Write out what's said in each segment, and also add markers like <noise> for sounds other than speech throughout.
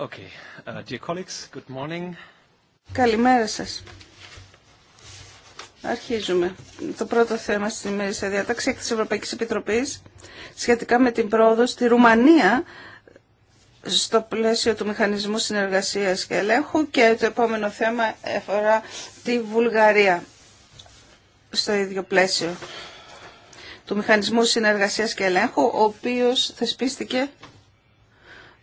Uh, Καλημέρα σας. Αρχίζουμε. Το πρώτο θέμα στη ημερήσια διάταξη της Ευρωπαϊκής Επιτροπής σχετικά με την πρόοδο στη Ρουμανία στο πλαίσιο του Μηχανισμού Συνεργασίας και Ελέγχου και το επόμενο θέμα αφορά τη Βουλγαρία στο ίδιο πλαίσιο του Μηχανισμού Συνεργασίας και Ελέγχου ο οποίος θεσπίστηκε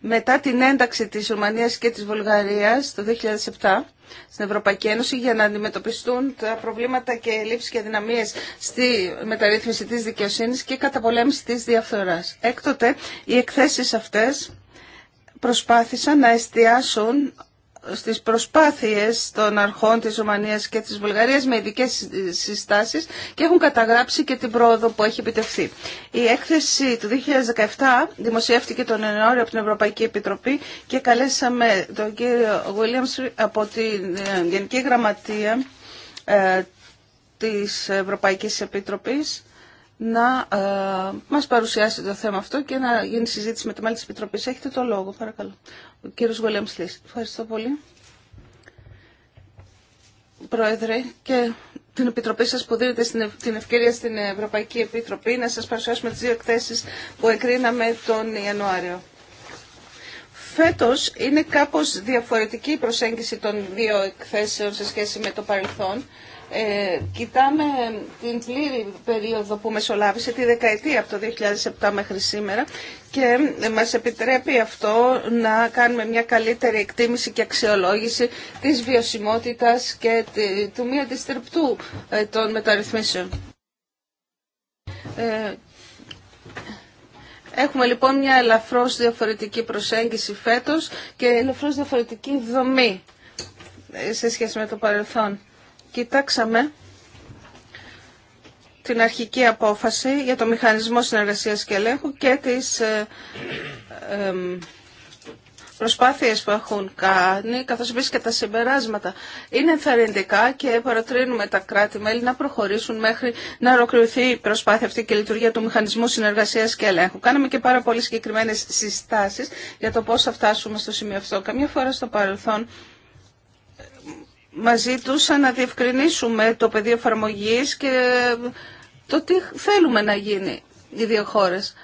μετά την ένταξη της Ρουμανίας και της Βουλγαρίας το 2007 στην Ευρωπαϊκή Ένωση για να αντιμετωπιστούν τα προβλήματα και λήψεις και δυναμίες στη μεταρρύθμιση της δικαιοσύνης και καταπολέμηση της διαφθοράς. Έκτοτε οι εκθέσεις αυτές προσπάθησαν να εστιάσουν στις προσπάθειες των αρχών της Ρουμανίας και της Βουλγαρίας με ειδικέ συστάσεις και έχουν καταγράψει και την πρόοδο που έχει επιτευχθεί. Η έκθεση του 2017 δημοσιεύτηκε τον Ιανουάριο από την Ευρωπαϊκή Επιτροπή και καλέσαμε τον κύριο Williams από την ε, Γενική Γραμματεία ε, της Ευρωπαϊκής Επιτροπής να ε, μας παρουσιάσει το θέμα αυτό και να γίνει συζήτηση με το μέλη της Επιτροπής. Έχετε το λόγο, παρακαλώ. Ο κύριος Γουέλεμς Λύση. Ευχαριστώ πολύ. Πρόεδρε και την Επιτροπή σας που δίνετε στην, την ευκαιρία στην Ευρωπαϊκή Επιτροπή να σας παρουσιάσουμε τις δύο εκθέσεις που εκρίναμε τον Ιανουάριο. Φέτος είναι κάπως διαφορετική η προσέγγιση των δύο εκθέσεων σε σχέση με το παρελθόν ε, κοιτάμε την πλήρη περίοδο που μεσολάβησε, τη δεκαετία από το 2007 μέχρι σήμερα και μας επιτρέπει αυτό να κάνουμε μια καλύτερη εκτίμηση και αξιολόγηση της βιωσιμότητας και του μη αντιστρεπτού ε, των μεταρρυθμίσεων. Ε, έχουμε λοιπόν μια ελαφρώς διαφορετική προσέγγιση φέτος και ελαφρώς διαφορετική δομή σε σχέση με το παρελθόν κοιτάξαμε την αρχική απόφαση για το μηχανισμό συνεργασίας και ελέγχου και τις ε, προσπάθειες που έχουν κάνει, καθώς επίσης και τα συμπεράσματα. Είναι ενθαρρυντικά και παρατρύνουμε τα κράτη-μέλη να προχωρήσουν μέχρι να ολοκληρωθεί η προσπάθεια αυτή και η λειτουργία του Μηχανισμού Συνεργασίας και Ελέγχου. Κάναμε και πάρα πολύ συγκεκριμένε συστάσεις για το πώς θα φτάσουμε στο σημείο αυτό. Καμιά φορά στο παρελθόν Μαζί τους, να διευκρινίσουμε το πεδίο εφαρμογή και το τι θέλουμε να γίνει οι δύο χώρες.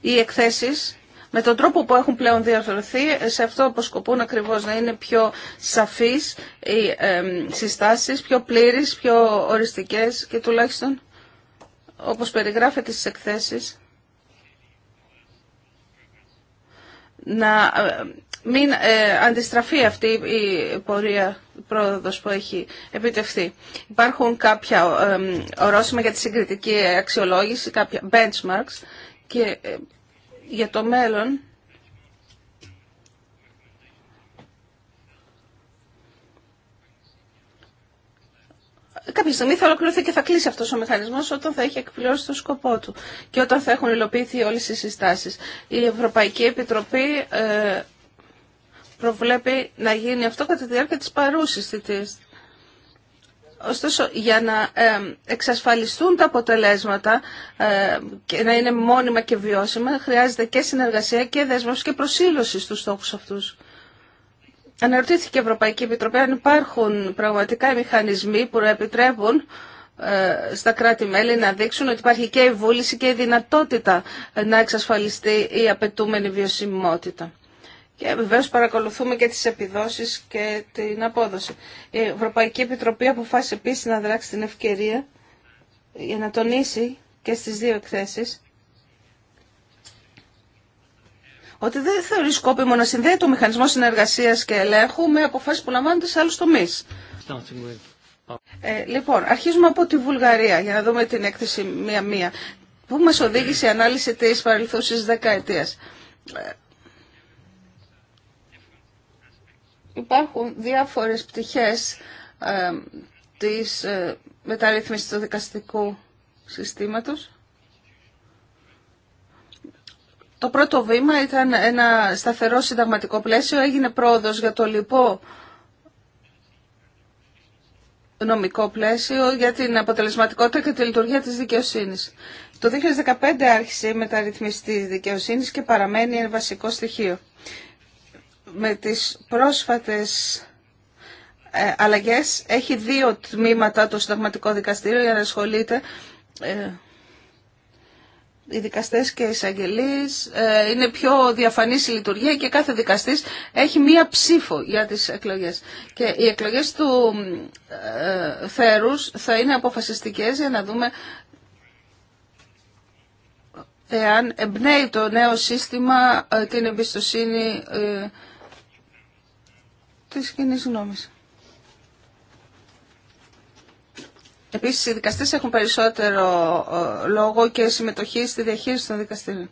Οι εκθέσεις με τον τρόπο που έχουν πλέον διαρθρωθεί, σε αυτό αποσκοπούν ακριβώς να είναι πιο σαφείς οι συστάσεις, πιο πλήρεις, πιο οριστικές και τουλάχιστον όπως περιγράφεται στις εκθέσεις να μην ε, αντιστραφεί αυτή η πορεία η πρόοδος που έχει επιτευχθεί. Υπάρχουν κάποια ορόσημα για τη συγκριτική αξιολόγηση, κάποια benchmarks και ε, για το μέλλον κάποια στιγμή θα ολοκληρωθεί και θα κλείσει αυτός ο μηχανισμός όταν θα έχει εκπληρώσει το σκοπό του και όταν θα έχουν υλοποιηθεί όλες οι συστάσεις. Η Ευρωπαϊκή Επιτροπή ε, προβλέπει να γίνει αυτό κατά τη διάρκεια της παρούσης θητής. Ωστόσο, για να ε, εξασφαλιστούν τα αποτελέσματα ε, και να είναι μόνιμα και βιώσιμα, χρειάζεται και συνεργασία και δέσμευση και προσήλωση στους στόχους αυτούς. Αναρωτήθηκε η Ευρωπαϊκή Επιτροπή αν υπάρχουν πραγματικά οι μηχανισμοί που επιτρέπουν ε, στα κράτη-μέλη να δείξουν ότι υπάρχει και η βούληση και η δυνατότητα να εξασφαλιστεί η απαιτούμενη βιωσιμότητα. Και βεβαίω παρακολουθούμε και τι επιδόσεις και την απόδοση. Η Ευρωπαϊκή Επιτροπή αποφάσισε επίση να δράξει την ευκαιρία για να τονίσει και στις δύο εκθέσεις ότι δεν θεωρεί σκόπιμο να συνδέεται ο μηχανισμό συνεργασία και ελέγχου με αποφάσει που λαμβάνονται σε άλλου τομεί. Ε, λοιπόν, αρχίζουμε από τη Βουλγαρία για να δούμε την έκθεση μία-μία. Πού μα οδήγησε η ανάλυση τη παρελθούση δεκαετία. Ε, Υπάρχουν διάφορες πτυχές ε, της ε, του δικαστικού συστήματος. Το πρώτο βήμα ήταν ένα σταθερό συνταγματικό πλαίσιο. Έγινε πρόοδος για το λοιπό νομικό πλαίσιο για την αποτελεσματικότητα και τη λειτουργία της δικαιοσύνης. Το 2015 άρχισε η μεταρρυθμιστή δικαιοσύνης και παραμένει ένα βασικό στοιχείο με τις πρόσφατες ε, αλλαγές έχει δύο τμήματα το συνταγματικό δικαστήριο για να ασχολείται ε, οι δικαστές και οι εισαγγελείς ε, είναι πιο διαφανής η λειτουργία και κάθε δικαστής έχει μία ψήφο για τις εκλογές. Και οι εκλογές του ε, θέρους θα είναι αποφασιστικές για να δούμε εάν εμπνέει το νέο σύστημα την εμπιστοσύνη τη κοινή γνώμη. Επίσης, οι δικαστές έχουν περισσότερο ε, λόγο και συμμετοχή στη διαχείριση των δικαστήριων.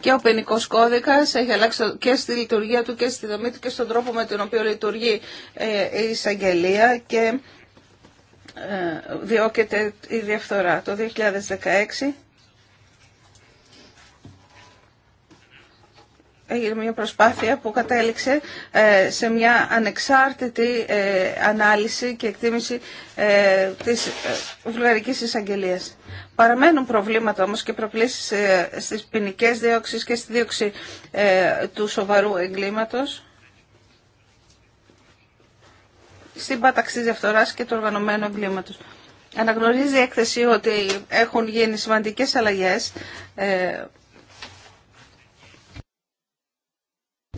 Και ο ποινικό κώδικα έχει αλλάξει και στη λειτουργία του και στη δομή του και στον τρόπο με τον οποίο λειτουργεί ε, η εισαγγελία και ε, διώκεται η διαφθορά. Το 2016 έγινε μια προσπάθεια που κατέληξε ε, σε μια ανεξάρτητη ε, ανάλυση και εκτίμηση ε, της βουλγαρικής εισαγγελία. Παραμένουν προβλήματα όμως και προκλήσεις στις ποινικέ διώξεις και στη δίωξη του σοβαρού εγκλήματος στην πάταξη τη διαφθοράς και του οργανωμένου εγκλήματος. Αναγνωρίζει η έκθεση ότι έχουν γίνει σημαντικές αλλαγές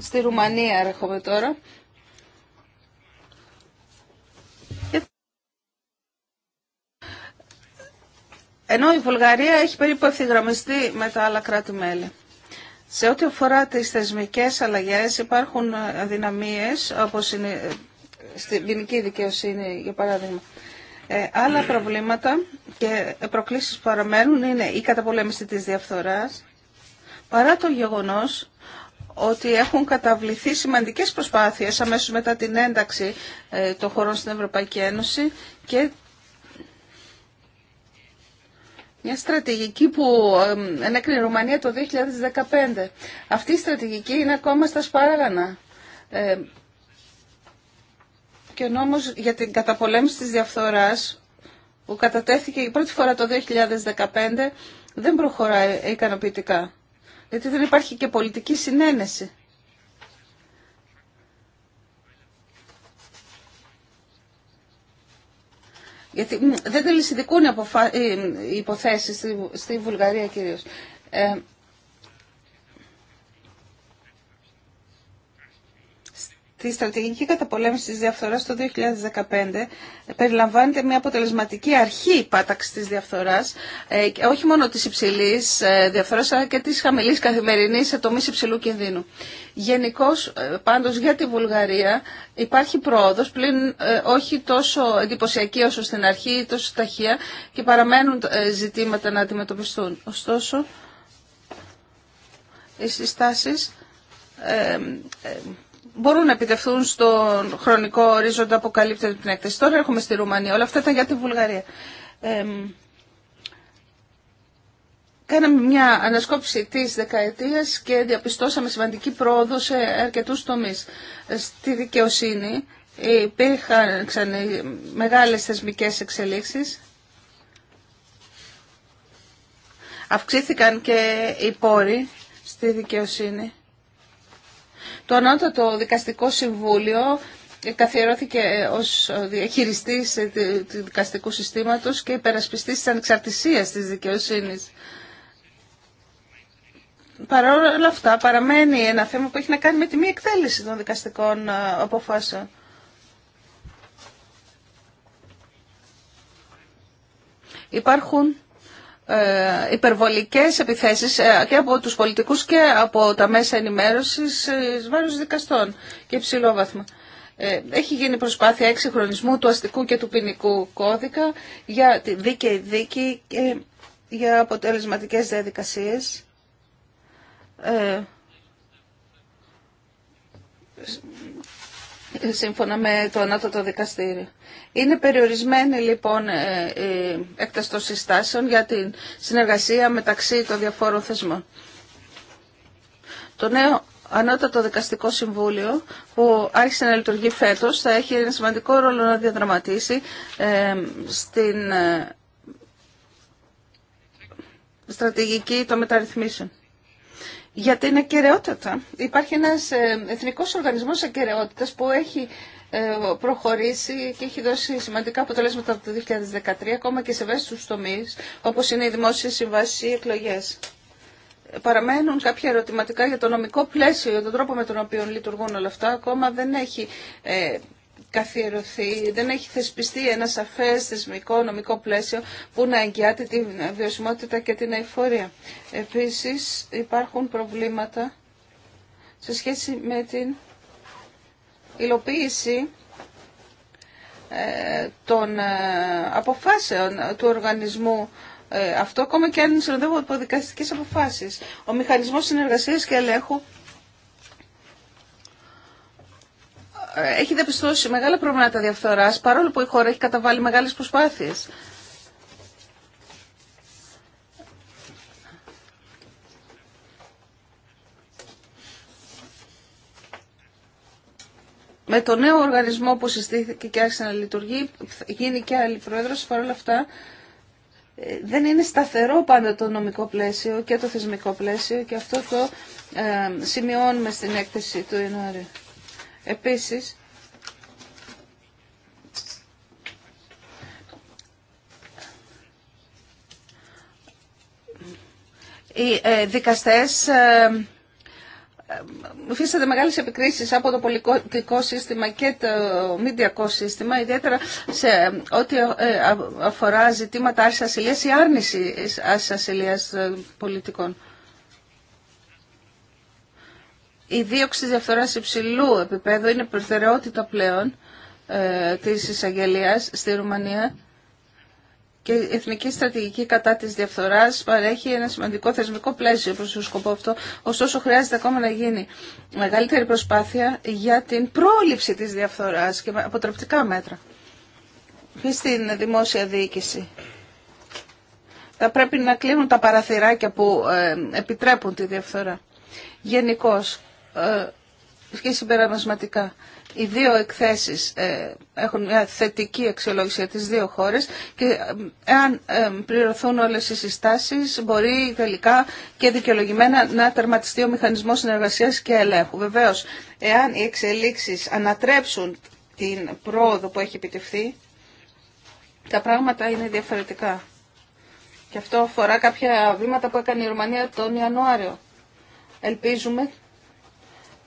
Στη Ρουμανία έρχομαι τώρα. Ενώ η Βουλγαρία έχει περίπου ευθυγραμμιστεί με τα άλλα κράτη-μέλη. Σε ό,τι αφορά τις θεσμικές αλλαγές υπάρχουν αδυναμίες, όπως είναι ε, στην ποινική δικαιοσύνη για παράδειγμα. Ε, άλλα προβλήματα και προκλήσεις που παραμένουν είναι η καταπολέμηση της διαφθοράς, παρά το γεγονός ότι έχουν καταβληθεί σημαντικές προσπάθειες αμέσως μετά την ένταξη ε, των χωρών στην Ευρωπαϊκή Ένωση και μια στρατηγική που ενέκρινε η Ρουμανία το 2015. Αυτή η στρατηγική είναι ακόμα στα σπάραγανα. Ε, και ο νόμος για την καταπολέμηση της διαφθοράς που κατατέθηκε η πρώτη φορά το 2015 δεν προχωράει ικανοποιητικά. Γιατί δεν υπάρχει και πολιτική συνένεση. Γιατί δεν τελεισιδικούν οι υποθέσεις στη Βουλγαρία κυρίως. Ε, Τη στρατηγική καταπολέμηση τη διαφθοράς το 2015 περιλαμβάνεται μια αποτελεσματική αρχή πάταξη της διαφθοράς, ε, όχι μόνο της υψηλής ε, διαφθορά, αλλά και τη χαμηλής καθημερινής σε τομεί υψηλού κινδύνου. Γενικώ, ε, πάντως για τη Βουλγαρία υπάρχει πρόοδο πλην όχι τόσο εντυπωσιακή όσο στην αρχή ή τόσο ταχεία και παραμένουν ζητήματα να αντιμετωπιστούν. Ωστόσο, οι συστάσεις μπορούν να επιτευχθούν στον χρονικό ορίζοντα που καλύπτεται την έκθεση. Τώρα έρχομαι στη Ρουμανία. Όλα αυτά ήταν για τη Βουλγαρία. κάναμε μια ανασκόπηση της δεκαετίας και διαπιστώσαμε σημαντική πρόοδο σε αρκετούς τομείς. Στη δικαιοσύνη υπήρχαν μεγάλες θεσμικές εξελίξεις. Αυξήθηκαν και οι πόροι στη δικαιοσύνη. Το Ανώτατο Δικαστικό Συμβούλιο καθιερώθηκε ως διαχειριστής του δικαστικού συστήματος και υπερασπιστής της ανεξαρτησίας της δικαιοσύνης. Παρ' όλα αυτά παραμένει ένα θέμα που έχει να κάνει με τη μη εκτέλεση των δικαστικών ε, αποφάσεων. Υπάρχουν ε, υπερβολικές επιθέσεις ε, και από τους πολιτικούς και από τα μέσα ενημέρωσης ε, εις βάρος δικαστών και Ε, Έχει γίνει προσπάθεια εξυγχρονισμού του αστικού και του ποινικού κώδικα για τη δίκαιη δίκη και για αποτελεσματικές διαδικασίες σύμφωνα με το Ανώτατο Δικαστήριο. Είναι περιορισμένη λοιπόν ε, η έκταση για την συνεργασία μεταξύ των διαφόρων θεσμών. Το νέο Ανώτατο Δικαστικό Συμβούλιο που άρχισε να λειτουργεί φέτος θα έχει ένα σημαντικό ρόλο να διαδραματίσει ε, στην ε, στρατηγική των μεταρρυθμίσεων για την ακαιρεότητα. Υπάρχει ένας ε, εθνικός οργανισμός ακεραιότητας που έχει ε, προχωρήσει και έχει δώσει σημαντικά αποτελέσματα από το 2013 ακόμα και σε βέστους τομείς όπως είναι οι δημόσιες συμβάσεις ή εκλογές. Παραμένουν κάποια ερωτηματικά για το νομικό πλαίσιο, για τον τρόπο με τον οποίο λειτουργούν όλα αυτά. Ακόμα δεν έχει ε, καθιερωθεί, δεν έχει θεσπιστεί ένα σαφές θεσμικό νομικό πλαίσιο που να εγγυάται τη βιωσιμότητα και την αηφορία. Επίσης υπάρχουν προβλήματα σε σχέση με την υλοποίηση ε, των ε, αποφάσεων του οργανισμού ε, αυτό, ακόμα και αν συνοδεύω από δικαστικές αποφάσεις. Ο μηχανισμός συνεργασίας και ελέγχου έχει διαπιστώσει μεγάλα προβλήματα διαφθορά, παρόλο που η χώρα έχει καταβάλει μεγάλες προσπάθειες. Με το νέο οργανισμό που συστήθηκε και άρχισε να λειτουργεί, γίνει και άλλη πρόεδρος, παρόλα αυτά ε, δεν είναι σταθερό πάντα το νομικό πλαίσιο και το θεσμικό πλαίσιο και αυτό το ε, σημειώνουμε στην έκθεση του Ιανουαρίου. Επίσης, οι ε, δικαστές ε, ε, υφίστανται μεγάλες επικρίσεις από το πολιτικό σύστημα και το μηντιακό σύστημα, ιδιαίτερα σε ό,τι αφορά ζητήματα άρσης ασυλίας ή άρνησης άρσης ασυλίας πολιτικών η δίωξη διαφθοράς υψηλού επίπεδου είναι προτεραιότητα πλέον ε, της εισαγγελίας στη Ρουμανία και η Εθνική Στρατηγική κατά της διαφθοράς παρέχει ένα σημαντικό θεσμικό πλαίσιο προς το σκοπό αυτό, ωστόσο χρειάζεται ακόμα να γίνει μεγαλύτερη προσπάθεια για την πρόληψη της διαφθοράς και με αποτρεπτικά μέτρα και στην δημόσια διοίκηση. Θα πρέπει να κλείνουν τα παραθυράκια που ε, επιτρέπουν τη διαφθορά. Γενικώ ε, και συμπερασματικά. Οι δύο εκθέσεις ε, έχουν μια θετική αξιολόγηση για τις δύο χώρες και ε, εάν πληρωθούν όλες οι συστάσεις μπορεί τελικά και δικαιολογημένα να τερματιστεί ο μηχανισμός συνεργασίας και ελέγχου. Βεβαίως, εάν οι εξελίξεις ανατρέψουν την πρόοδο που έχει επιτευχθεί, τα πράγματα είναι διαφορετικά. Και αυτό αφορά κάποια βήματα που έκανε η Ρουμανία τον Ιανουάριο. Ελπίζουμε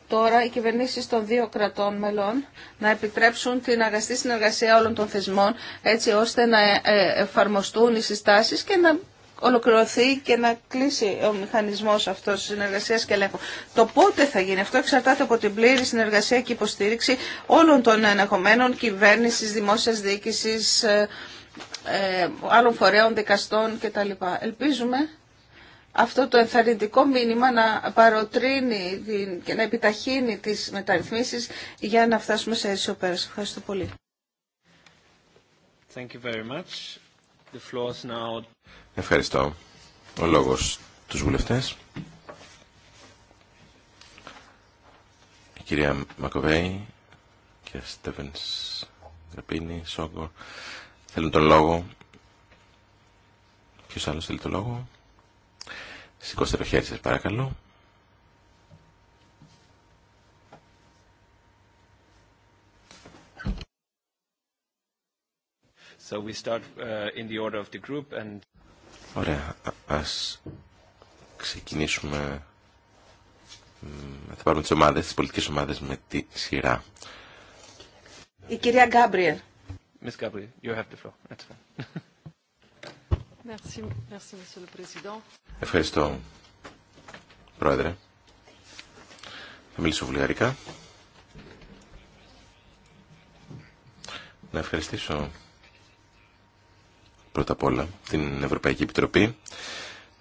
τώρα οι κυβερνήσει των δύο κρατών μελών να επιτρέψουν την αγαστή συνεργασία όλων των θεσμών έτσι ώστε να ε, ε, εφαρμοστούν οι συστάσεις και να ολοκληρωθεί και να κλείσει ο μηχανισμός αυτός συνεργασίας και ελέγχου. Το πότε θα γίνει αυτό εξαρτάται από την πλήρη συνεργασία και υποστήριξη όλων των ενεχομένων κυβέρνησης, δημόσιας διοίκησης, ε, άλλων φορέων, δικαστών κτλ. Ελπίζουμε αυτό το ενθαρρυντικό μήνυμα να παροτρύνει και να επιταχύνει τις μεταρρυθμίσεις για να φτάσουμε σε αίσιο πέρας. Ευχαριστώ πολύ. Thank you very much. The floor is now... Ευχαριστώ. Ο λόγος τους βουλευτές. Η κυρία Μακοβέη και Στέβενς Γραπίνη, Σόγκορ θέλουν τον λόγο. Ποιος άλλος θέλει τον λόγο. Σηκώστε το χέρι σας παρακαλώ. So we start uh, in the order of the group and... Ωραία, ας ξεκινήσουμε. Θα πάρουμε τις ομάδες, τις πολιτικές ομάδες με τη σειρά. Η κυρία Γκάμπριελ. Miss Gabriel, you have the floor. That's fine. <laughs> Ευχαριστώ, Πρόεδρε. Θα μιλήσω βουλγαρικά. Να ευχαριστήσω πρώτα απ' όλα την Ευρωπαϊκή Επιτροπή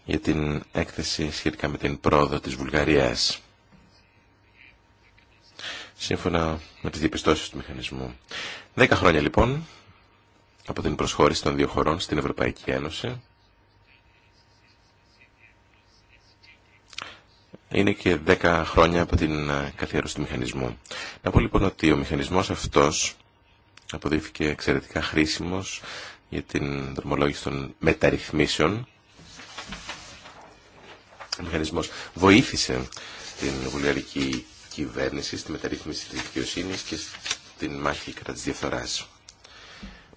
για την έκθεση σχετικά με την πρόοδο της Βουλγαρίας. Σύμφωνα με τις διαπιστώσεις του μηχανισμού. Δέκα χρόνια λοιπόν από την προσχώρηση των δύο χωρών στην Ευρωπαϊκή Ένωση είναι και 10 χρόνια από την ε, καθιέρωση του μηχανισμού. Να πω λοιπόν ότι ο μηχανισμός αυτός αποδείχθηκε εξαιρετικά χρήσιμος για την δρομολόγηση των μεταρρυθμίσεων. Ο μηχανισμός βοήθησε την βουλιαρική κυβέρνηση στη μεταρρύθμιση της δικαιοσύνη και στην μάχη κατά διαφθοράς.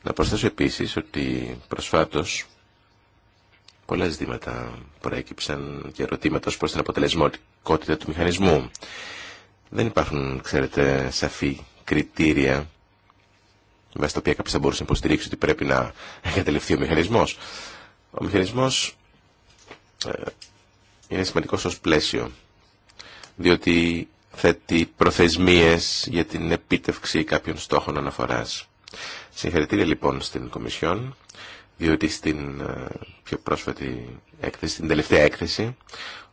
Να προσθέσω επίσης ότι προσφάτως πολλά ζητήματα προέκυψαν και ερωτήματα ως προς την αποτελεσματικότητα του μηχανισμού. Δεν υπάρχουν, ξέρετε, σαφή κριτήρια βάσει τα οποία κάποιος θα μπορούσε να υποστηρίξει ότι πρέπει να εγκατελευθεί ο μηχανισμός. Ο μηχανισμός ε, είναι σημαντικός ως πλαίσιο, διότι θέτει προθεσμίες για την επίτευξη κάποιων στόχων αναφοράς. Συγχαρητήρια λοιπόν στην Κομισιόν, διότι στην ε, πιο πρόσφατη έκθεση, την τελευταία έκθεση,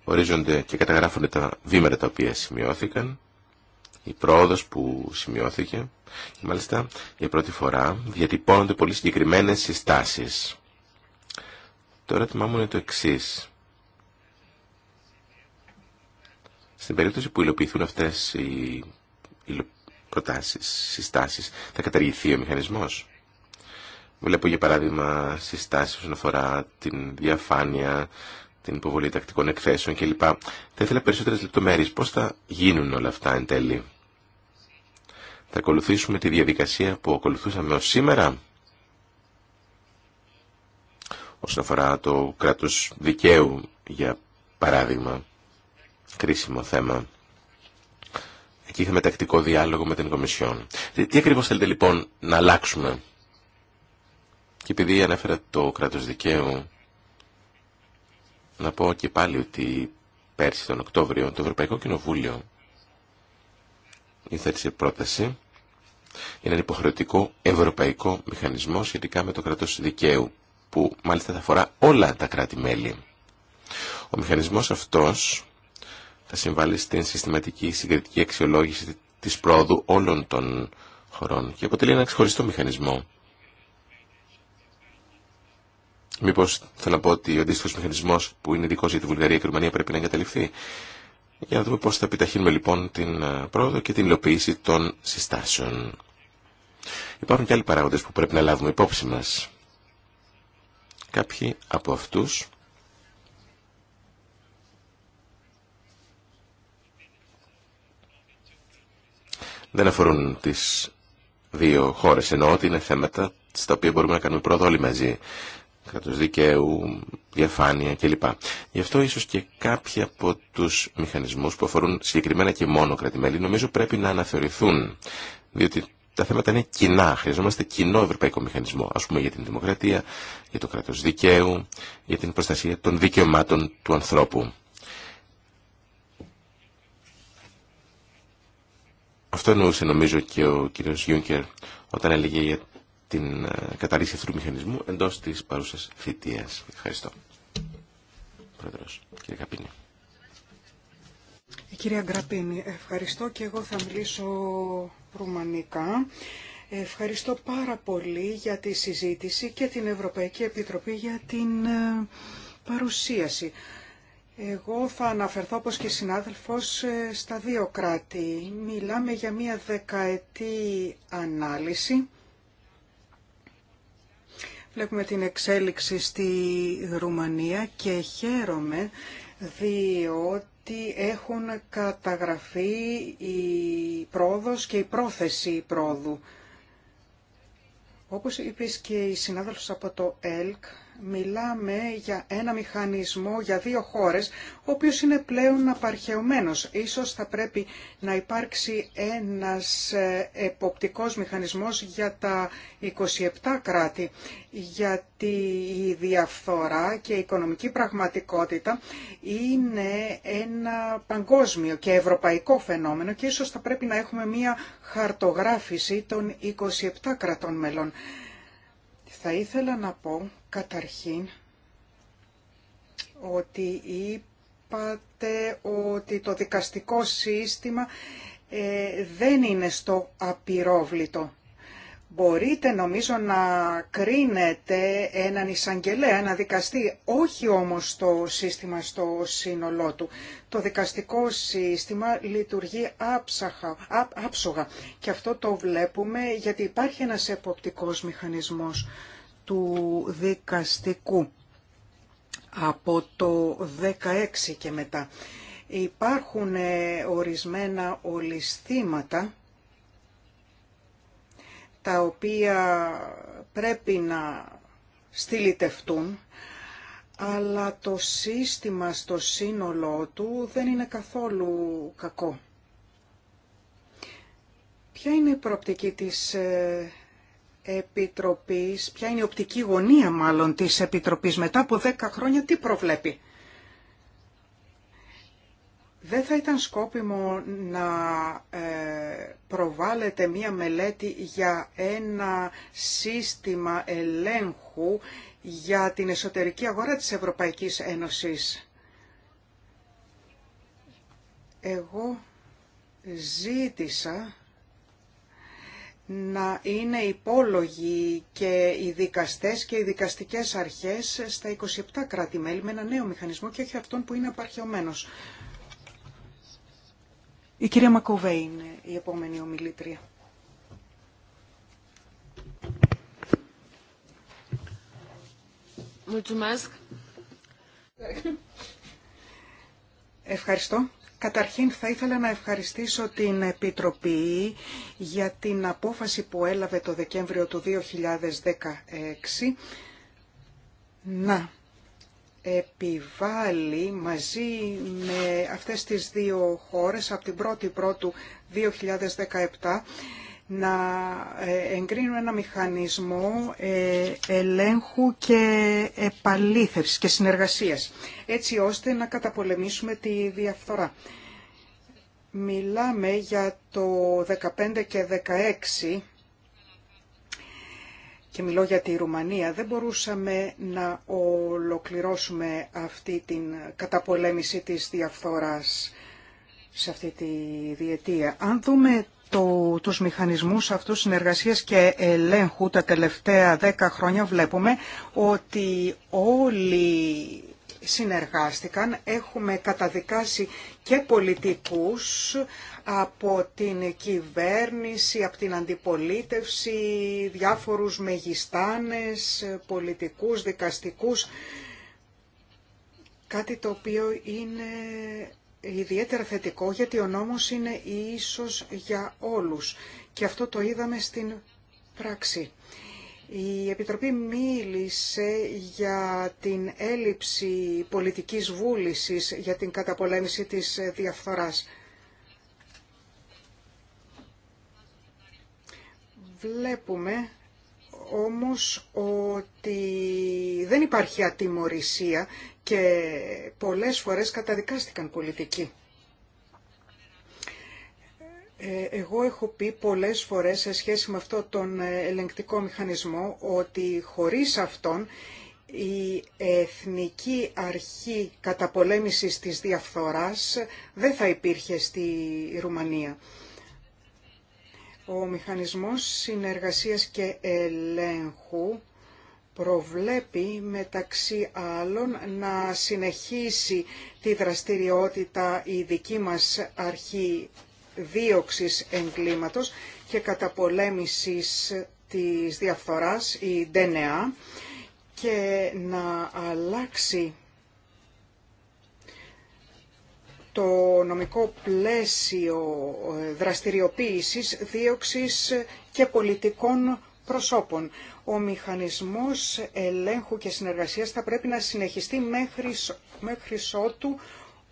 ορίζονται και καταγράφονται τα βήματα τα οποία σημειώθηκαν, η πρόοδος που σημειώθηκε και μάλιστα για πρώτη φορά διατυπώνονται πολύ συγκεκριμένες συστάσεις. Το ερώτημά μου είναι το εξή. Στην περίπτωση που υλοποιηθούν αυτές οι προτάσει, συστάσει, Θα καταργηθεί ο μηχανισμός. Βλέπω για παράδειγμα συστάσεις όσον αφορά την διαφάνεια, την υποβολή τακτικών εκθέσεων κλπ. Θα ήθελα περισσότερες λεπτομέρειες. Πώς θα γίνουν όλα αυτά εν τέλει. Θα ακολουθήσουμε τη διαδικασία που ακολουθούσαμε ως σήμερα όσον αφορά το κράτος δικαίου για παράδειγμα κρίσιμο θέμα Εκεί είχαμε τακτικό διάλογο με την Κομισιόν. Τι ακριβώ θέλετε λοιπόν να αλλάξουμε. Και επειδή ανέφερα το κράτο δικαίου, να πω και πάλι ότι πέρσι τον Οκτώβριο το Ευρωπαϊκό Κοινοβούλιο σε πρόταση είναι έναν υποχρεωτικό ευρωπαϊκό μηχανισμό σχετικά με το κράτο δικαίου, που μάλιστα θα αφορά όλα τα κράτη-μέλη. Ο μηχανισμός αυτός θα συμβάλλει στην συστηματική συγκριτική αξιολόγηση της πρόοδου όλων των χωρών και αποτελεί ένα ξεχωριστό μηχανισμό. Μήπω θέλω να πω ότι ο αντίστοιχο μηχανισμό που είναι ειδικό για τη Βουλγαρία και τη Ρουμανία πρέπει να εγκαταληφθεί. Για να δούμε πώ θα επιταχύνουμε λοιπόν την ε, πρόοδο και την υλοποίηση των συστάσεων. Υπάρχουν και άλλοι παράγοντε που πρέπει να λάβουμε υπόψη μα. Κάποιοι από αυτούς δεν αφορούν τις δύο χώρες. Εννοώ ότι είναι θέματα στα οποία μπορούμε να κάνουμε πρόοδο όλοι μαζί. Κράτος δικαίου, διαφάνεια κλπ. Γι' αυτό ίσως και κάποιοι από τους μηχανισμούς που αφορούν συγκεκριμένα και μόνο κρατημέλη νομίζω πρέπει να αναθεωρηθούν. Διότι τα θέματα είναι κοινά. Χρειαζόμαστε κοινό ευρωπαϊκό μηχανισμό. Ας πούμε για την δημοκρατία, για το κράτος δικαίου, για την προστασία των δικαιωμάτων του ανθρώπου. Αυτό εννοούσε νομίζω και ο κύριος Γιούνκερ όταν έλεγε για την ε, καταρρίξη αυτού του μηχανισμού εντός της παρούσας θητείας. Ευχαριστώ. Πρόεδρος, κύριε Καπίνη. Ε, κυρία ευχαριστώ και εγώ θα μιλήσω ρουμανικά. Ευχαριστώ πάρα πολύ για τη συζήτηση και την Ευρωπαϊκή Επιτροπή για την ε, παρουσίαση. Εγώ θα αναφερθώ, όπως και συνάδελφος, ε, στα δύο κράτη. Μιλάμε για μία δεκαετή ανάλυση. Βλέπουμε την εξέλιξη στη Ρουμανία και χαίρομαι διότι έχουν καταγραφεί η πρόοδος και η πρόθεση πρόοδου. Όπως είπες και η συνάδελφος από το ΕΛΚ, μιλάμε για ένα μηχανισμό για δύο χώρες, ο οποίος είναι πλέον απαρχαιωμένος. Ίσως θα πρέπει να υπάρξει ένας ε, εποπτικός μηχανισμός για τα 27 κράτη, γιατί η διαφθορά και η οικονομική πραγματικότητα είναι ένα παγκόσμιο και ευρωπαϊκό φαινόμενο και ίσως θα πρέπει να έχουμε μία χαρτογράφηση των 27 κρατών μελών. Θα ήθελα να πω Καταρχήν, ότι είπατε ότι το δικαστικό σύστημα ε, δεν είναι στο απειρόβλητο. Μπορείτε νομίζω να κρίνετε έναν εισαγγελέα, ένα δικαστή, όχι όμως το σύστημα στο σύνολό του. Το δικαστικό σύστημα λειτουργεί άψαχα, άψογα και αυτό το βλέπουμε γιατί υπάρχει ένας εποπτικός μηχανισμός του δικαστικού από το 16 και μετά. Υπάρχουν ε, ορισμένα ολισθήματα τα οποία πρέπει να στυλιτευτούν, αλλά το σύστημα στο σύνολό του δεν είναι καθόλου κακό. Ποια είναι η προοπτική της ε, Επιτροπής, ποια είναι η οπτική γωνία μάλλον της Επιτροπής μετά από 10 χρόνια, τι προβλέπει. Δεν θα ήταν σκόπιμο να ε, προβάλετε μία μελέτη για ένα σύστημα ελέγχου για την εσωτερική αγορά της Ευρωπαϊκής Ένωσης. Εγώ ζήτησα να είναι υπόλογοι και οι δικαστές και οι δικαστικές αρχές στα 27 κράτη-μέλη με ένα νέο μηχανισμό και όχι αυτόν που είναι απαρχαιωμένος. Η κυρία Μακοβέ είναι η επόμενη ομιλήτρια. Ευχαριστώ. Καταρχήν θα ήθελα να ευχαριστήσω την Επιτροπή για την απόφαση που έλαβε το Δεκέμβριο του 2016 να επιβάλλει μαζί με αυτές τις δύο χώρες από την 1η του 2017 να ε, εγκρίνουν ένα μηχανισμό ε, ελέγχου και επαλήθευσης και συνεργασίας, έτσι ώστε να καταπολεμήσουμε τη διαφθορά. Μιλάμε για το 15 και 16 και μιλώ για τη Ρουμανία, δεν μπορούσαμε να ολοκληρώσουμε αυτή την καταπολέμηση της διαφθοράς σε αυτή τη διετία. Αν δούμε το, τους μηχανισμούς αυτούς συνεργασίας και ελέγχου τα τελευταία δέκα χρόνια βλέπουμε ότι όλοι συνεργάστηκαν. Έχουμε καταδικάσει και πολιτικούς από την κυβέρνηση, από την αντιπολίτευση, διάφορους μεγιστάνες, πολιτικούς, δικαστικούς. Κάτι το οποίο είναι ιδιαίτερα θετικό γιατί ο νόμος είναι ίσως για όλους και αυτό το είδαμε στην πράξη. Η Επιτροπή μίλησε για την έλλειψη πολιτικής βούλησης για την καταπολέμηση της διαφθοράς. Βλέπουμε όμως ότι δεν υπάρχει ατιμορρησία και πολλές φορές καταδικάστηκαν πολιτικοί. Ε, εγώ έχω πει πολλές φορές σε σχέση με αυτό τον ελεγκτικό μηχανισμό ότι χωρίς αυτόν η Εθνική Αρχή Καταπολέμησης της Διαφθοράς δεν θα υπήρχε στη Ρουμανία. Ο μηχανισμός συνεργασίας και ελέγχου προβλέπει μεταξύ άλλων να συνεχίσει τη δραστηριότητα η δική μας αρχή δίωξης εγκλήματος και καταπολέμησης της διαφθοράς, η Δένεα και να αλλάξει το νομικό πλαίσιο ε, δραστηριοποίησης, δίωξης και πολιτικών προσώπων. Ο μηχανισμός ελέγχου και συνεργασίας θα πρέπει να συνεχιστεί μέχρι, μέχρι ότου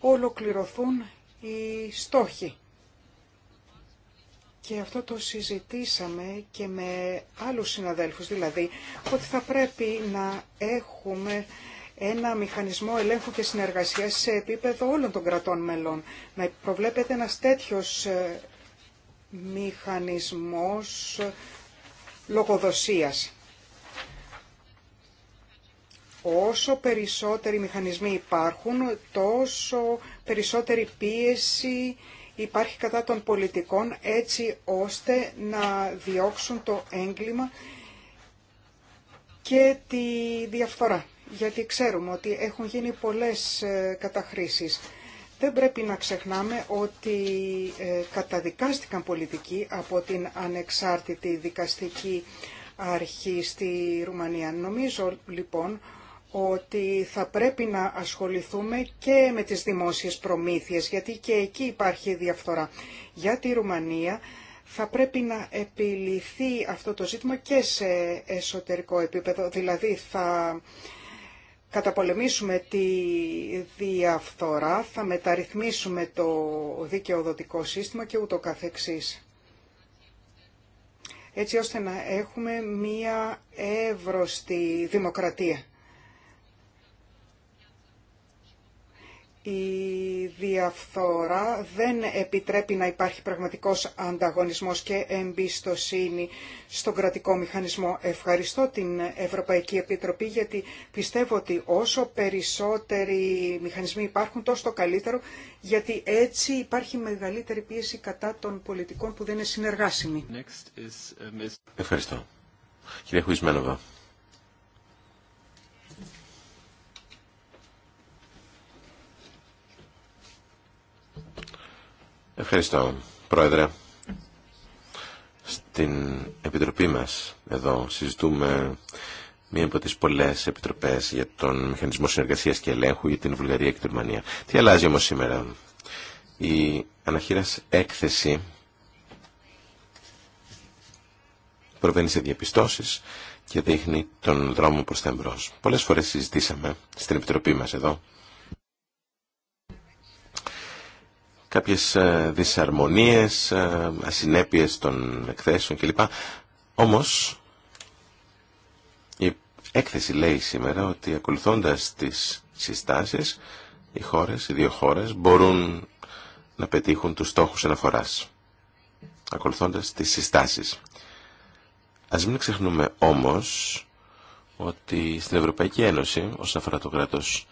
ολοκληρωθούν οι στόχοι. Και αυτό το συζητήσαμε και με άλλους συναδέλφους, δηλαδή ότι θα πρέπει να έχουμε ένα μηχανισμό ελέγχου και συνεργασίας σε επίπεδο όλων των κρατών μελών. Να προβλέπεται ένας τέτοιος ε, μηχανισμός ε, λογοδοσίας. Όσο περισσότεροι μηχανισμοί υπάρχουν, τόσο περισσότερη πίεση υπάρχει κατά των πολιτικών έτσι ώστε να διώξουν το έγκλημα και τη διαφθορά γιατί ξέρουμε ότι έχουν γίνει πολλές ε, καταχρήσεις. Δεν πρέπει να ξεχνάμε ότι ε, καταδικάστηκαν πολιτικοί από την ανεξάρτητη δικαστική αρχή στη Ρουμανία. Νομίζω λοιπόν ότι θα πρέπει να ασχοληθούμε και με τις δημόσιες προμήθειες, γιατί και εκεί υπάρχει διαφθορά. Για τη Ρουμανία θα πρέπει να επιληθεί αυτό το ζήτημα και σε εσωτερικό επίπεδο, δηλαδή θα καταπολεμήσουμε τη διαφθορά, θα μεταρρυθμίσουμε το δικαιοδοτικό σύστημα και ούτω καθεξής. Έτσι ώστε να έχουμε μία εύρωστη δημοκρατία. η διαφθόρα δεν επιτρέπει να υπάρχει πραγματικός ανταγωνισμός και εμπιστοσύνη στον κρατικό μηχανισμό. Ευχαριστώ την Ευρωπαϊκή Επιτροπή γιατί πιστεύω ότι όσο περισσότεροι μηχανισμοί υπάρχουν τόσο το καλύτερο γιατί έτσι υπάρχει μεγαλύτερη πίεση κατά των πολιτικών που δεν είναι συνεργάσιμοι. Uh, Ευχαριστώ. Κύριε Χουισμένοβα. Ευχαριστώ, Πρόεδρε. Στην Επιτροπή μας εδώ συζητούμε μία από τις πολλές επιτροπές για τον Μηχανισμό Συνεργασίας και Ελέγχου για την Βουλγαρία και την Ρουμανία. Τι αλλάζει όμως σήμερα. Η αναχείρας έκθεση προβαίνει σε διαπιστώσεις και δείχνει τον δρόμο προς τα εμπρός. Πολλές φορές συζητήσαμε στην Επιτροπή μας εδώ κάποιες ε, δυσαρμονίες, ε, ασυνέπειες των εκθέσεων κλπ. Όμως, η έκθεση λέει σήμερα ότι ακολουθώντας τις συστάσεις, οι χώρες, οι δύο χώρες μπορούν να πετύχουν τους στόχους αναφοράς, ακολουθώντας τις συστάσεις. Ας μην ξεχνούμε όμως ότι στην Ευρωπαϊκή Ένωση, όσον αφορά το κράτος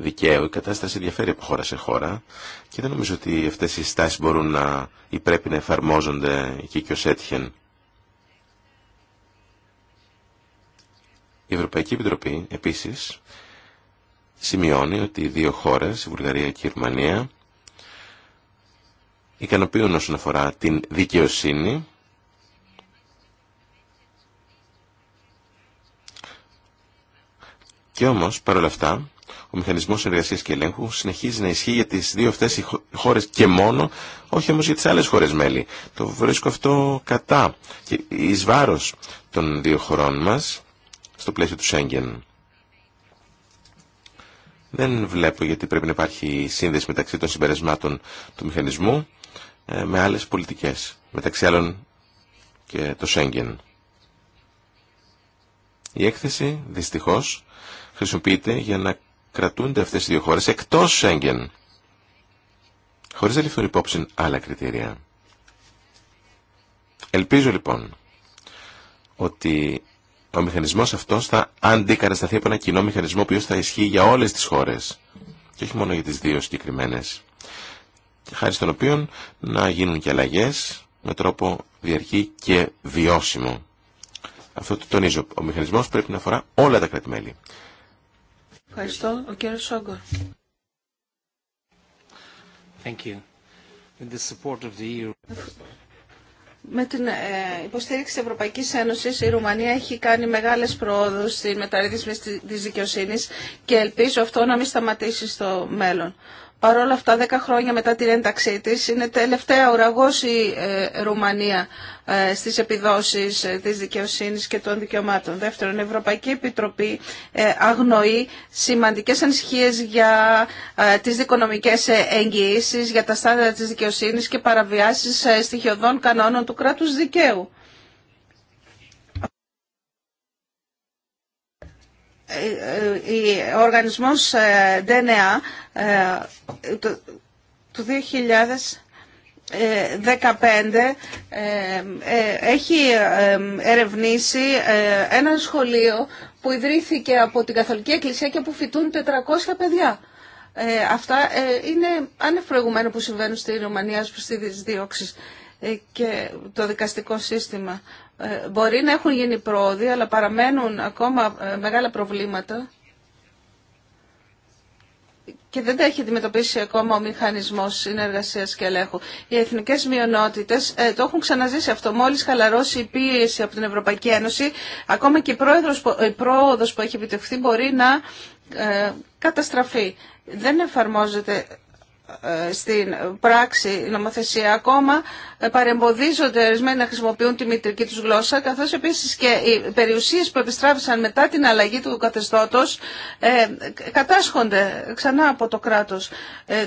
δικαίου. Η κατάσταση διαφέρει από χώρα σε χώρα και δεν νομίζω ότι αυτές οι στάσεις μπορούν να ή πρέπει να εφαρμόζονται εκεί και ω έτυχεν. Η Ευρωπαϊκή Επιτροπή επίσης σημειώνει ότι οι δύο χώρες, η Βουλγαρία και η Ρουμανία, ικανοποιούν όσον αφορά την δικαιοσύνη και όμως παρόλα αυτά ο μηχανισμός εργασία και ελέγχου συνεχίζει να ισχύει για τις δύο αυτές χώρε και μόνο, όχι όμως για τι άλλε χώρε μέλη. Το βρίσκω αυτό κατά και η βάρο των δύο χωρών μας στο πλαίσιο του Σέγγεν. Δεν βλέπω γιατί πρέπει να υπάρχει σύνδεση μεταξύ των συμπερασμάτων του μηχανισμού ε, με άλλες πολιτικές, μεταξύ άλλων και το Σέγγεν. Η έκθεση, δυστυχώς, χρησιμοποιείται για να κρατούνται αυτές οι δύο χώρες εκτός Σέγγεν, χωρίς να ληφθούν υπόψη άλλα κριτήρια. Ελπίζω λοιπόν ότι ο μηχανισμός αυτός θα αντικατασταθεί από ένα κοινό μηχανισμό που θα ισχύει για όλες τις χώρες και όχι μόνο για τις δύο συγκεκριμένε. χάρη στον οποίο να γίνουν και αλλαγέ με τρόπο διαρκή και βιώσιμο. Αυτό το τονίζω. Ο μηχανισμός πρέπει να αφορά όλα τα κρατημέλη. Ευχαριστώ. Ο Thank e Με την ε, υποστήριξη της Ευρωπαϊκής Ένωσης η Ρουμανία έχει κάνει μεγάλες προόδους στη μεταρρύθμιση της δικαιοσύνης και ελπίζω αυτό να μην σταματήσει στο μέλλον. Παρ' όλα αυτά, 10 χρόνια μετά την ένταξή της, είναι τελευταία ουραγός η ε, Ρουμανία ε, στις επιδόσεις ε, της δικαιοσύνης και των δικαιωμάτων. Δεύτερον, η Ευρωπαϊκή Επιτροπή αγνοεί σημαντικές ανησυχίες για τις δικονομικές εγγυήσεις, για τα στάδια της δικαιοσύνης και παραβιάσεις στοιχειωδών κανόνων του κράτους δικαίου. ο ε, ε, ε, οργανισμός DNA του 2015 έχει ερευνήσει ένα σχολείο που ιδρύθηκε από την Καθολική Εκκλησία και που φοιτούν 400 παιδιά. αυτά είναι ανεφροηγουμένα που συμβαίνουν στη Ρωμανία, προς τις διώξεις και το δικαστικό σύστημα. Ε, μπορεί να έχουν γίνει πρόοδοι, αλλά παραμένουν ακόμα ε, μεγάλα προβλήματα και δεν τα έχει αντιμετωπίσει ακόμα ο μηχανισμός συνεργασίας και ελέγχου. Οι εθνικές μειονότητες ε, το έχουν ξαναζήσει αυτό. Μόλις χαλαρώσει η πίεση από την Ευρωπαϊκή Ένωση, ακόμα και η, πρόεδρος, πρόοδος που έχει επιτευχθεί μπορεί να καταστραφεί. Δεν εφαρμόζεται ε, στην πράξη νομοθεσία ακόμα ε, παρεμποδίζονται ορισμένοι να χρησιμοποιούν τη μητρική τους γλώσσα καθώς επίσης και οι περιουσίες που επιστράφησαν μετά την αλλαγή του καθεστώτος ε, κατάσχονται ξανά από το κράτος.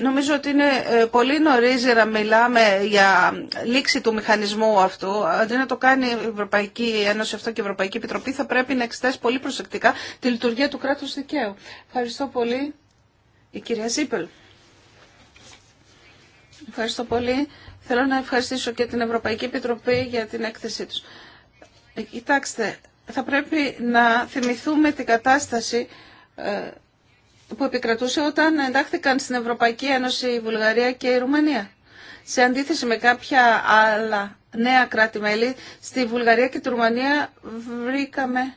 Νομίζω ότι είναι πολύ νωρίς να μιλάμε για λήξη του μηχανισμού αυτού. Αντί να το κάνει η Ευρωπαϊκή Ένωση αυτό και η Ευρωπαϊκή Επιτροπή θα πρέπει να εξετάσει πολύ προσεκτικά τη λειτουργία του κράτους δικαίου. Ευχαριστώ πολύ. Η κυρία Ζήπελ. Ευχαριστώ πολύ. Θέλω να ευχαριστήσω και την Ευρωπαϊκή Επιτροπή για την έκθεσή τους. Ε, κοιτάξτε, θα πρέπει να θυμηθούμε την κατάσταση ε, που επικρατούσε όταν εντάχθηκαν στην Ευρωπαϊκή Ένωση η Βουλγαρία και η Ρουμανία. Σε αντίθεση με κάποια άλλα νέα κράτη-μέλη, στη Βουλγαρία και τη Ρουμανία βρήκαμε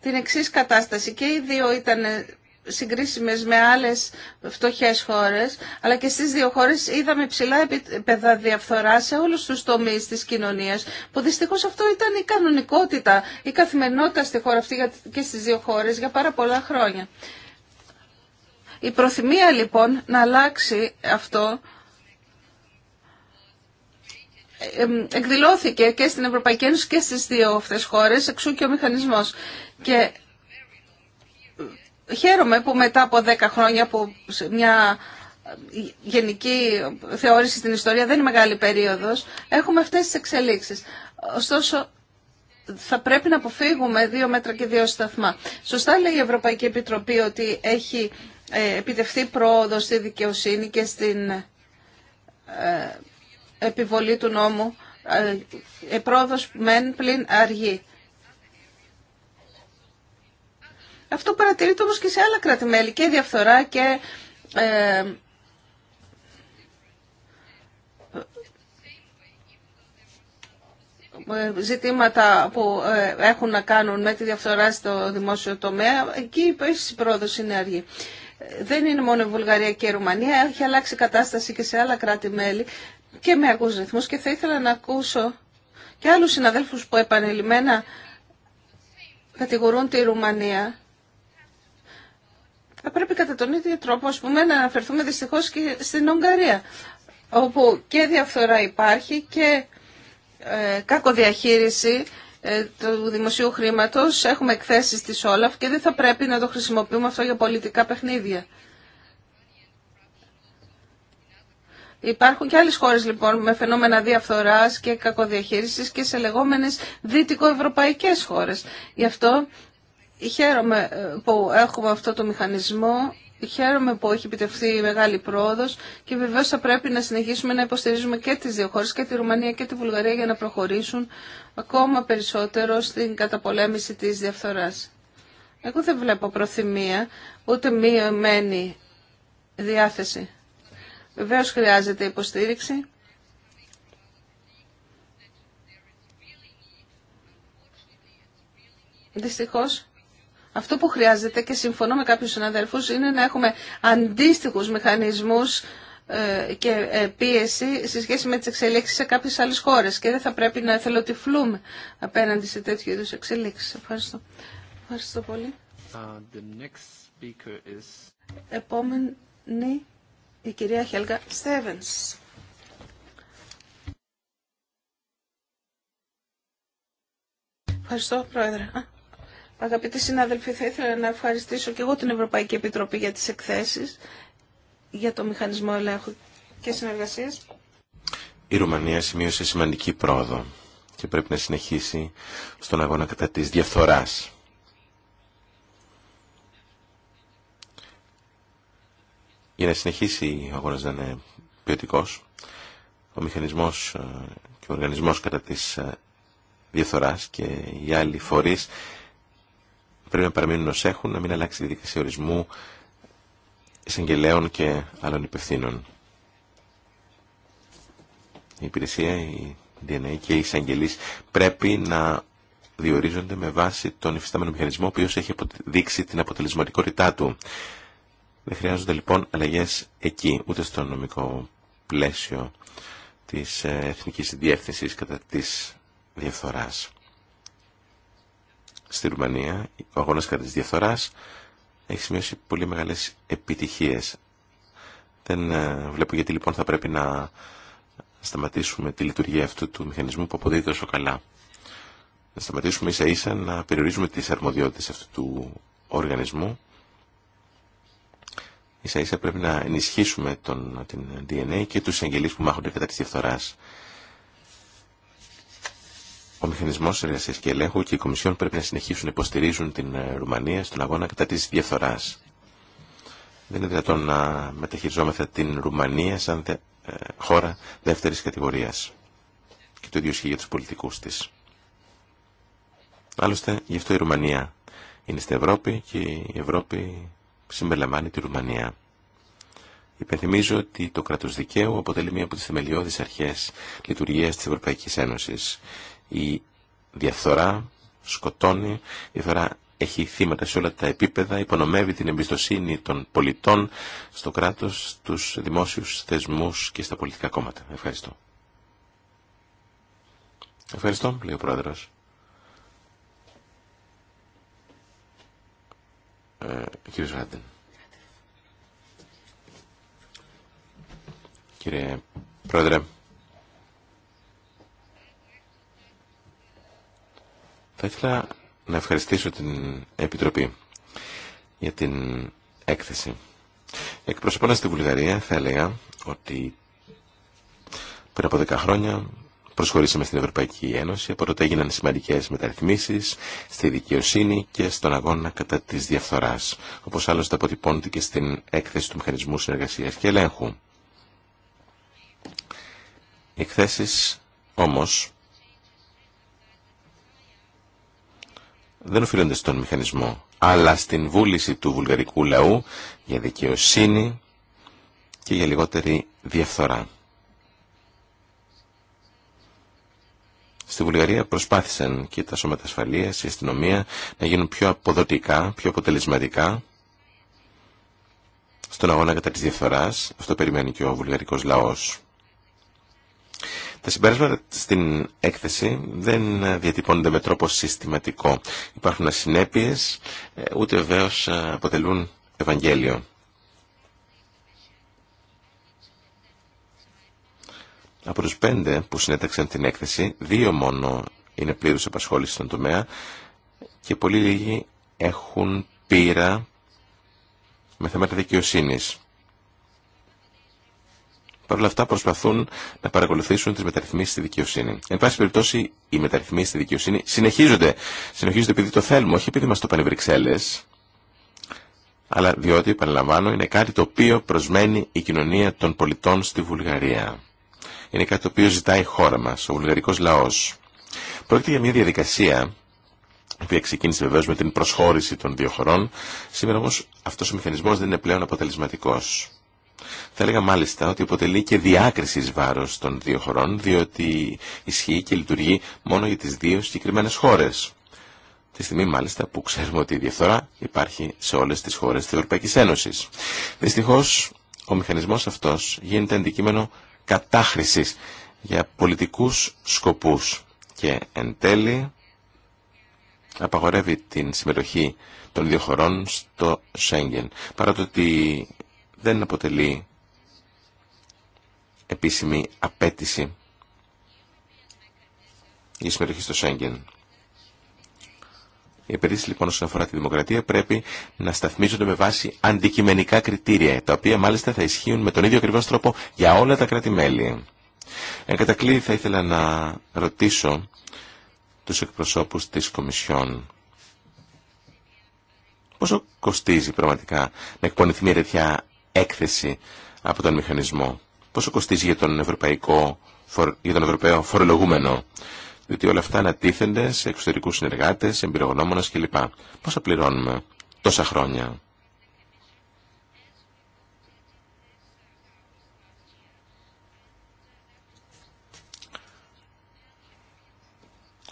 την εξής κατάσταση. Και οι δύο ήταν συγκρίσιμες με άλλες φτωχές χώρες, αλλά και στις δύο χώρες είδαμε ψηλά επίπεδα διαφθορά σε όλους τους τομείς της κοινωνίας, που δυστυχώς αυτό ήταν η κανονικότητα, η καθημερινότητα στη χώρα αυτή και στις δύο χώρες για πάρα πολλά χρόνια. Η προθυμία λοιπόν να αλλάξει αυτό εκδηλώθηκε και στην Ευρωπαϊκή Ένωση και στις δύο αυτές χώρες, εξού και ο μηχανισμός. Και Χαίρομαι που μετά από δέκα χρόνια που μια γενική θεώρηση στην ιστορία δεν είναι μεγάλη περίοδος, έχουμε αυτές τις εξελίξεις. Ωστόσο, θα πρέπει να αποφύγουμε δύο μέτρα και δύο σταθμά. Σωστά λέει η Ευρωπαϊκή Επιτροπή ότι έχει ε, επιτευχθεί πρόοδο στη δικαιοσύνη και στην ε, επιβολή του νόμου. Ε, ε, πρόοδος μεν πλην αργή. Αυτό παρατηρείται όμως και σε άλλα κράτη-μέλη και διαφθορά και ε, ε, ζητήματα που ε, έχουν να κάνουν με τη διαφθορά στο δημόσιο τομέα, εκεί η πρόοδος είναι αργή. Δεν είναι μόνο η Βουλγαρία και η Ρουμανία, έχει αλλάξει κατάσταση και σε άλλα κράτη-μέλη και με αργούς ρυθμούς και θα ήθελα να ακούσω και άλλους συναδέλφους που επανειλημμένα κατηγορούν τη Ρουμανία θα πρέπει κατά τον ίδιο τρόπο ας πούμε, να αναφερθούμε δυστυχώ και στην Ουγγαρία, όπου και διαφθορά υπάρχει και ε, κακοδιαχείριση ε, του δημοσίου χρήματος, έχουμε εκθέσει τη Όλαφ και δεν θα πρέπει να το χρησιμοποιούμε αυτό για πολιτικά παιχνίδια. Υπάρχουν και άλλες χώρες λοιπόν με φαινόμενα διαφθοράς και κακοδιαχείρισης και σε λεγόμενες δυτικοευρωπαϊκές χώρες. Γι' αυτό Χαίρομαι ε, που έχουμε αυτό το μηχανισμό, χαίρομαι που έχει επιτευχθεί η μεγάλη πρόοδος και βεβαίως θα πρέπει να συνεχίσουμε να υποστηρίζουμε και τις δύο χώρες, και τη Ρουμανία και τη Βουλγαρία για να προχωρήσουν ακόμα περισσότερο στην καταπολέμηση της διαφθοράς. Εγώ δεν βλέπω προθυμία, ούτε μειωμένη διάθεση. Βεβαίως χρειάζεται υποστήριξη. Δυστυχώς αυτό που χρειάζεται και συμφωνώ με κάποιους συναδέλφους είναι να έχουμε αντίστοιχους μηχανισμούς ε, και ε, πίεση σε σχέση με τις εξελίξεις σε κάποιες άλλες χώρες και δεν θα πρέπει να εθελοτυφλούμε απέναντι σε τέτοιου είδους εξελίξεις. Ευχαριστώ. Ευχαριστώ πολύ. Uh, the next is... Επόμενη η κυρία Χέλγα Στέβενς. Ευχαριστώ, Πρόεδρε. Αγαπητοί συνάδελφοι, θα ήθελα να ευχαριστήσω και εγώ την Ευρωπαϊκή Επιτροπή για τις εκθέσεις για το μηχανισμό ελέγχου και συνεργασίας. Η Ρουμανία σημείωσε σημαντική πρόοδο και πρέπει να συνεχίσει στον αγώνα κατά της διαφθοράς. Για να συνεχίσει ο αγώνας να είναι ποιοτικός, ο μηχανισμός ε, και ο οργανισμός κατά της ε, διαφθοράς και οι άλλοι φορείς πρέπει να παραμείνουν ως έχουν, να μην αλλάξει η διαδικασία ορισμού εισαγγελέων και άλλων υπευθύνων. Η υπηρεσία, η DNA και οι εισαγγελείς πρέπει να διορίζονται με βάση τον υφιστάμενο μηχανισμό ο οποίος έχει δείξει την αποτελεσματικότητά του. Δεν χρειάζονται λοιπόν αλλαγές εκεί, ούτε στο νομικό πλαίσιο της ε, Εθνικής Διεύθυνσης κατά της διαφθοράς στη Ρουμανία, ο αγώνα κατά τη διαφθορά, έχει σημειώσει πολύ μεγάλες επιτυχίες. Δεν ε, βλέπω γιατί λοιπόν θα πρέπει να σταματήσουμε τη λειτουργία αυτού του μηχανισμού που αποδίδει τόσο καλά. Να σταματήσουμε ίσα ίσα να περιορίζουμε τις αρμοδιότητε αυτού του οργανισμού. Ίσα ίσα πρέπει να ενισχύσουμε τον, την ε, DNA και του εγγελείς που μάχονται κατά τη διαφθορά. Ο μηχανισμό εργασία και ελέγχου και η Κομισιόν πρέπει να συνεχίσουν να υποστηρίζουν την ε, Ρουμανία στον αγώνα κατά τη διαφθορά. Δεν είναι δυνατόν να μεταχειριζόμεθα την Ρουμανία σαν δε, ε, χώρα δεύτερη κατηγορία. Και το ίδιο ισχύει για του πολιτικού τη. Άλλωστε, γι' αυτό η Ρουμανία είναι στην Ευρώπη και η Ευρώπη συμπεριλαμβάνει τη Ρουμανία. Υπενθυμίζω ότι το κράτος δικαίου αποτελεί μία από τι θεμελιώδει αρχέ λειτουργία τη Ευρωπαϊκή Ένωση. Η διαφθορά σκοτώνει, η διαφθορά έχει θύματα σε όλα τα επίπεδα, υπονομεύει την εμπιστοσύνη των πολιτών στο κράτος, στους δημόσιους θεσμούς και στα πολιτικά κόμματα. Ευχαριστώ. Ευχαριστώ, λέει ο Πρόεδρος. Ε, κύριε Ράντεν. Κύριε Πρόεδρε, Θα ήθελα να ευχαριστήσω την Επιτροπή για την έκθεση. Εκπροσωπώντας τη Βουλγαρία θα έλεγα ότι πριν από 10 χρόνια προσχωρήσαμε στην Ευρωπαϊκή Ένωση, από τότε έγιναν σημαντικές μεταρρυθμίσεις στη δικαιοσύνη και στον αγώνα κατά της διαφθοράς, όπως άλλωστε αποτυπώνεται και στην έκθεση του Μηχανισμού Συνεργασίας και Ελέγχου. Οι εκθέσεις όμως δεν οφείλονται στον μηχανισμό, αλλά στην βούληση του βουλγαρικού λαού για δικαιοσύνη και για λιγότερη διαφθορά. Στη Βουλγαρία προσπάθησαν και τα σώματα ασφαλείας, η αστυνομία να γίνουν πιο αποδοτικά, πιο αποτελεσματικά στον αγώνα κατά της διαφθορά Αυτό περιμένει και ο βουλγαρικός λαός. Τα συμπέρασματα στην έκθεση δεν διατυπώνονται με τρόπο συστηματικό. Υπάρχουν ασυνέπειες, ε, ούτε βεβαίω ε, αποτελούν Ευαγγέλιο. Από τους πέντε που συνέταξαν την έκθεση, δύο μόνο είναι πλήρους απασχόληση στον τομέα και πολύ λίγοι έχουν πείρα με θέματα δικαιοσύνης. Παρ' όλα αυτά προσπαθούν να παρακολουθήσουν τι μεταρρυθμίσει στη δικαιοσύνη. Εν πάση περιπτώσει, οι μεταρρυθμίσει στη δικαιοσύνη συνεχίζονται. Συνεχίζονται επειδή το θέλουμε, όχι επειδή μα το πάνε αλλά διότι, επαναλαμβάνω, είναι κάτι το οποίο προσμένει η κοινωνία των πολιτών στη Βουλγαρία. Είναι κάτι το οποίο ζητάει η χώρα μα, ο βουλγαρικό λαό. Πρόκειται για μια διαδικασία η οποία ξεκίνησε βεβαίω με την προσχώρηση των δύο χωρών. Σήμερα όμω αυτό ο μηχανισμό δεν είναι πλέον αποτελεσματικό. Θα έλεγα μάλιστα ότι αποτελεί και διάκριση βάρο των δύο χωρών, διότι ισχύει και λειτουργεί μόνο για τις δύο συγκεκριμένε χώρες. Τη στιγμή μάλιστα που ξέρουμε ότι η διαφθορά υπάρχει σε όλες τις χώρες της Ευρωπαϊκή Ένωση. Δυστυχώ, ο μηχανισμός αυτός γίνεται αντικείμενο κατάχρηση για πολιτικού σκοπού. και εν τέλει απαγορεύει την συμμετοχή των δύο χωρών στο Σέγγεν. Παρά το ότι δεν αποτελεί επίσημη απέτηση για συμμετοχή στο Σέγγεν. Οι επενδύσει λοιπόν όσον αφορά τη δημοκρατία πρέπει να σταθμίζονται με βάση αντικειμενικά κριτήρια, τα οποία μάλιστα θα ισχύουν με τον ίδιο ακριβώ τρόπο για όλα τα κράτη-μέλη. Εν κατακλείδη θα ήθελα να ρωτήσω τους εκπροσώπους της Κομισιόν πόσο κοστίζει πραγματικά να εκπονηθεί μια τέτοια έκθεση από τον μηχανισμό. Πόσο κοστίζει για τον, ευρωπαϊκό, για τον Ευρωπαίο φορολογούμενο. Διότι όλα αυτά ανατίθενται σε εξωτερικού συνεργάτε, εμπειρογνώμονε κλπ. Πόσα πληρώνουμε τόσα χρόνια.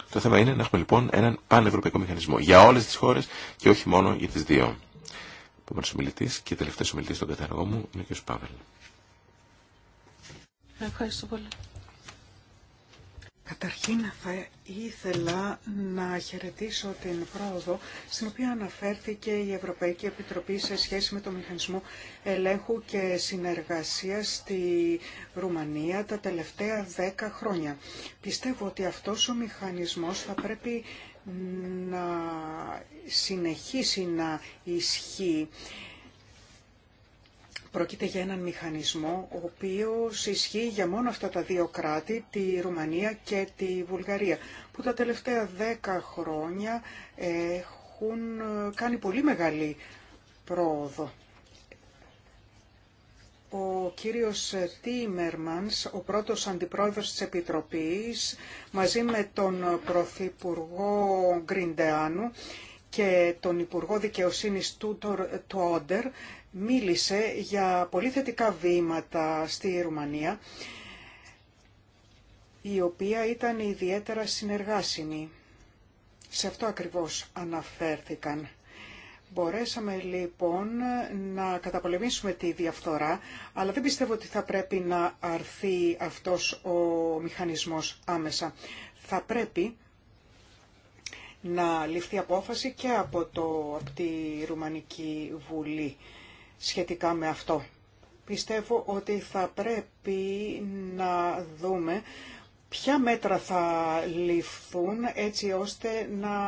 Το θέμα είναι να έχουμε λοιπόν έναν πανευρωπαϊκό μηχανισμό για όλες τις χώρες και όχι μόνο για τις δύο. Επόμενο ομιλητή και τελευταίος ομιλητή στον κατάλογο μου είναι ο κ. Παύλ. Ευχαριστώ πολύ. Καταρχήν θα ήθελα να χαιρετήσω την πρόοδο στην οποία αναφέρθηκε η Ευρωπαϊκή Επιτροπή σε σχέση με το μηχανισμό ελέγχου και συνεργασίας στη Ρουμανία τα τελευταία δέκα χρόνια. Πιστεύω ότι αυτός ο μηχανισμός θα πρέπει να συνεχίσει να ισχύει. Πρόκειται για έναν μηχανισμό ο οποίος ισχύει για μόνο αυτά τα δύο κράτη, τη Ρουμανία και τη Βουλγαρία, που τα τελευταία δέκα χρόνια έχουν κάνει πολύ μεγάλη πρόοδο ο κύριος Τίμερμανς, ο πρώτος αντιπρόεδρος της Επιτροπής, μαζί με τον Πρωθυπουργό Γκριντεάνου και τον Υπουργό Δικαιοσύνης Τούτορ Τόντερ, μίλησε για πολύ θετικά βήματα στη Ρουμανία, η οποία ήταν ιδιαίτερα συνεργάσιμη. Σε αυτό ακριβώς αναφέρθηκαν. Μπορέσαμε λοιπόν να καταπολεμήσουμε τη διαφθορά, αλλά δεν πιστεύω ότι θα πρέπει να αρθεί αυτός ο μηχανισμός άμεσα. Θα πρέπει να ληφθεί απόφαση και από, το, από τη Ρουμανική Βουλή σχετικά με αυτό. Πιστεύω ότι θα πρέπει να δούμε ποια μέτρα θα ληφθούν έτσι ώστε να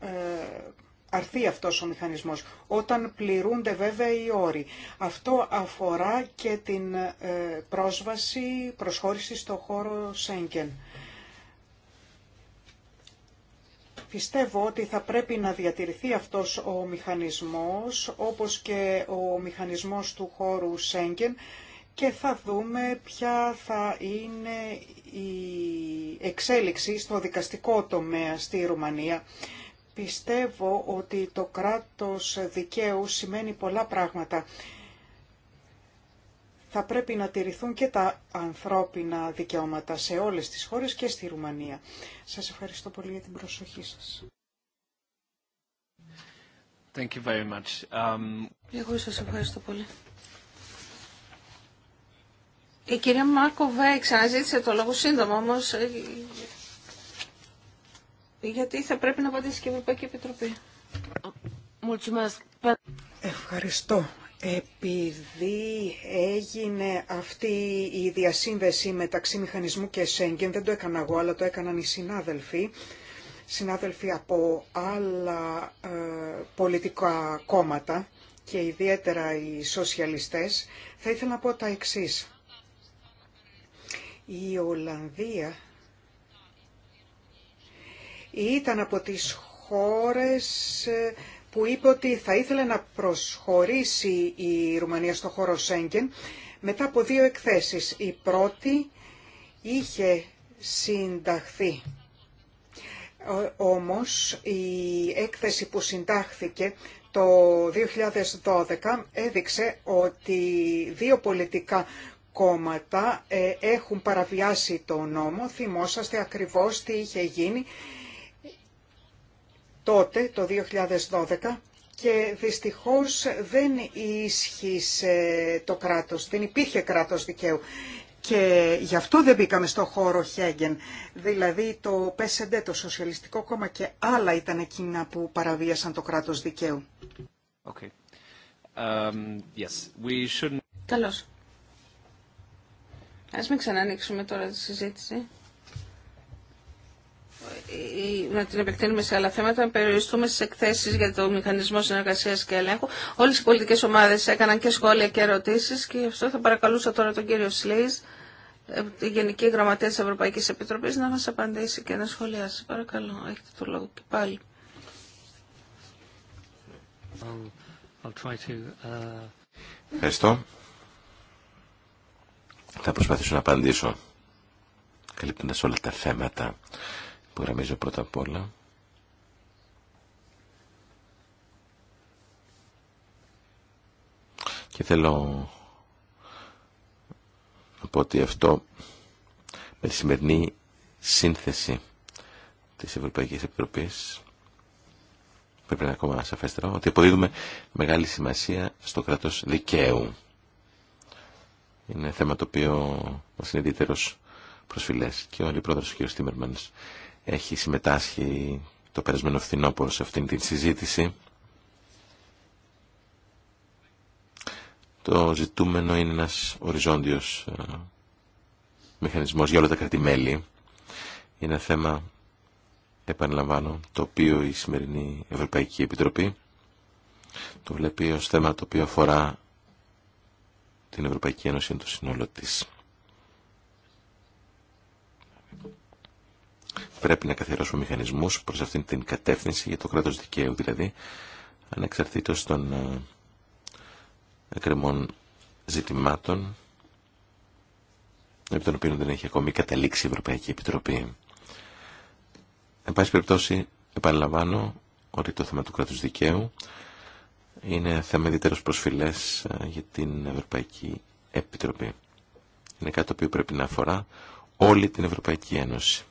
ε, αρθεί αυτός ο μηχανισμός, όταν πληρούνται βέβαια οι όροι. Αυτό αφορά και την ε, πρόσβαση, προσχώρηση στο χώρο Σέγγεν. Πιστεύω ότι θα πρέπει να διατηρηθεί αυτός ο μηχανισμός, όπως και ο μηχανισμός του χώρου Σέγγεν, και θα δούμε ποια θα είναι η εξέλιξη στο δικαστικό τομέα στη Ρουμανία Πιστεύω ότι το κράτος δικαίου σημαίνει πολλά πράγματα. Θα πρέπει να τηρηθούν και τα ανθρώπινα δικαιώματα σε όλες τις χώρες και στη Ρουμανία. Σας ευχαριστώ πολύ για την προσοχή σας. Thank you very much. Um, Εγώ σας ευχαριστώ πολύ. Η κυρία Μάρκο το λόγο σύντομα, όμως ε, γιατί θα πρέπει να απαντήσει και η Ευρωπαϊκή Επιτροπή. Ευχαριστώ. Επειδή έγινε αυτή η διασύνδεση μεταξύ μηχανισμού και Σέγγεν, δεν το έκανα εγώ, αλλά το έκαναν οι συνάδελφοι, συνάδελφοι από άλλα ε, πολιτικά κόμματα και ιδιαίτερα οι σοσιαλιστές, θα ήθελα να πω τα εξής. Η Ολλανδία ήταν από τις χώρες ε, που είπε ότι θα ήθελε να προσχωρήσει η Ρουμανία στο χώρο Σέγγεν μετά από δύο εκθέσεις. Η πρώτη είχε συνταχθεί. Όμως η έκθεση που συντάχθηκε το 2012 έδειξε ότι δύο πολιτικά κόμματα ε, έχουν παραβιάσει το νόμο. Θυμόσαστε ακριβώς τι είχε γίνει τότε, το 2012, και δυστυχώς δεν ίσχυσε το κράτος, δεν υπήρχε κράτος δικαίου. Και γι' αυτό δεν μπήκαμε στο χώρο Χέγγεν. Δηλαδή το ΠΣΔ, το Σοσιαλιστικό Κόμμα και άλλα ήταν εκείνα που παραβίασαν το κράτος δικαίου. Okay. Um, yes. We Καλώς. Ας μην ξανανοίξουμε τώρα τη συζήτηση να την επεκτείνουμε σε άλλα θέματα, να περιοριστούμε στι εκθέσει για το μηχανισμό συνεργασία και ελέγχου. Όλε οι πολιτικέ ομάδε έκαναν και σχόλια και ερωτήσει και γι' αυτό θα παρακαλούσα τώρα τον κύριο Σλέιζ, ε, τη Γενική Γραμματέα τη Ευρωπαϊκή Επιτροπή, να μα απαντήσει και να σχολιάσει. Παρακαλώ, έχετε το λόγο και πάλι. Uh, Ευχαριστώ. Θα προσπαθήσω να απαντήσω καλύπτοντας όλα τα θέματα που γραμμίζω πρώτα απ' όλα και θέλω να πω ότι αυτό με τη σημερινή σύνθεση της Ευρωπαϊκής Επιτροπής πρέπει να είναι ακόμα σαφέστερο ότι αποδίδουμε μεγάλη σημασία στο κράτος δικαίου. Είναι θέμα το οποίο μας είναι ιδιαίτερος προσφυλές και όλοι οι ο κ έχει συμμετάσχει το περασμένο φθινόπωρο σε αυτήν την συζήτηση. Το ζητούμενο είναι ένας οριζόντιος ε, μηχανισμός για όλα τα κρατημέλη. Είναι θέμα, επαναλαμβάνω, το οποίο η σημερινή Ευρωπαϊκή Επιτροπή το βλέπει ως θέμα το οποίο αφορά την Ευρωπαϊκή Ένωση και το σύνολο της. πρέπει να καθιερώσουμε μηχανισμούς προς αυτήν την κατεύθυνση για το κράτος δικαίου δηλαδή ανεξαρτήτως των ε, εκκρεμών ζητημάτων επί των οποίων δεν έχει ακόμη καταλήξει η Ευρωπαϊκή Επιτροπή. Εν πάση περιπτώσει, επαναλαμβάνω ότι το θέμα του κράτους δικαίου είναι θέμα ιδιαίτερως προσφυλές ε, για την Ευρωπαϊκή Επιτροπή. Είναι κάτι το οποίο πρέπει να αφορά όλη την Ευρωπαϊκή Ένωση.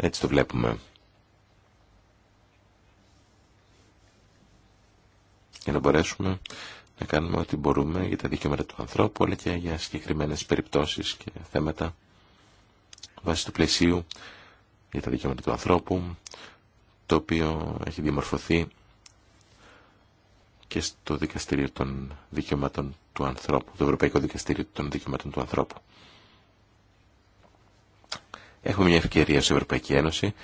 Έτσι το βλέπουμε. Για να μπορέσουμε να κάνουμε ό,τι μπορούμε για τα δικαιώματα του ανθρώπου, αλλά και για συγκεκριμένε περιπτώσεις και θέματα βάσει του πλαισίου για τα δικαιώματα του ανθρώπου, το οποίο έχει διαμορφωθεί και στο Δικαστήριο των Δικαιωμάτων του Ανθρώπου, το Ευρωπαϊκό Δικαστήριο των Δικαιωμάτων του Ανθρώπου. Έχουμε μια ευκαιρία στην Ευρωπαϊκή Ένωση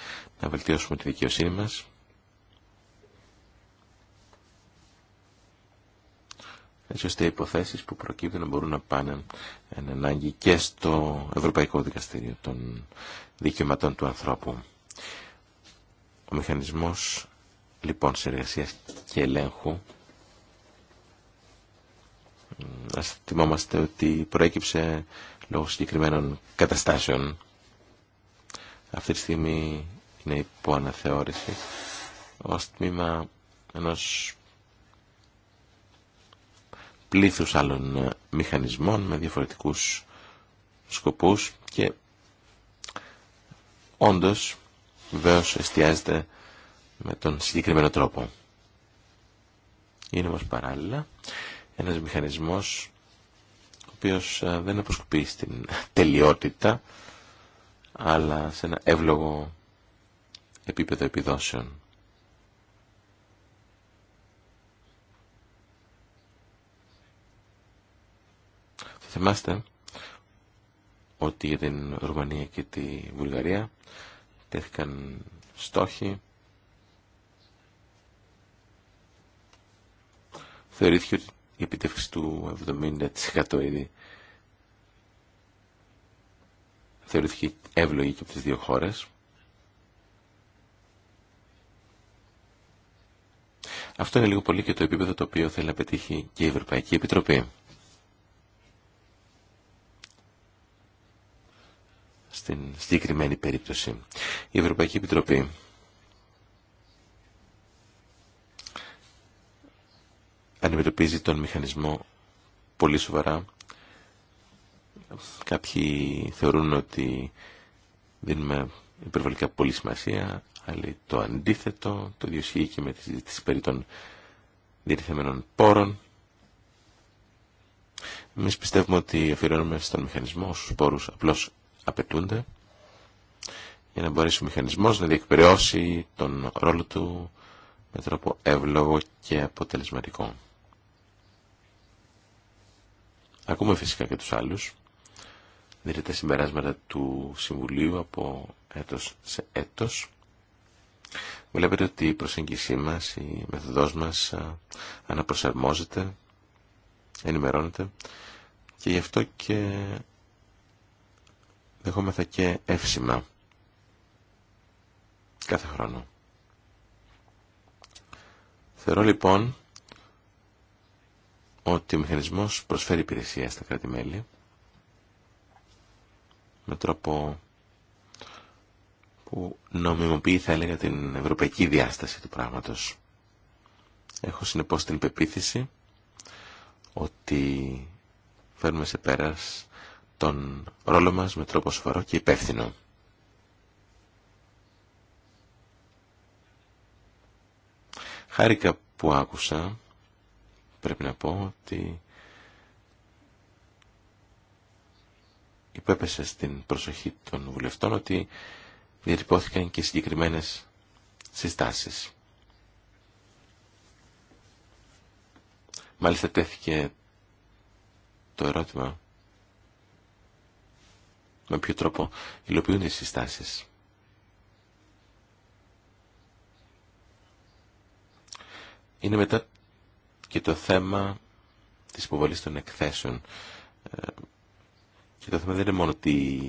να βελτιώσουμε τη δικαιοσύνη μας. Έτσι ώστε οι υποθέσεις που προκύπτουν να μπορούν να πάνε εν ανάγκη και στο Ευρωπαϊκό Δικαστήριο των Δικαιωματών του Ανθρώπου. Ο μηχανισμός λοιπόν συνεργασίας και ελέγχου ας θυμόμαστε ότι προέκυψε λόγω συγκεκριμένων καταστάσεων αυτή τη στιγμή είναι υπό αναθεώρηση ως τμήμα ενός πλήθους άλλων ε, μηχανισμών με διαφορετικούς σκοπούς και όντως βεβαίω εστιάζεται με τον συγκεκριμένο τρόπο. Είναι όμως παράλληλα ένας μηχανισμός ο οποίος ε, δεν αποσκοπεί στην <laughs> τελειότητα αλλά σε ένα εύλογο επίπεδο επιδόσεων. Θα θυμάστε ότι για την Ρουμανία και τη Βουλγαρία τέθηκαν στόχοι θεωρήθηκε ότι η επιτεύξη του 70% ήδη θεωρήθηκε εύλογη και από τις δύο χώρες. Αυτό είναι λίγο πολύ και το επίπεδο το οποίο θέλει να πετύχει και η Ευρωπαϊκή Επιτροπή. Στην συγκεκριμένη περίπτωση. Η Ευρωπαϊκή Επιτροπή αντιμετωπίζει τον μηχανισμό πολύ σοβαρά Κάποιοι θεωρούν ότι δίνουμε υπερβολικά πολύ σημασία, αλλά το αντίθετο, το ίδιο και με τη συζήτηση περί των διερθεμένων πόρων. Εμεί πιστεύουμε ότι αφιερώνουμε στον μηχανισμό όσου πόρου απλώ απαιτούνται για να μπορέσει ο μηχανισμό να διεκπαιρεώσει τον ρόλο του με τρόπο εύλογο και αποτελεσματικό. Ακούμε φυσικά και τους άλλους δείτε τα συμπεράσματα του Συμβουλίου από έτος σε έτος. Βλέπετε ότι η προσέγγιση μας, η μεθοδός μας αναπροσαρμόζεται, ενημερώνεται και γι' αυτό και δεχόμεθα και εύσημα κάθε χρόνο. Θεωρώ λοιπόν ότι ο μηχανισμός προσφέρει υπηρεσία στα κράτη-μέλη με τρόπο που νομιμοποιεί θα έλεγα την ευρωπαϊκή διάσταση του πράγματος. Έχω συνεπώς την πεποίθηση ότι φέρνουμε σε πέρας τον ρόλο μας με τρόπο σοβαρό και υπεύθυνο. Χάρηκα που άκουσα, πρέπει να πω, ότι υπέπεσε στην προσοχή των βουλευτών ότι διατυπώθηκαν και συγκεκριμένες συστάσεις. Μάλιστα τέθηκε το ερώτημα με ποιο τρόπο υλοποιούνται οι συστάσεις. Είναι μετά και το θέμα της υποβολής των εκθέσεων ε, και το θέμα δεν είναι μόνο τι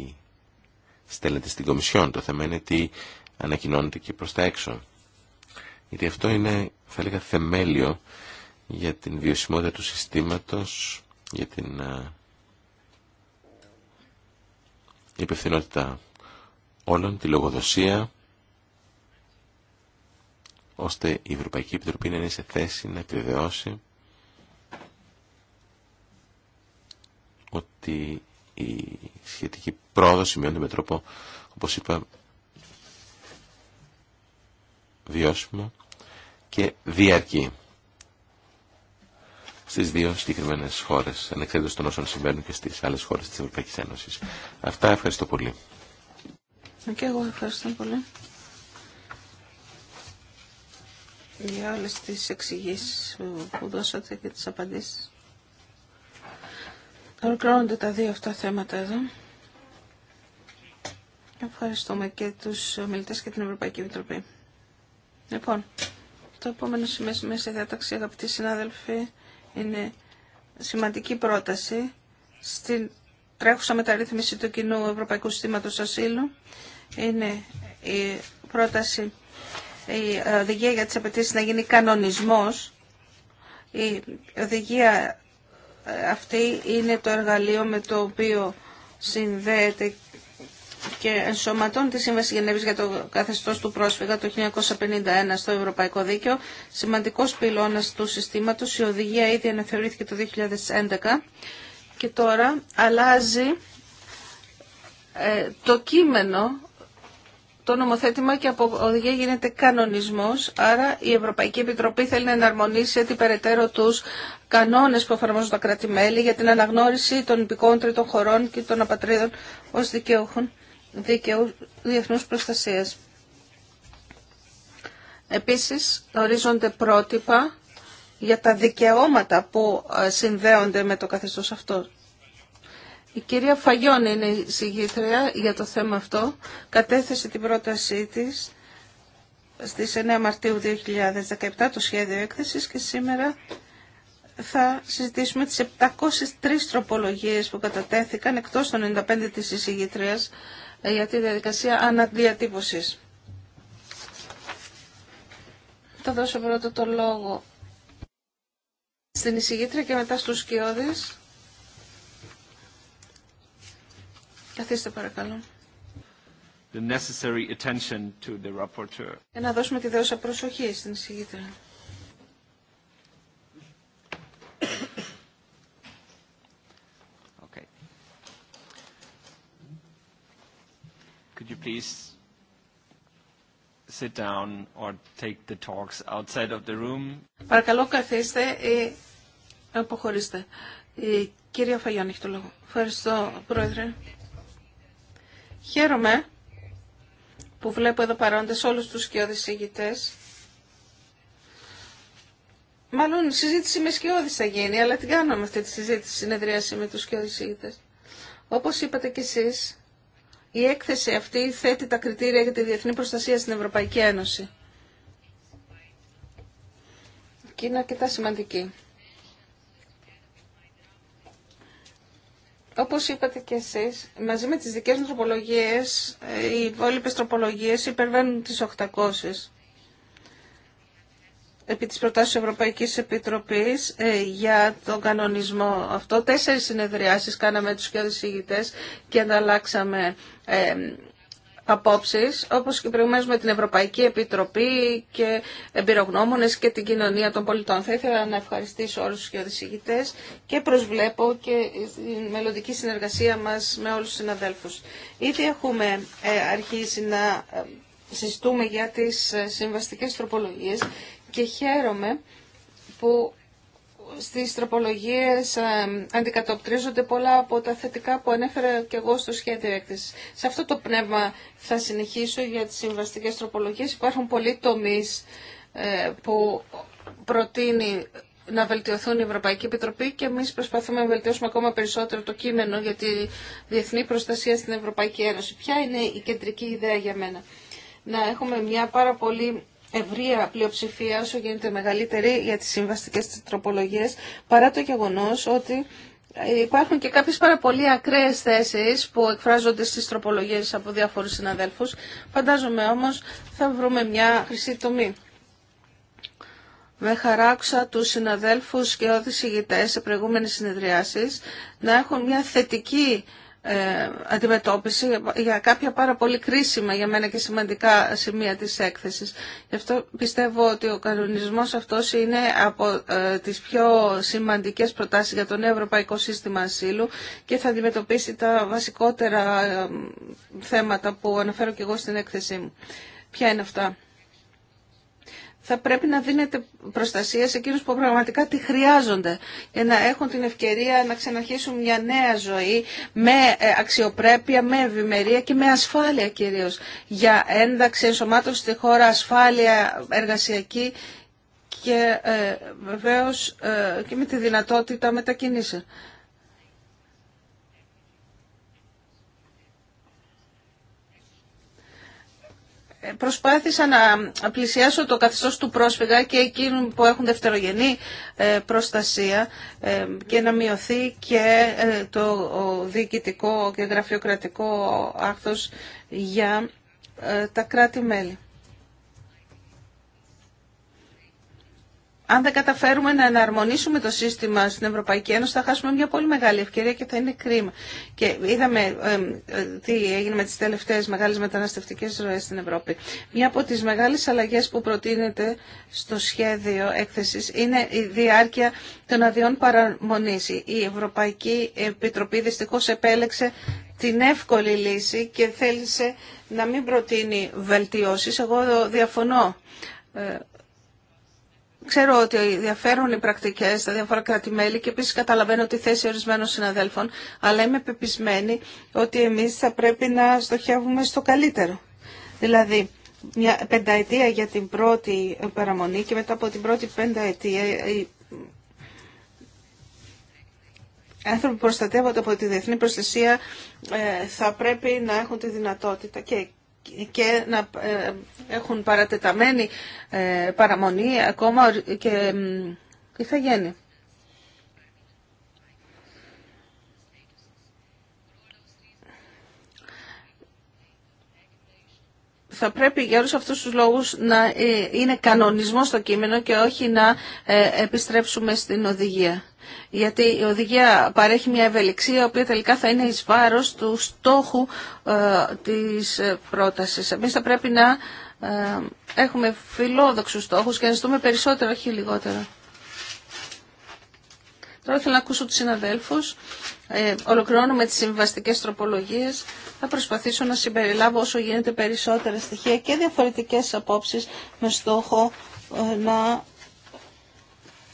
στέλνεται στην Κομισιόν, το θέμα είναι τι ανακοινώνεται και προς τα έξω. Γιατί αυτό είναι, θα έλεγα, θεμέλιο για την βιωσιμότητα του συστήματος, για την η υπευθυνότητα όλων, τη λογοδοσία, ώστε η Ευρωπαϊκή Επιτροπή να είναι σε θέση να επιβεβαιώσει ότι η σχετική πρόοδο σημαίνει με τρόπο, όπως είπα, βιώσιμο και διαρκή στις δύο συγκεκριμένε χώρες, ανεξάρτητα των όσων συμβαίνουν και στις άλλες χώρες της Ευρωπαϊκής Ένωσης. Αυτά ευχαριστώ πολύ. Και εγώ ευχαριστώ πολύ για όλες τις εξηγήσεις που δώσατε και τις απαντήσεις. Ολοκληρώνονται τα δύο αυτά θέματα εδώ. Ευχαριστούμε και τους ομιλητές και την Ευρωπαϊκή Επιτροπή. Λοιπόν, το επόμενο σημείο στη διάταξη, αγαπητοί συνάδελφοι, είναι σημαντική πρόταση στην τρέχουσα μεταρρύθμιση του κοινού Ευρωπαϊκού Συστήματος Ασύλου. Είναι η πρόταση, η οδηγία για τις απαιτήσει να γίνει κανονισμός. Η οδηγία αυτή είναι το εργαλείο με το οποίο συνδέεται και ενσωματώνει τη Σύμβαση Γενέβης για το καθεστώς του πρόσφυγα το 1951 στο Ευρωπαϊκό Δίκαιο. Σημαντικός πυλώνας του συστήματος, η οδηγία ήδη αναθεωρήθηκε το 2011 και τώρα αλλάζει ε, το κείμενο, το νομοθέτημα και από οδηγία γίνεται κανονισμός, άρα η Ευρωπαϊκή Επιτροπή θέλει να εναρμονίσει έτσι περαιτέρω τους κανόνες που εφαρμόζουν τα κράτη-μέλη για την αναγνώριση των υπηκών τρίτων χωρών και των απατρίδων ως δικαιούχων δικαιού διεθνούς προστασίας. Επίσης, ορίζονται πρότυπα για τα δικαιώματα που ε, συνδέονται με το καθεστώς αυτό. Η κυρία Φαγιόν είναι η συγγήτρια για το θέμα αυτό. Κατέθεσε την πρότασή της στις 9 Μαρτίου 2017 το σχέδιο έκθεσης και σήμερα θα συζητήσουμε τις 703 τροπολογίες που κατατέθηκαν εκτός των 95 της εισηγήτριας για τη διαδικασία αναδιατύπωσης. Θα δώσω πρώτο το λόγο στην εισηγήτρια και μετά στους σκιώδεις. Καθίστε παρακαλώ. The Για να δώσουμε τη δέωσα προσοχή στην εισηγήτρια. Could you please sit down or take the talks outside of the room? Παρακαλώ καθίστε ή αποχωρήστε. Η κυρία Φαγιάννη έχει το λόγο. Ευχαριστώ, Πρόεδρε. Χαίρομαι που βλέπω εδώ παρόντες όλους τους σκιώδεις ηγητές. Μάλλον συζήτηση με σκιώδης θα γίνει, αλλά την με αυτή τη συζήτηση, συνεδρίαση με τους σκιώδης ηγητές. Όπως είπατε κι εσείς, η έκθεση αυτή θέτει τα κριτήρια για τη διεθνή προστασία στην Ευρωπαϊκή Ένωση. Και είναι αρκετά σημαντική. Όπως είπατε και εσείς, μαζί με τις δικές μου τροπολογίες, ε, οι υπόλοιπες τροπολογίες υπερβαίνουν τις 800 επί της προτάσεως Ευρωπαϊκής Επιτροπής ε, για τον κανονισμό αυτό. Τέσσερις συνεδριάσεις κάναμε τους και οδησηγητές και ανταλλάξαμε ε, απόψεις, όπως και προηγουμένως με την Ευρωπαϊκή Επιτροπή και εμπειρογνώμονες και την κοινωνία των πολιτών. Θα ήθελα να ευχαριστήσω όλους τους και και προσβλέπω και τη μελλοντική συνεργασία μας με όλους τους συναδέλφους. Ήδη έχουμε ε, αρχίσει να ε, συζητούμε για τις συμβαστικές τροπολογίες και χαίρομαι που στις τροπολογίες ε, αντικατοπτρίζονται πολλά από τα θετικά που ανέφερα και εγώ στο σχέδιο έκθεσης. Σε αυτό το πνεύμα θα συνεχίσω για τις συμβαστικές τροπολογίες. Υπάρχουν πολλοί τομείς ε, που προτείνει να βελτιωθούν η Ευρωπαϊκή Επιτροπή και εμείς προσπαθούμε να βελτιώσουμε ακόμα περισσότερο το κείμενο για τη διεθνή προστασία στην Ευρωπαϊκή Ένωση. Ποια είναι η κεντρική ιδέα για μένα. Να έχουμε μια πάρα πολύ ευρεία πλειοψηφία όσο γίνεται μεγαλύτερη για τις συμβαστικές τροπολογίες παρά το γεγονός ότι Υπάρχουν και κάποιες πάρα πολύ ακραίες θέσεις που εκφράζονται στις τροπολογίες από διάφορους συναδέλφους. Φαντάζομαι όμως θα βρούμε μια χρυσή τομή. Με χαράξα τους συναδέλφους και ό,τι σε προηγούμενες συνεδριάσεις να έχουν μια θετική ε, αντιμετώπιση για κάποια πάρα πολύ κρίσιμα για μένα και σημαντικά σημεία της έκθεσης. Γι' αυτό πιστεύω ότι ο κανονισμός αυτός είναι από ε, τις πιο σημαντικές προτάσεις για το νέο Ευρωπαϊκό Σύστημα Ασύλου και θα αντιμετωπίσει τα βασικότερα ε, θέματα που αναφέρω και εγώ στην έκθεσή μου. Ποια είναι αυτά θα πρέπει να δίνεται προστασία σε εκείνους που πραγματικά τη χρειάζονται για να έχουν την ευκαιρία να ξαναρχίσουν μια νέα ζωή με ε, αξιοπρέπεια, με ευημερία και με ασφάλεια κυρίως για ένταξη, ενσωμάτωση στη χώρα, ασφάλεια εργασιακή και ε, βεβαίως ε, και με τη δυνατότητα μετακινήσεων. προσπάθησα να πλησιάσω το καθεστώς του πρόσφυγα και εκείνου που έχουν δευτερογενή ε, προστασία ε, και να μειωθεί και ε, το διοικητικό και γραφειοκρατικό άκθος για τα κράτη-μέλη. αν δεν καταφέρουμε να εναρμονίσουμε το σύστημα στην Ευρωπαϊκή Ένωση, θα χάσουμε μια πολύ μεγάλη ευκαιρία και θα είναι κρίμα. Και είδαμε ε, τι έγινε με τις τελευταίες μεγάλες μεταναστευτικές ροές στην Ευρώπη. Μια από τις μεγάλες αλλαγές που προτείνεται στο σχέδιο έκθεσης είναι η διάρκεια των αδειών παραμονής. Η Ευρωπαϊκή Επιτροπή δυστυχώ επέλεξε την εύκολη λύση και θέλησε να μην προτείνει βελτιώσεις. Εγώ διαφωνώ ε, Ξέρω ότι διαφέρουν οι πρακτικέ στα διάφορα κράτη-μέλη και επίση καταλαβαίνω τη θέση ορισμένων συναδέλφων, αλλά είμαι πεπισμένη ότι εμεί θα πρέπει να στοχεύουμε στο καλύτερο. Δηλαδή, μια πενταετία για την πρώτη παραμονή και μετά από την πρώτη πενταετία οι άνθρωποι που προστατεύονται από τη διεθνή προστασία ε, θα πρέπει να έχουν τη δυνατότητα και και να ε, έχουν παρατεταμένη ε, παραμονή ακόμα και ηθαγένεια. θα πρέπει για όλους αυτούς τους λόγους να ε, είναι κανονισμό στο κείμενο και όχι να επιστρέψουμε στην οδηγία γιατί η οδηγία παρέχει μια ευελιξία η οποία τελικά θα είναι εις βάρος του στόχου ε, της ε, πρότασης. Εμείς θα πρέπει να ε, έχουμε φιλόδοξους στόχους και να ζητούμε περισσότερο, όχι λιγότερο. Τώρα θέλω να ακούσω τους συναδέλφους. Ε, ολοκληρώνουμε τις συμβαστικές τροπολογίες. Θα προσπαθήσω να συμπεριλάβω όσο γίνεται περισσότερα στοιχεία και διαφορετικές απόψεις με στόχο να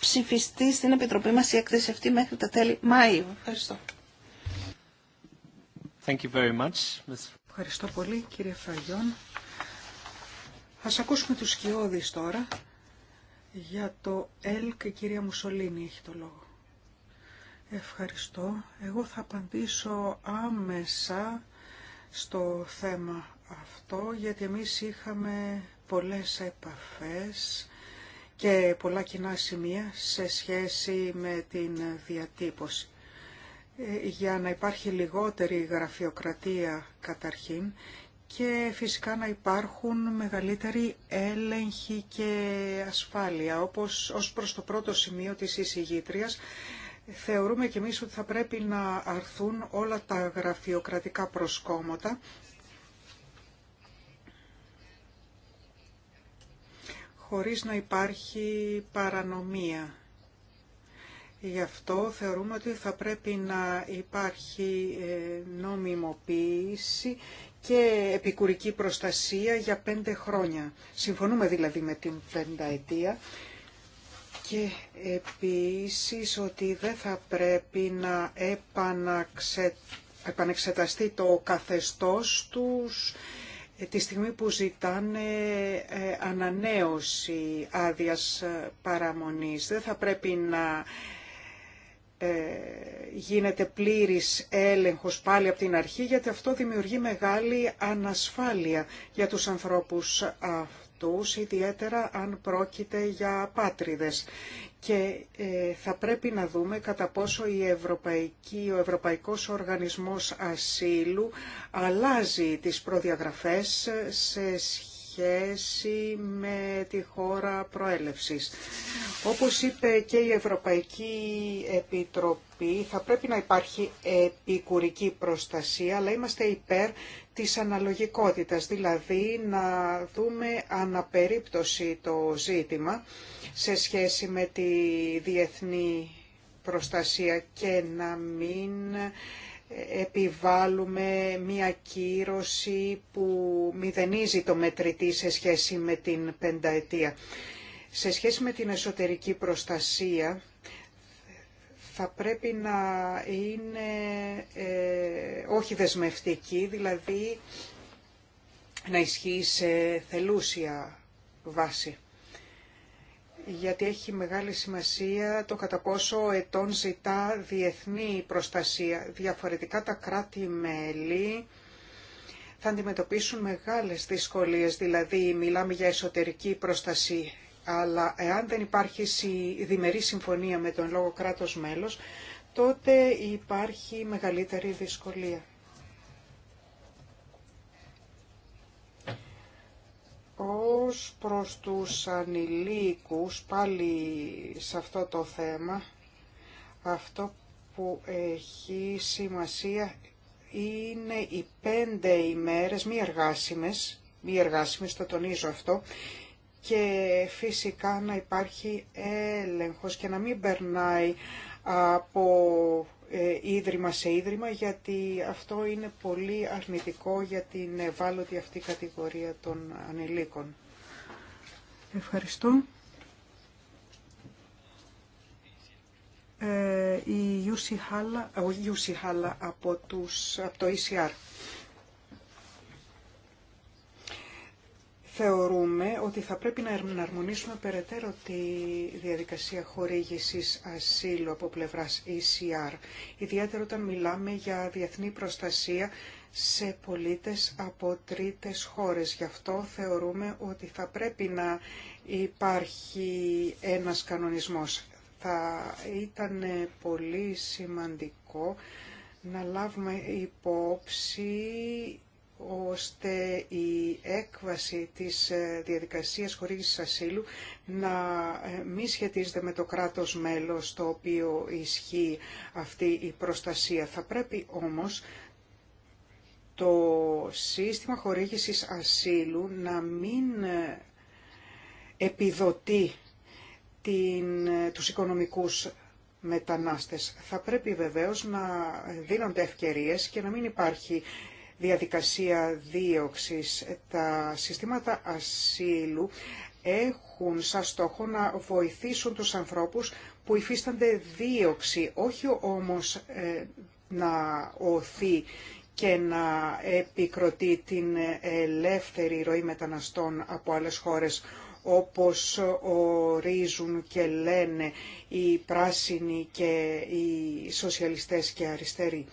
ψηφιστεί στην Επιτροπή μας η έκθεση αυτή μέχρι τα τέλη Μαΐου. Ευχαριστώ. Thank you very much. Ευχαριστώ πολύ κύριε Φαγιόν. Ας ακούσουμε τους σκιώδεις τώρα. Για το ΕΛΚ. και η κυρία Μουσολίνη έχει το λόγο. Ευχαριστώ. Εγώ θα απαντήσω άμεσα στο θέμα αυτό, γιατί εμείς είχαμε πολλές επαφές και πολλά κοινά σημεία σε σχέση με την διατύπωση. Ε, για να υπάρχει λιγότερη γραφειοκρατία καταρχήν και φυσικά να υπάρχουν μεγαλύτερη έλεγχη και ασφάλεια. Όπως ως προς το πρώτο σημείο της εισηγήτριας, θεωρούμε και εμείς ότι θα πρέπει να αρθούν όλα τα γραφειοκρατικά προσκόμματα χωρίς να υπάρχει παρανομία. Γι' αυτό θεωρούμε ότι θα πρέπει να υπάρχει ε, νομιμοποίηση και επικουρική προστασία για πέντε χρόνια. Συμφωνούμε δηλαδή με την πενταετία και επίσης ότι δεν θα πρέπει να επαναξε... επανεξεταστεί το καθεστώς τους ε, τη στιγμή που ζητάνε ε, ανανέωση άδειας ε, παραμονής. Δεν θα πρέπει να γίνεται πλήρης έλεγχος πάλι από την αρχή, γιατί αυτό δημιουργεί μεγάλη ανασφάλεια για τους ανθρώπους αυτούς ιδιαίτερα αν πρόκειται για πάτριδες. Και ε, θα πρέπει να δούμε κατά πόσο η Ευρωπαϊκή, ο Ευρωπαϊκός Οργανισμός Ασύλου αλλάζει τις προδιαγραφές σε σχέση με τη χώρα προέλευσης. Όπως είπε και η Ευρωπαϊκή Επιτροπή, θα πρέπει να υπάρχει επικουρική προστασία, αλλά είμαστε υπέρ της αναλογικότητας, δηλαδή να δούμε αναπερίπτωση το ζήτημα σε σχέση με τη διεθνή προστασία και να μην επιβάλλουμε μια κύρωση που μηδενίζει το μετρητή σε σχέση με την πενταετία. Σε σχέση με την εσωτερική προστασία, θα πρέπει να είναι ε, όχι δεσμευτική, δηλαδή να ισχύει σε θελούσια βάση. Γιατί έχει μεγάλη σημασία το κατά πόσο ετών ζητά διεθνή προστασία. Διαφορετικά τα κράτη-μέλη θα αντιμετωπίσουν μεγάλες δυσκολίες, δηλαδή μιλάμε για εσωτερική προστασία αλλά εάν δεν υπάρχει διμερή συμφωνία με τον λόγο κράτος μέλος, τότε υπάρχει μεγαλύτερη δυσκολία. Ως προς τους ανηλίκους, πάλι σε αυτό το θέμα, αυτό που έχει σημασία είναι οι πέντε ημέρες μη εργάσιμες, μη εργάσιμες, το τονίζω αυτό, και φυσικά να υπάρχει έλεγχος και να μην περνάει από ε, ίδρυμα σε ίδρυμα γιατί αυτό είναι πολύ αρνητικό για την ευάλωτη αυτή κατηγορία των ανηλίκων. Ευχαριστώ. Ε, η Ιούσι Χάλα από, τους, από το ECR. θεωρούμε ότι θα πρέπει να εναρμονίσουμε περαιτέρω τη διαδικασία χορήγησης ασύλου από πλευράς ECR, ιδιαίτερα όταν μιλάμε για διεθνή προστασία σε πολίτες από τρίτες χώρες. Γι' αυτό θεωρούμε ότι θα πρέπει να υπάρχει ένας κανονισμός. Θα ήταν πολύ σημαντικό να λάβουμε υπόψη ώστε η έκβαση της ε, διαδικασίας χορήγησης ασύλου να ε, μη σχετίζεται με το κράτος μέλος το οποίο ισχύει αυτή η προστασία. Θα πρέπει όμως το σύστημα χορήγησης ασύλου να μην ε, επιδοτεί την, τους οικονομικούς μετανάστες. Θα πρέπει βεβαίως να δίνονται ευκαιρίες και να μην υπάρχει διαδικασία δίωξης. Τα συστήματα ασύλου έχουν σαν στόχο να βοηθήσουν τους ανθρώπους που υφίστανται δίωξη, όχι όμως ε, να οθεί και να επικροτεί την ελεύθερη ροή μεταναστών από άλλες χώρες όπως ορίζουν και λένε οι πράσινοι και οι σοσιαλιστές και αριστεροί.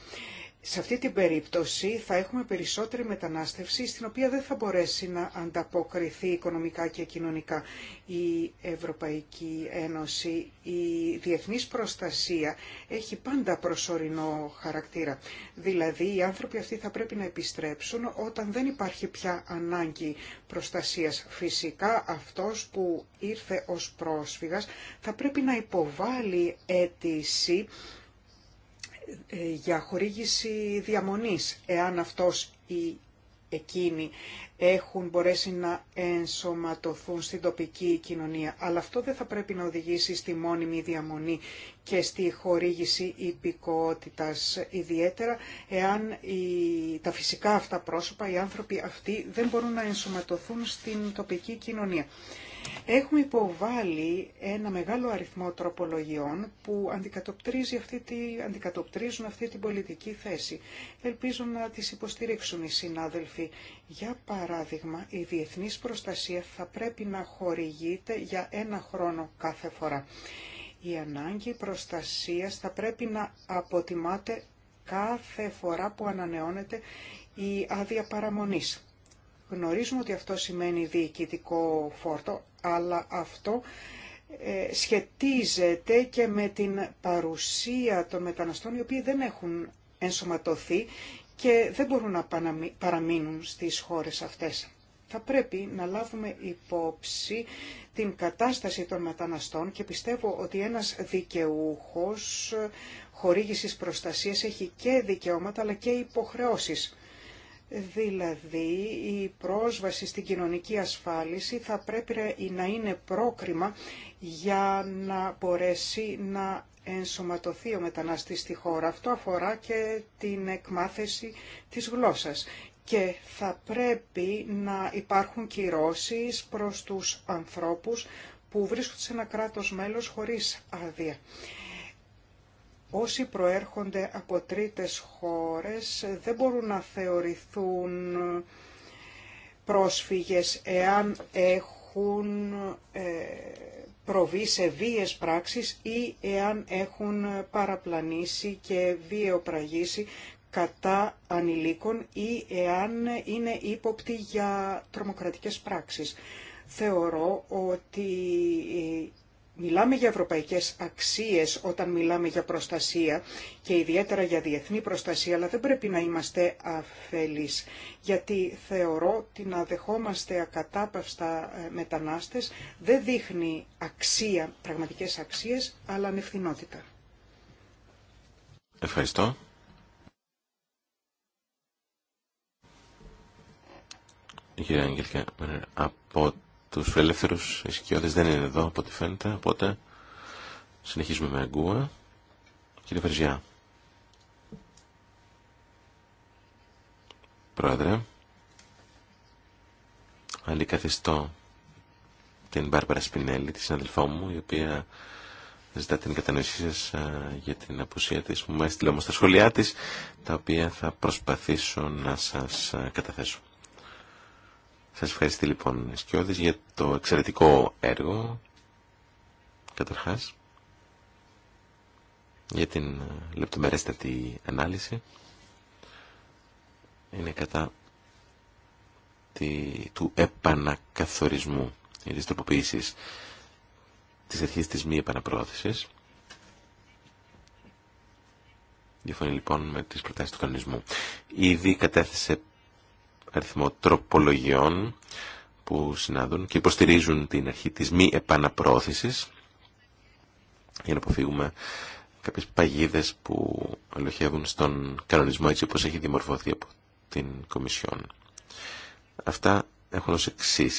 Σε αυτή την περίπτωση θα έχουμε περισσότερη μετανάστευση στην οποία δεν θα μπορέσει να ανταποκριθεί οικονομικά και κοινωνικά η Ευρωπαϊκή Ένωση. Η διεθνής προστασία έχει πάντα προσωρινό χαρακτήρα. Δηλαδή οι άνθρωποι αυτοί θα πρέπει να επιστρέψουν όταν δεν υπάρχει πια ανάγκη προστασίας. Φυσικά αυτός που ήρθε ως πρόσφυγας θα πρέπει να υποβάλει αίτηση ε, για χορήγηση διαμονής, εάν αυτός ή εκείνοι έχουν μπορέσει να ενσωματωθούν στην τοπική κοινωνία. Αλλά αυτό δεν θα πρέπει να οδηγήσει στη μόνιμη διαμονή και στη χορήγηση υπηκότητας, ιδιαίτερα εάν οι, τα φυσικά αυτά πρόσωπα, οι άνθρωποι αυτοί δεν μπορούν να ενσωματωθούν στην τοπική κοινωνία. Έχουμε υποβάλει ένα μεγάλο αριθμό τροπολογιών που αντικατοπτρίζει αυτή τη, αντικατοπτρίζουν αυτή την πολιτική θέση. Ελπίζω να τις υποστηρίξουν οι συνάδελφοι. Για παράδειγμα, η διεθνής προστασία θα πρέπει να χορηγείται για ένα χρόνο κάθε φορά. Η ανάγκη προστασίας θα πρέπει να αποτιμάται κάθε φορά που ανανεώνεται η άδεια παραμονής. Γνωρίζουμε ότι αυτό σημαίνει διοικητικό φόρτο, αλλά αυτό ε, σχετίζεται και με την παρουσία των μεταναστών οι οποίοι δεν έχουν ενσωματωθεί και δεν μπορούν να παραμείνουν στις χώρες αυτές. Θα πρέπει να λάβουμε υπόψη την κατάσταση των μεταναστών και πιστεύω ότι ένας δικαιούχος χορήγησης προστασίας έχει και δικαιώματα αλλά και υποχρεώσεις. Δηλαδή η πρόσβαση στην κοινωνική ασφάλιση θα πρέπει να είναι πρόκριμα για να μπορέσει να ενσωματωθεί ο μετανάστης στη χώρα. Αυτό αφορά και την εκμάθηση της γλώσσας. Και θα πρέπει να υπάρχουν κυρώσεις προς τους ανθρώπους που βρίσκονται σε ένα κράτος μέλος χωρίς άδεια όσοι προέρχονται από τρίτες χώρες δεν μπορούν να θεωρηθούν πρόσφυγες εάν έχουν ε, προβεί σε βίες πράξεις ή εάν έχουν παραπλανήσει και βιαιοπραγήσει κατά ανηλίκων ή εάν είναι ύποπτοι για τρομοκρατικές πράξεις. Θεωρώ ότι Μιλάμε για ευρωπαϊκές αξίες όταν μιλάμε για προστασία και ιδιαίτερα για διεθνή προστασία, αλλά δεν πρέπει να είμαστε αφελείς, γιατί θεωρώ ότι να δεχόμαστε ακατάπαυστα ε, μετανάστες δεν δείχνει αξία, πραγματικές αξίες, αλλά ανευθυνότητα. Ευχαριστώ. Αγγελικά, από τους ελεύθερους ισχυώδες δεν είναι εδώ από ό,τι φαίνεται, οπότε συνεχίζουμε με αγκούα. Κύριε Βερζιά. Πρόεδρε, αντικαθιστώ την Μπάρμπαρα Σπινέλη, τη συναδελφό μου, η οποία ζητά την κατανόησή σα ε, για την απουσία της. Μου έστειλε όμως τα σχόλιά της, τα οποία θα προσπαθήσω να σας ε, καταθέσω. Σας ευχαριστώ λοιπόν Σκιώδης για το εξαιρετικό έργο καταρχάς για την ε, λεπτομερέστατη ανάλυση είναι κατά τη, του επανακαθορισμού ή της τροποποίησης της αρχής της μη επαναπρόθεσης Διαφωνεί λοιπόν με τις προτάσεις του κανονισμού. Ήδη κατέθεσε αριθμό τροπολογιών που συνάδουν και υποστηρίζουν την αρχή της μη επαναπρόθεσης για να αποφύγουμε κάποιες παγίδες που ελοχεύουν στον κανονισμό έτσι όπως έχει δημορφωθεί από την Κομισιόν. Αυτά έχουν ως εξή.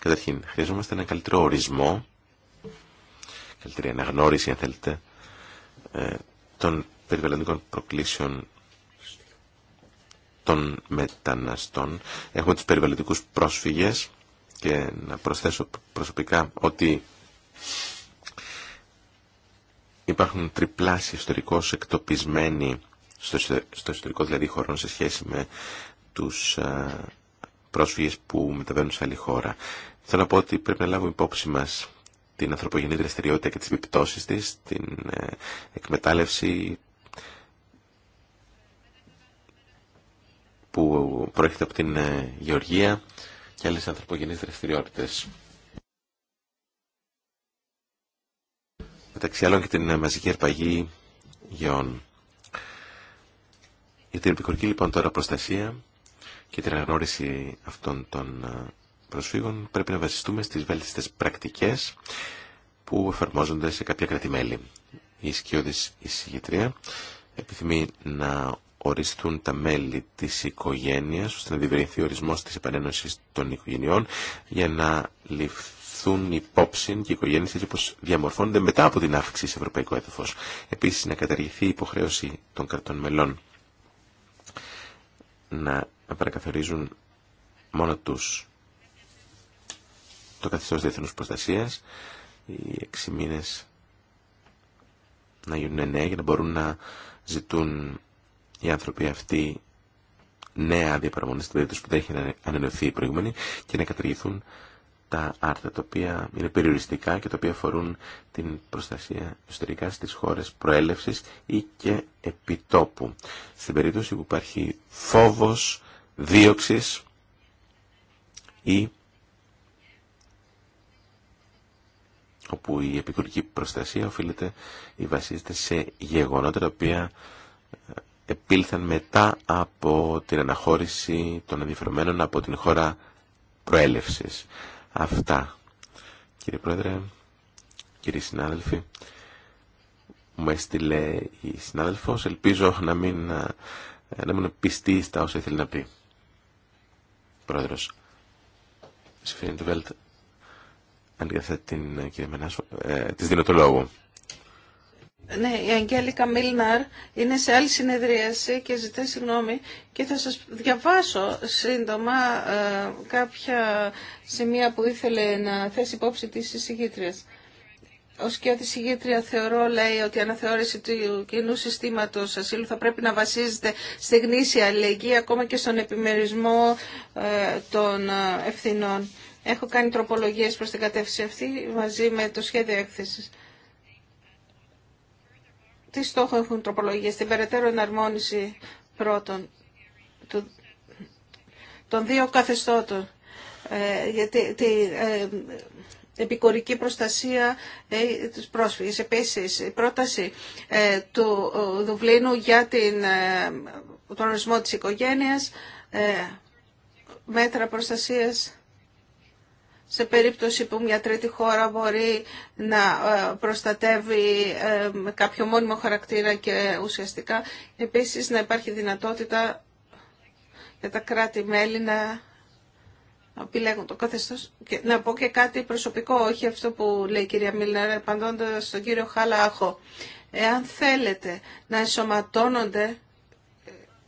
Καταρχήν, χρειαζόμαστε ένα καλύτερο ορισμό, καλύτερη αναγνώριση αν θέλετε, ε, των περιβαλλοντικών προκλήσεων των μεταναστών. Έχουμε τους περιβαλλοντικούς πρόσφυγες και να προσθέσω προσωπικά ότι υπάρχουν τριπλάσια ιστορικώς εκτοπισμένοι στο ιστορικό δηλαδή χωρών σε σχέση με τους πρόσφυγες που μεταβαίνουν σε άλλη χώρα. Θέλω να πω ότι πρέπει να λάβουμε υπόψη μας την ανθρωπογενή δραστηριότητα και τις επιπτώσεις της, την ε, εκμετάλλευση, που προέρχεται από την ε, γεωργία και άλλες ανθρωπογενείς δραστηριότητε, Μεταξύ άλλων και την ε, μαζική αρπαγή γεών. Για την επικορική λοιπόν τώρα προστασία και την αναγνώριση αυτών των ε, προσφύγων πρέπει να βασιστούμε στις βέλτιστες πρακτικές που εφαρμόζονται σε κάποια κρατημέλη. Η σκιώδης ισηγητρία επιθυμεί να οριστούν τα μέλη της οικογένειας ώστε να διευρυνθεί ο ορισμός της επανένωσης των οικογενειών για να ληφθούν υπόψη και οι οικογένειες έτσι όπως διαμορφώνονται μετά από την αύξηση σε ευρωπαϊκό έδαφος. Επίσης να καταργηθεί η υποχρέωση των κρατών μελών να παρακαθορίζουν μόνο τους το καθεστώς διεθνούς προστασίας οι έξι μήνες να γίνουν εννέα για να μπορούν να ζητούν οι άνθρωποι αυτοί νέα άδεια στην περίπτωση που δεν έχει ανανεωθεί η προηγούμενη και να καταργηθούν τα άρθρα τα οποία είναι περιοριστικά και τα οποία αφορούν την προστασία εσωτερικά στις χώρες προέλευσης ή και επιτόπου. Στην περίπτωση που υπάρχει φόβος δίωξης ή όπου η επικουρική προστασία διωξη η οπου ή βασίζεται σε γεγονότα τα οποία επήλθαν μετά από την αναχώρηση των ενδιαφερομένων από την χώρα προέλευσης. Αυτά, κύριε Πρόεδρε, κύριοι συνάδελφοι, μου έστειλε η συνάδελφος. Ελπίζω να μην να, στα όσα ήθελε να πει. Πρόεδρος, του Βέλτ, αντικαθέτει την ε, κυρία Μενάσο, ε, της δίνω το λόγο. Ναι, η Αγγέλικα Μίλναρ είναι σε άλλη συνεδρίαση και ζητάει συγγνώμη και θα σας διαβάσω σύντομα ε, κάποια σημεία που ήθελε να θέσει υπόψη τη εισηγήτριας. Ως και ότι η θεωρώ, λέει, ότι η αναθεώρηση του κοινού συστήματος ασύλου θα πρέπει να βασίζεται στη γνήσια αλληλεγγύη, ακόμα και στον επιμερισμό ε, των ε, ευθυνών. Έχω κάνει τροπολογίες προς την κατεύθυνση αυτή μαζί με το σχέδιο έκθεσης τι στόχο έχουν τροπολογίες, την περαιτέρω εναρμόνιση πρώτον των δύο καθεστώτων, ε, γιατί τη ε, επικορική προστασία ε, τους πρόσφυγες. Επίσης, η πρόταση ε, του Δουβλίνου για την, τον ορισμό της οικογένειας, μέτρα προστασίας σε περίπτωση που μια τρίτη χώρα μπορεί να ε, προστατεύει ε, με κάποιο μόνιμο χαρακτήρα και ουσιαστικά επίσης να υπάρχει δυνατότητα για τα κράτη-μέλη να επιλέγουν το καθεστώς. Και να πω και κάτι προσωπικό, όχι αυτό που λέει η κυρία Μιλνέρα, απαντώντας στον κύριο Χαλάχο. Εάν θέλετε να ενσωματώνονται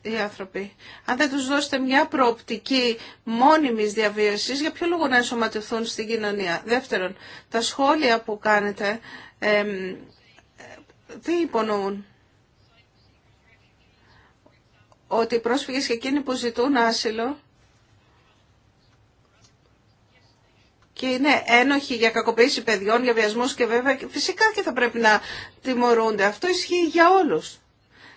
οι άνθρωποι. Αν δεν τους δώσετε μια προοπτική μόνιμης διαβίωσης, για ποιο λόγο να ενσωματωθούν στην κοινωνία. Δεύτερον, τα σχόλια που κάνετε, τι υπονοούν. Ότι οι πρόσφυγες και εκείνοι που ζητούν άσυλο και είναι ένοχοι για κακοποίηση παιδιών, για βιασμούς και βέβαια φυσικά και θα πρέπει να τιμωρούνται. Αυτό ισχύει για όλους.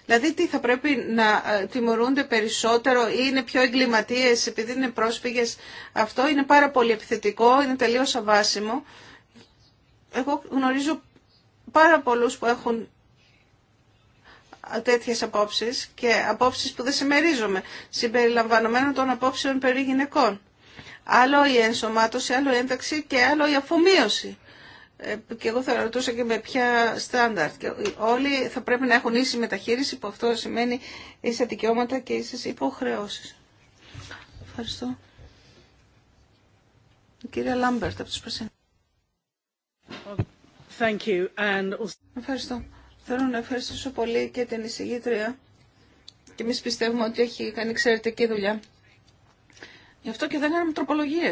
Δηλαδή τι θα πρέπει να ε, τιμωρούνται περισσότερο ή είναι πιο εγκληματίες επειδή είναι πρόσφυγες. Αυτό είναι πάρα πολύ επιθετικό, είναι τελείως αβάσιμο. Εγώ γνωρίζω πάρα πολλούς που έχουν τέτοιες απόψεις και απόψεις που δεν συμμερίζομαι, συμπεριλαμβανομένων των απόψεων περί γυναικών. Άλλο η ενσωμάτωση, άλλο η ένταξη και άλλο η αφομοίωση. Ε, και εγώ θα ρωτούσα και με ποια στάνταρτ. Και όλοι θα πρέπει να έχουν ίση μεταχείριση που αυτό σημαίνει ίσα δικαιώματα και ίσες υποχρεώσεις. Ευχαριστώ. Η κυρία Λάμπερτ από του Ευχαριστώ. Θέλω να ευχαριστήσω πολύ και την εισηγήτρια και εμεί πιστεύουμε ότι έχει κάνει εξαιρετική δουλειά. Γι' αυτό και δεν είναι τροπολογίε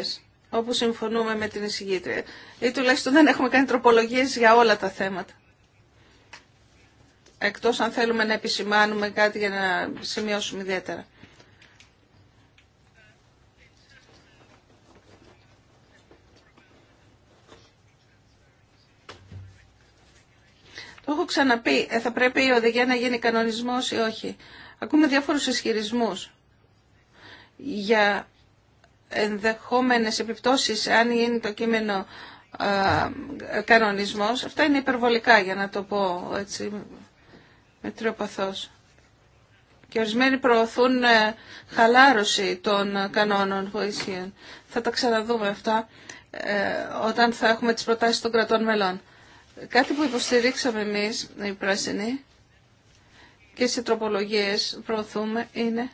όπου συμφωνούμε με την εισηγήτρια. Ή τουλάχιστον δεν έχουμε κάνει τροπολογίες για όλα τα θέματα. Εκτός αν θέλουμε να επισημάνουμε κάτι για να σημειώσουμε ιδιαίτερα. Το έχω ξαναπεί, ε, θα πρέπει η οδηγία να γίνει κανονισμός ή όχι. Ακούμε διάφορους ισχυρισμούς για ενδεχόμενες επιπτώσεις αν γίνει το κείμενο κανονισμός. Αυτά είναι υπερβολικά για να το πω έτσι με τριοπαθώς. Και ορισμένοι προωθούν ε, χαλάρωση των κανόνων που Θα τα ξαναδούμε αυτά ε, όταν θα έχουμε τις προτάσεις των κρατών μελών. Κάτι που υποστηρίξαμε εμείς, οι πράσινοι, και σε τροπολογίες προωθούμε είναι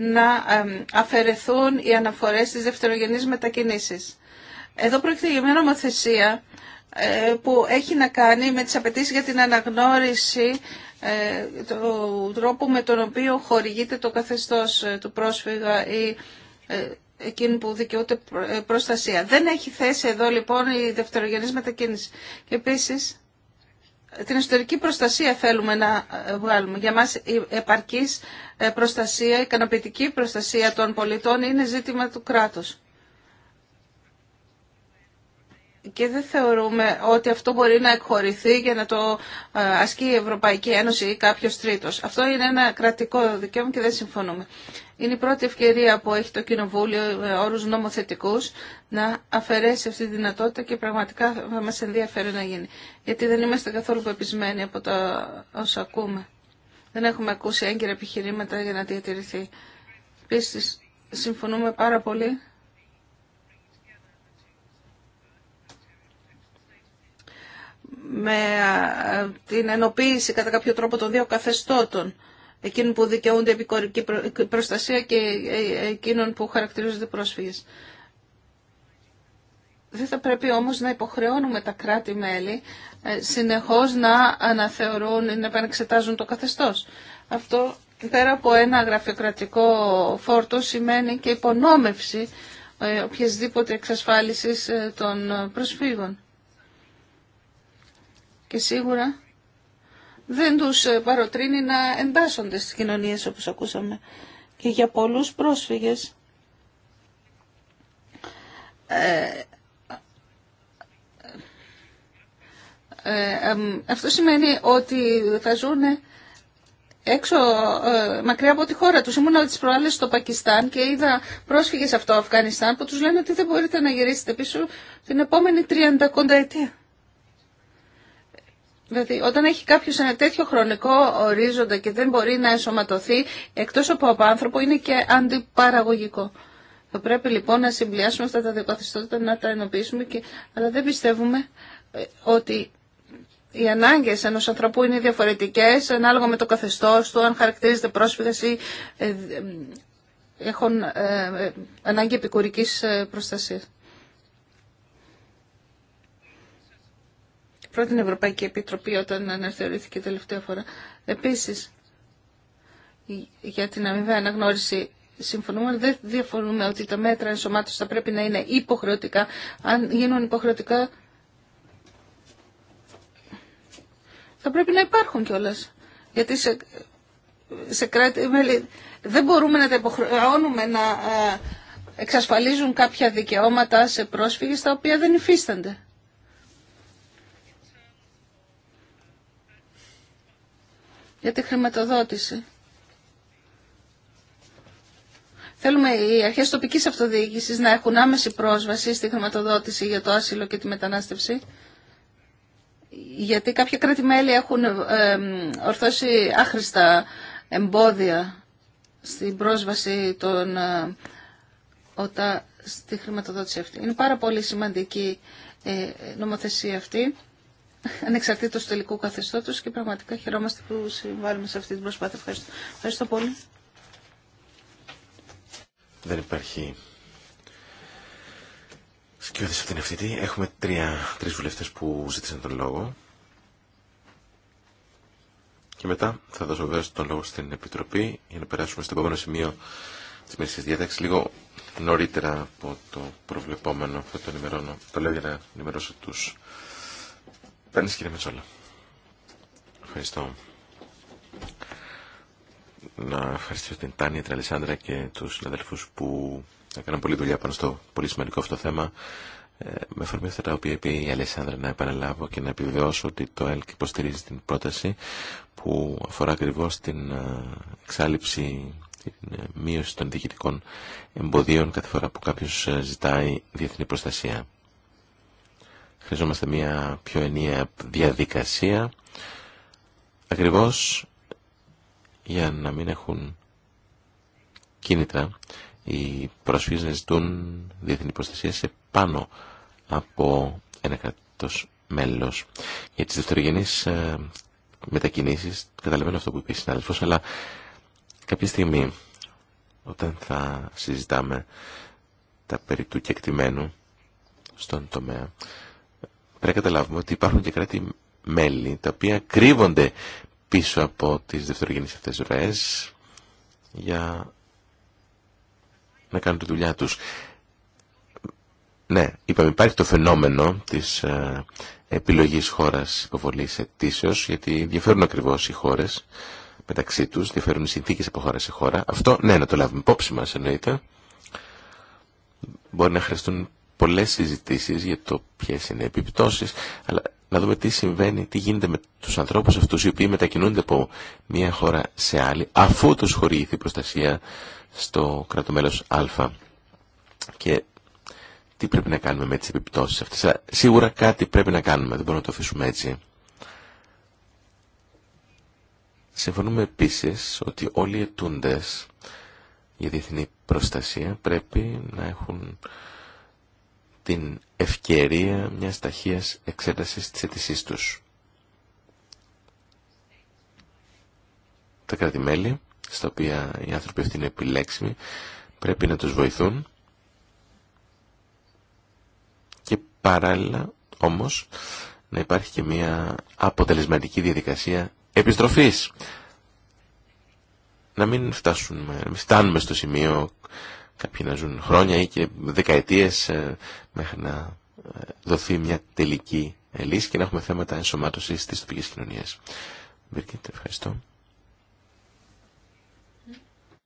να αφαιρεθούν οι αναφορές στις δευτερογενείς μετακινήσεις. Εδώ πρόκειται για μια νομοθεσία ε, που έχει να κάνει με τις απαιτήσει για την αναγνώριση ε, του τρόπου με τον οποίο χορηγείται το καθεστώς ε, του πρόσφυγα ή εκείνου που δικαιούται προστασία. Δεν έχει θέση εδώ λοιπόν η δευτερογενής μετακίνηση. επίσης την εσωτερική προστασία θέλουμε να ε, βγάλουμε. Για μας η επαρκής ε, προστασία, η ικανοποιητική προστασία των πολιτών είναι ζήτημα του κράτους. Και δεν θεωρούμε ότι αυτό μπορεί να εκχωρηθεί για να το ε, ασκεί η Ευρωπαϊκή Ένωση ή κάποιος τρίτος. Αυτό είναι ένα κρατικό δικαίωμα και δεν συμφωνούμε. Είναι η πρώτη ευκαιρία που έχει το Κοινοβούλιο με όρους νομοθετικούς να αφαιρέσει αυτή τη δυνατότητα και πραγματικά θα μας ενδιαφέρει να γίνει. Γιατί δεν είμαστε καθόλου πεπισμένοι από τα όσα ακούμε. Δεν έχουμε ακούσει έγκυρα επιχειρήματα για να διατηρηθεί. Επίση, συμφωνούμε πάρα πολύ με την ενοποίηση κατά κάποιο τρόπο των δύο καθεστώτων εκείνων που δικαιούνται επικορική προστασία και ε, ε, εκείνων που χαρακτηρίζονται πρόσφυγες. Δεν θα πρέπει όμως να υποχρεώνουμε τα κράτη-μέλη ε, συνεχώς να αναθεωρούν ή να επανεξετάζουν το καθεστώς. Αυτό πέρα από ένα γραφειοκρατικό φόρτο σημαίνει και υπονόμευση οποιασδήποτε εξασφάλισης των προσφύγων. Και σίγουρα δεν τους ε, παροτρύνει να εντάσσονται στις κοινωνίες όπως ακούσαμε. Και για πολλούς πρόσφυγες ε, ε, ε αυτό σημαίνει ότι θα ζουν έξω μακριά από τη χώρα τους. Ήμουν τις προάλλες στο Πακιστάν και είδα πρόσφυγες από το Αφγανιστάν που τους λένε ότι δεν μπορείτε να γυρίσετε πίσω την επόμενη 30 ετία. Δηλαδή, όταν έχει κάποιο ένα τέτοιο χρονικό ορίζοντα και δεν μπορεί να ενσωματωθεί, εκτό από άνθρωπο, είναι και αντιπαραγωγικό. Θα πρέπει λοιπόν να συμπληρώσουμε αυτά τα δικαθιστότητα, να τα ενοποιήσουμε, και... αλλά δεν πιστεύουμε ε, ότι οι ανάγκε ενό ανθρωπού είναι διαφορετικέ ανάλογα με το καθεστώ του, αν χαρακτηρίζεται πρόσφυγα ή ε, ε, έχουν ανάγκη επικουρική προστασία. την Ευρωπαϊκή Επιτροπή όταν αναθεωρήθηκε τελευταία φορά. Επίσης, για την αμοιβαία αναγνώριση συμφωνούμε, δεν διαφωνούμε ότι τα μέτρα ενσωμάτωσης θα πρέπει να είναι υποχρεωτικά. Αν γίνουν υποχρεωτικά, θα πρέπει να υπάρχουν κιόλα. Γιατί σε, κράτη, μέλη, δεν μπορούμε να τα υποχρεώνουμε να ε, εξασφαλίζουν κάποια δικαιώματα σε πρόσφυγες τα οποία δεν υφίστανται. για τη χρηματοδότηση. Θέλουμε οι αρχές τοπικής αυτοδιοίκησης να έχουν άμεση πρόσβαση στη χρηματοδότηση για το άσυλο και τη μετανάστευση. Γιατί κάποια κράτη-μέλη έχουν ορθώσει άχρηστα εμπόδια στην πρόσβαση των ΟΤΑ ε, στη χρηματοδότηση αυτή. Είναι πάρα πολύ σημαντική ε, νομοθεσία αυτή ανεξαρτήτως του τελικού καθεστώτος και πραγματικά χαιρόμαστε που συμβάλλουμε σε αυτή την προσπάθεια. Ευχαριστώ, Ευχαριστώ πολύ. Δεν υπάρχει σκιώδηση από την ευθύτη. Έχουμε τρία, τρεις βουλευτές που ζήτησαν τον λόγο. Και μετά θα δώσω βέβαια τον λόγο στην Επιτροπή για να περάσουμε στο επόμενο σημείο τη μερική διάταξη, λίγο νωρίτερα από το προβλεπόμενο αυτό το ενημερώνω. Το λέω για να ενημερώσω του κύριε Μετσόλα. Ευχαριστώ. Να ευχαριστήσω την Τάνια, την Αλισάνδρα και τους συναδελφούς που έκαναν πολλή δουλειά πάνω στο πολύ σημαντικό αυτό θέμα. Ε, με αφορμή αυτά τα οποία είπε η Αλεσάνδρα να επαναλάβω και να επιβεβαιώσω ότι το ΕΛΚ υποστηρίζει την πρόταση που αφορά ακριβώ την ε, εξάλληψη, την ε, μείωση των διοικητικών εμποδίων κάθε φορά που κάποιο ζητάει διεθνή προστασία. Χρειαζόμαστε μια πιο ενιαία διαδικασία ακριβώς για να μην έχουν κίνητρα οι πρόσφυγες να ζητούν διεθνή προστασία σε πάνω από ένα κράτο μέλος. Για τις δευτερογενείς ε, μετακινήσεις καταλαβαίνω αυτό που είπε η συνάδελφος, αλλά κάποια στιγμή όταν θα συζητάμε τα περί του κεκτημένου στον τομέα Πρέπει να καταλάβουμε ότι υπάρχουν και κράτη-μέλη τα οποία κρύβονται πίσω από τις δευτερογενείς αυτές ροές για να κάνουν τη δουλειά τους. Ναι, είπαμε υπάρχει το φαινόμενο της ε, επιλογής χώρας υποβολής αιτήσεως γιατί διαφέρουν ακριβώς οι χώρες μεταξύ τους, διαφέρουν οι συνθήκες από χώρα σε χώρα. Αυτό, ναι, να το λάβουμε υπόψη μας εννοείται. Μπορεί να χρειαστούν πολλές συζητήσεις για το ποιες είναι οι επιπτώσεις, αλλά να δούμε τι συμβαίνει, τι γίνεται με τους ανθρώπους αυτούς οι οποίοι μετακινούνται από μία χώρα σε άλλη, αφού τους χορηγηθεί προστασία στο κρατομέλος Α. Και τι πρέπει να κάνουμε με τις επιπτώσεις αυτές. σίγουρα κάτι πρέπει να κάνουμε, δεν μπορούμε να το αφήσουμε έτσι. Συμφωνούμε επίσης ότι όλοι οι ετούντες για διεθνή προστασία πρέπει να έχουν την ευκαιρία μιας ταχείας εξέτασης της αιτησής τους. Τα κρατη στα οποία οι άνθρωποι αυτοί είναι επιλέξιμοι, πρέπει να τους βοηθούν και παράλληλα όμως να υπάρχει και μια αποτελεσματική διαδικασία επιστροφής. Να μην φτάσουμε, να μην φτάνουμε στο σημείο κάποιοι να ζουν χρόνια ή και δεκαετίες ε, μέχρι να ε, δοθεί μια τελική λύση και να έχουμε θέματα ενσωμάτωσης της τοπική κοινωνία. Μπίρκετ, ευχαριστώ.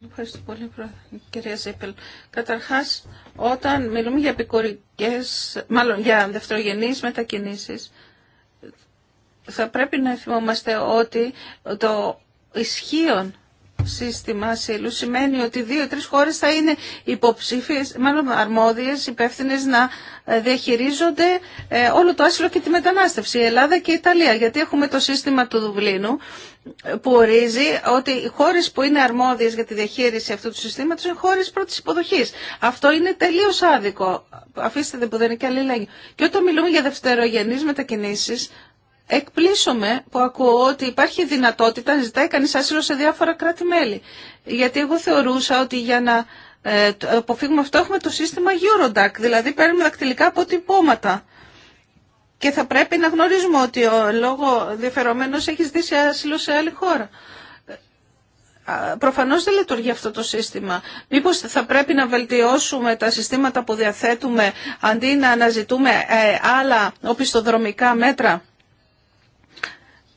Ευχαριστώ πολύ, κυρία Ζήπελ. Καταρχάς, όταν μιλούμε για επικορικές μάλλον για δευτερογενείς μετακινήσεις, θα πρέπει να θυμόμαστε ότι το ισχύον σύστημα ασύλου σημαίνει ότι δύο-τρεις χώρες θα είναι υποψήφιες, μάλλον αρμόδιες, υπεύθυνε να ε, διαχειρίζονται ε, όλο το άσυλο και τη μετανάστευση, η Ελλάδα και η Ιταλία, γιατί έχουμε το σύστημα του Δουβλίνου ε, που ορίζει ότι οι χώρες που είναι αρμόδιες για τη διαχείριση αυτού του συστήματος είναι χώρες πρώτης υποδοχής. Αυτό είναι τελείως άδικο. Αφήστε που δεν είναι και αλληλέγγυο. Και όταν μιλούμε για δευτερογενείς μετακινήσεις, εκπλήσωμαι που ακούω ότι υπάρχει δυνατότητα να ζητάει κανείς άσυλο σε διάφορα κράτη-μέλη. Γιατί εγώ θεωρούσα ότι για να ε, αποφύγουμε αυτό έχουμε το σύστημα Eurodac, δηλαδή παίρνουμε δακτυλικά αποτυπώματα. Και θα πρέπει να γνωρίζουμε ότι ο λόγο διαφερομένο έχει ζητήσει άσυλο σε άλλη χώρα. Ε, Προφανώ δεν λειτουργεί αυτό το σύστημα. Μήπω θα πρέπει να βελτιώσουμε τα συστήματα που διαθέτουμε αντί να αναζητούμε ε, άλλα οπισθοδρομικά μέτρα.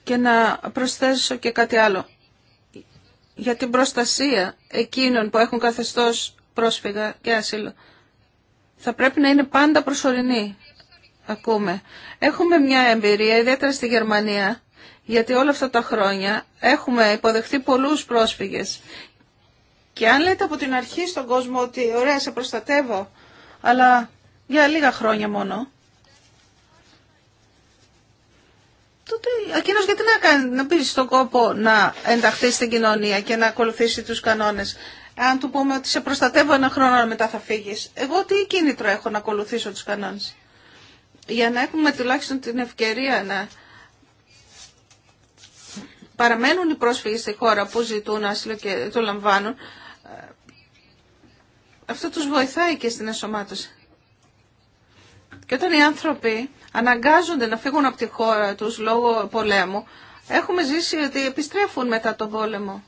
Και να προσθέσω και κάτι άλλο. Για την προστασία εκείνων που έχουν καθεστώς πρόσφυγα και άσυλο. Θα πρέπει να είναι πάντα προσωρινή. Ακούμε. Έχουμε μια εμπειρία, ιδιαίτερα στη Γερμανία, γιατί όλα αυτά τα χρόνια έχουμε υποδεχθεί πολλούς πρόσφυγες. Και αν λέτε από την αρχή στον κόσμο ότι ωραία σε προστατεύω, αλλά για λίγα χρόνια μόνο, τότε εκείνο γιατί να κάνει, να πει στον κόπο να ενταχθεί στην κοινωνία και να ακολουθήσει τους κανόνες. Αν του πούμε ότι σε προστατεύω ένα χρόνο μετά θα φύγεις. Εγώ τι κίνητρο έχω να ακολουθήσω τους κανόνες. Για να έχουμε τουλάχιστον την ευκαιρία να παραμένουν οι πρόσφυγες στη χώρα που ζητούν άσυλο και το λαμβάνουν. Ε, αυτό τους βοηθάει και στην εσωμάτωση. Και όταν οι άνθρωποι αναγκάζονται να φύγουν από τη χώρα τους λόγω πολέμου, έχουμε ζήσει ότι επιστρέφουν μετά τον πόλεμο.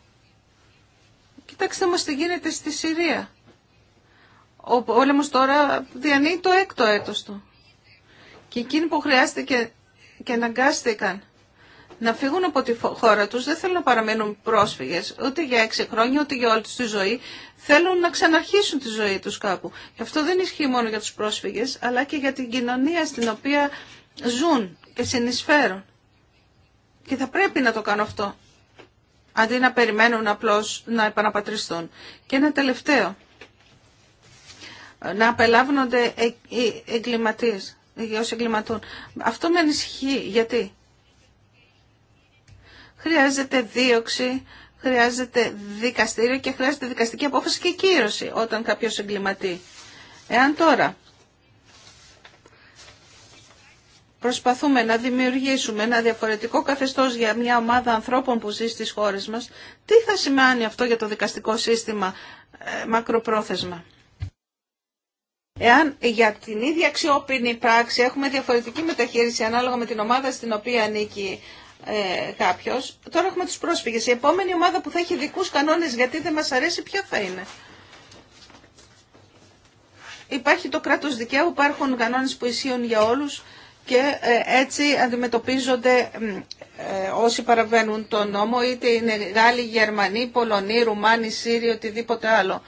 Κοιτάξτε μας τι γίνεται στη Συρία. Ο πόλεμος τώρα διανύει το έκτο έτος του. Και εκείνοι που χρειάστηκε και αναγκάστηκαν να φύγουν από τη χώρα τους, δεν θέλουν να παραμείνουν πρόσφυγες, ούτε για έξι χρόνια, ούτε για όλη τους τη ζωή. Θέλουν να ξαναρχίσουν τη ζωή τους κάπου. Και αυτό δεν ισχύει μόνο για τους πρόσφυγες, αλλά και για την κοινωνία στην οποία ζουν και συνεισφέρουν. Και θα πρέπει να το κάνω αυτό, αντί να περιμένουν απλώς να επαναπατριστούν. Και ένα τελευταίο, να απελάβνονται ε- οι εγκληματίες, οι Αυτό με ανησυχεί, γιατί χρειάζεται δίωξη, χρειάζεται δικαστήριο και χρειάζεται δικαστική απόφαση και κύρωση όταν κάποιος εγκληματεί. Εάν τώρα προσπαθούμε να δημιουργήσουμε ένα διαφορετικό καθεστώς για μια ομάδα ανθρώπων που ζει στις χώρες μας, τι θα σημαίνει αυτό για το δικαστικό σύστημα ε, μακροπρόθεσμα. Εάν για την ίδια αξιόπινη πράξη έχουμε διαφορετική μεταχείριση ανάλογα με την ομάδα στην οποία ανήκει ε, κάποιος. Τώρα έχουμε του πρόσφυγες. Η επόμενη ομάδα που θα έχει δικού κανόνε γιατί δεν μα αρέσει ποια θα είναι. Υπάρχει το κράτο δικαίου, υπάρχουν κανόνε που ισχύουν για όλου και ε, έτσι αντιμετωπίζονται ε, όσοι παραβαίνουν τον νόμο, είτε είναι Γάλλοι, Γερμανοί, Πολωνοί, Ρουμάνοι, Σύριοι, οτιδήποτε άλλο.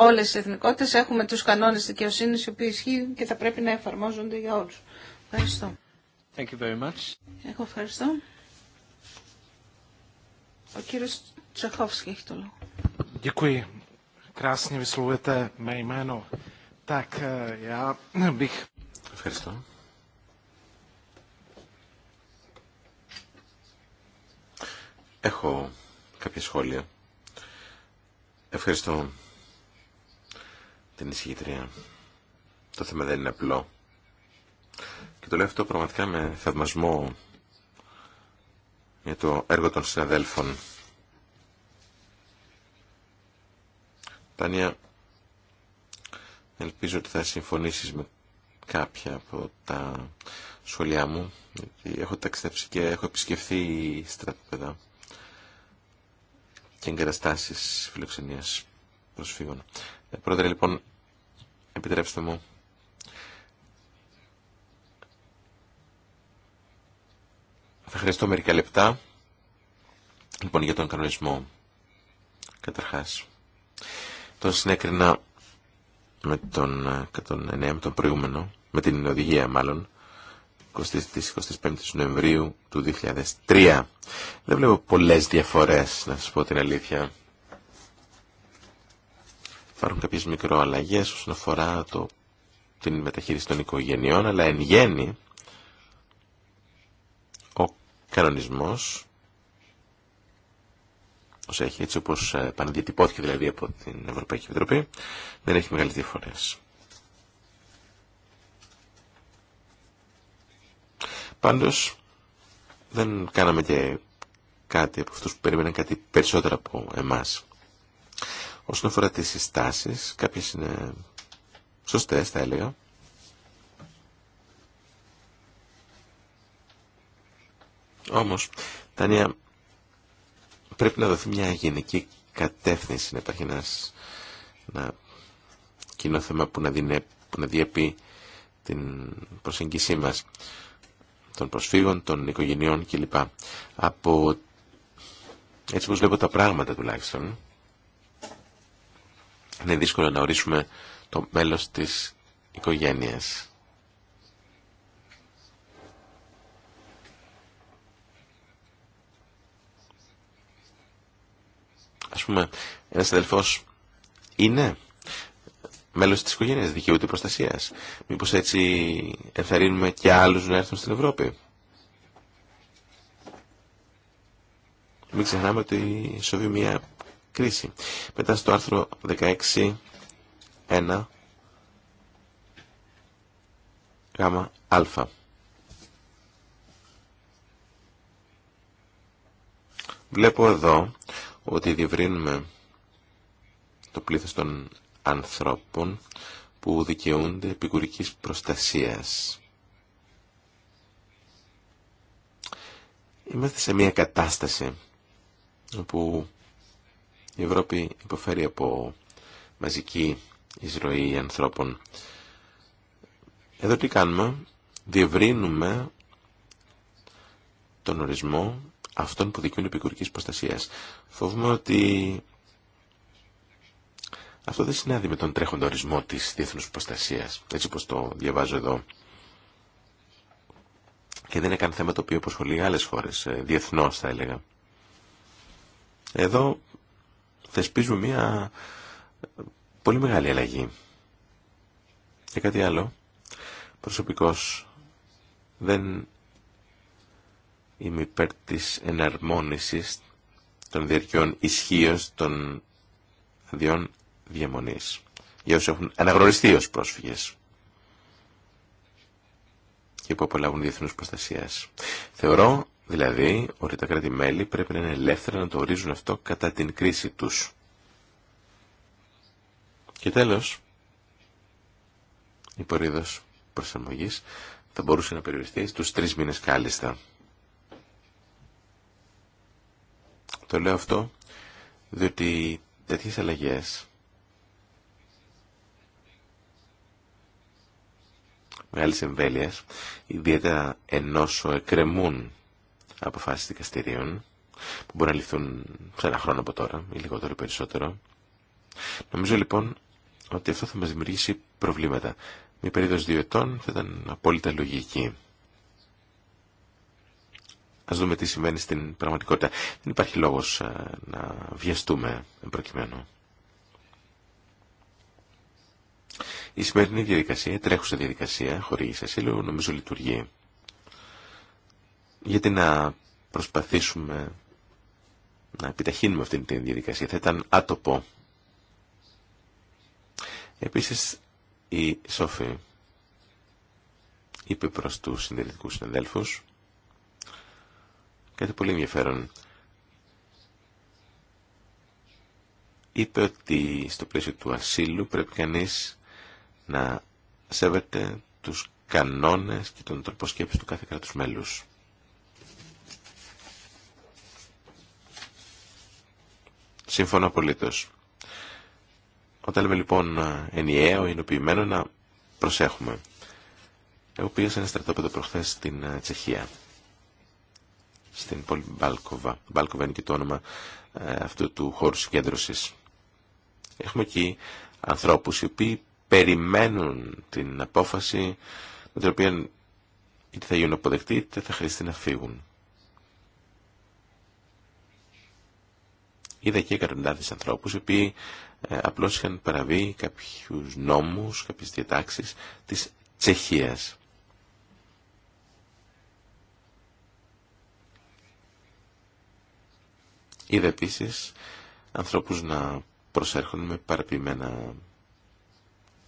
Όλε οι εθνικότητε έχουμε του κανόνε δικαιοσύνη, οι οποίοι ισχύουν και θα πρέπει να εφαρμόζονται για όλου. Ευχαριστώ. Thank you very much. ευχαριστώ. Ο κύριος Τσεχόφσκι έχει το λόγο. Děkuji. Krásně vyslovujete mé jméno. Tak eh, já bych... Ευχαριστώ. Έχω κάποια σχόλια. Ευχαριστώ την εισηγητρία. Το θέμα δεν είναι απλό. Και το λέω αυτό πραγματικά με θαυμασμό για το έργο των συναδέλφων. Τάνια, ελπίζω ότι θα συμφωνήσεις με κάποια από τα σχολιά μου, γιατί έχω ταξιδέψει και έχω επισκεφθεί στρατόπεδα και εγκαταστάσεις φιλοξενίας προσφύγων. Ε, πρόεδρε, λοιπόν, επιτρέψτε μου Θα χρειαστώ μερικά λεπτά, λοιπόν, για τον κανονισμό. Καταρχάς, τον συνέκρινα με τον 109, ε, με τον προηγούμενο, με την οδηγία μάλλον, 25 Νοεμβρίου του 2003. Δεν βλέπω πολλές διαφορές, να σας πω την αλήθεια. Υπάρχουν κάποιες μικροαλλαγές όσον αφορά το, την μεταχείριση των οικογενειών, αλλά εν γέννη κανονισμός όσο έχει έτσι όπως ε, επαναδιατυπώθηκε δηλαδή από την Ευρωπαϊκή Επιτροπή δεν έχει μεγάλες διαφορές. Πάντως δεν κάναμε και κάτι από αυτούς που περίμεναν κάτι περισσότερο από εμάς. Όσον αφορά τις συστάσεις, κάποιες είναι σωστές θα έλεγα. Όμως, Τανία, πρέπει να δοθεί μια γενική κατεύθυνση, να υπάρχει ένα κοινό θέμα που να, να διέπει την προσέγγισή μας των προσφύγων, των οικογενειών κλπ. Από έτσι όπως βλέπω τα πράγματα τουλάχιστον, είναι δύσκολο να ορίσουμε το μέλος της οικογένειας. Ας πούμε, ένας αδελφός είναι μέλος της οικογένειας, δικαιούται προστασίας. Μήπως έτσι ενθαρρύνουμε και άλλους να έρθουν στην Ευρώπη. Μην ξεχνάμε ότι σοβεί μια κρίση. Μετά στο άρθρο 16.1 γάμα αλφα Βλέπω εδώ ότι διευρύνουμε το πλήθος των ανθρώπων που δικαιούνται επικουρικής προστασίας. Είμαστε σε μια κατάσταση όπου η Ευρώπη υποφέρει από μαζική εισρωή ανθρώπων. Εδώ τι κάνουμε, διευρύνουμε τον ορισμό Αυτόν που δικαιούν επικουρική προστασία. Φοβούμαι ότι αυτό δεν συνάδει με τον τρέχοντα ορισμό της διεθνούς προστασία. έτσι πως το διαβάζω εδώ. Και δεν είναι καν θέμα το οποίο αποσχολεί άλλε χώρε διεθνώ θα έλεγα. Εδώ θεσπίζουμε μια ε, πολύ μεγάλη αλλαγή. Και κάτι άλλο, Προσωπικώς δεν είμαι υπέρ της εναρμόνισης των διαρκειών ισχύω των διών διαμονής για όσους έχουν αναγνωριστεί ως πρόσφυγες και που απολαύουν διεθνούς προστασίας. Θεωρώ, δηλαδή, ότι τα κράτη-μέλη πρέπει να είναι ελεύθερα να το ορίζουν αυτό κατά την κρίση τους. Και τέλος, η πορείδος προσαρμογής θα μπορούσε να περιοριστεί στους τρεις μήνες κάλλιστα. Το λέω αυτό διότι τέτοιε αλλαγέ, μεγάλη εμβέλεια, ιδιαίτερα ενόσο εκκρεμούν αποφάσεις δικαστηρίων, που μπορεί να ληφθούν σε ένα χρόνο από τώρα, ή λιγότερο ή περισσότερο. Νομίζω λοιπόν ότι αυτό θα μας δημιουργήσει προβλήματα. Μια περίοδος δύο ετών θα ήταν απόλυτα λογική. Α δούμε τι συμβαίνει στην πραγματικότητα. Δεν υπάρχει λόγος ε, να βιαστούμε προκειμένου. Η σημερινή διαδικασία, η τρέχουσα διαδικασία χορήγηση ασύλου, νομίζω λειτουργεί. Γιατί να προσπαθήσουμε να επιταχύνουμε αυτή τη διαδικασία. Θα ήταν άτοπο. Επίσης, η Σόφη είπε προς τους συντηρητικούς συναδέλφους κάτι πολύ ενδιαφέρον. Είπε ότι στο πλαίσιο του ασύλου πρέπει κανείς να σέβεται τους κανόνες και τον τρόπο σκέψης του κάθε κράτους μέλους. Σύμφωνα απολύτως. Όταν λέμε λοιπόν ενιαίο, ενοποιημένο, να προσέχουμε. Εγώ πήγα σε ένα στρατόπεδο προχθές στην ε, Τσεχία στην πόλη Μπάλκοβα. Μπάλκοβα είναι και το όνομα ε, αυτού του χώρου συγκέντρωσης. Έχουμε εκεί ανθρώπους οι οποίοι περιμένουν την απόφαση με την οποία είτε θα γίνουν αποδεκτοί είτε θα χρειαστεί να φύγουν. Είδα και εκατοντάδες ανθρώπους οι οποίοι ε, απλώς είχαν παραβεί κάποιους νόμους, κάποιες διατάξεις της Τσεχίας. Είδα επίση ανθρώπους να προσέρχονται με παραποιημένα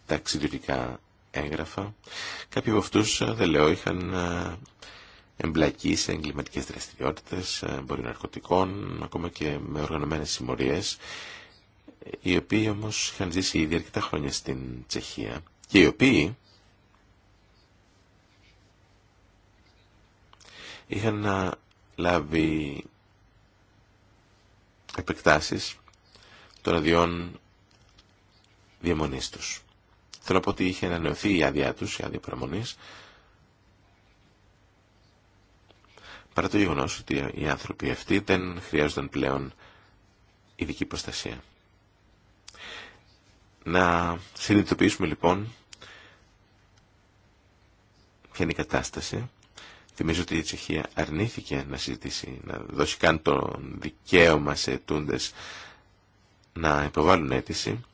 ταξιδιωτικά έγγραφα. Κάποιοι από αυτούς, ε, δεν λέω, είχαν ε, εμπλακεί σε εγκληματικές δραστηριότητες, ε, μπορεί ναρκωτικών, ακόμα και με οργανωμένες συμμορίες, οι οποίοι όμως είχαν ζήσει ήδη αρκετά χρόνια στην Τσεχία και οι οποίοι είχαν λάβει επεκτάσεις των αδειών διαμονής τους. Θέλω πω ότι είχε ανανεωθεί η άδειά τους, η άδεια παραμονής, παρά το γεγονό ότι οι άνθρωποι αυτοί δεν χρειάζονταν πλέον ειδική προστασία. Να συνειδητοποιήσουμε λοιπόν ποια είναι η κατάσταση Θυμίζω ότι η Τσεχία αρνήθηκε να συζητήσει, να δώσει καν το δικαίωμα σε ετούντε να υποβάλουν αίτηση,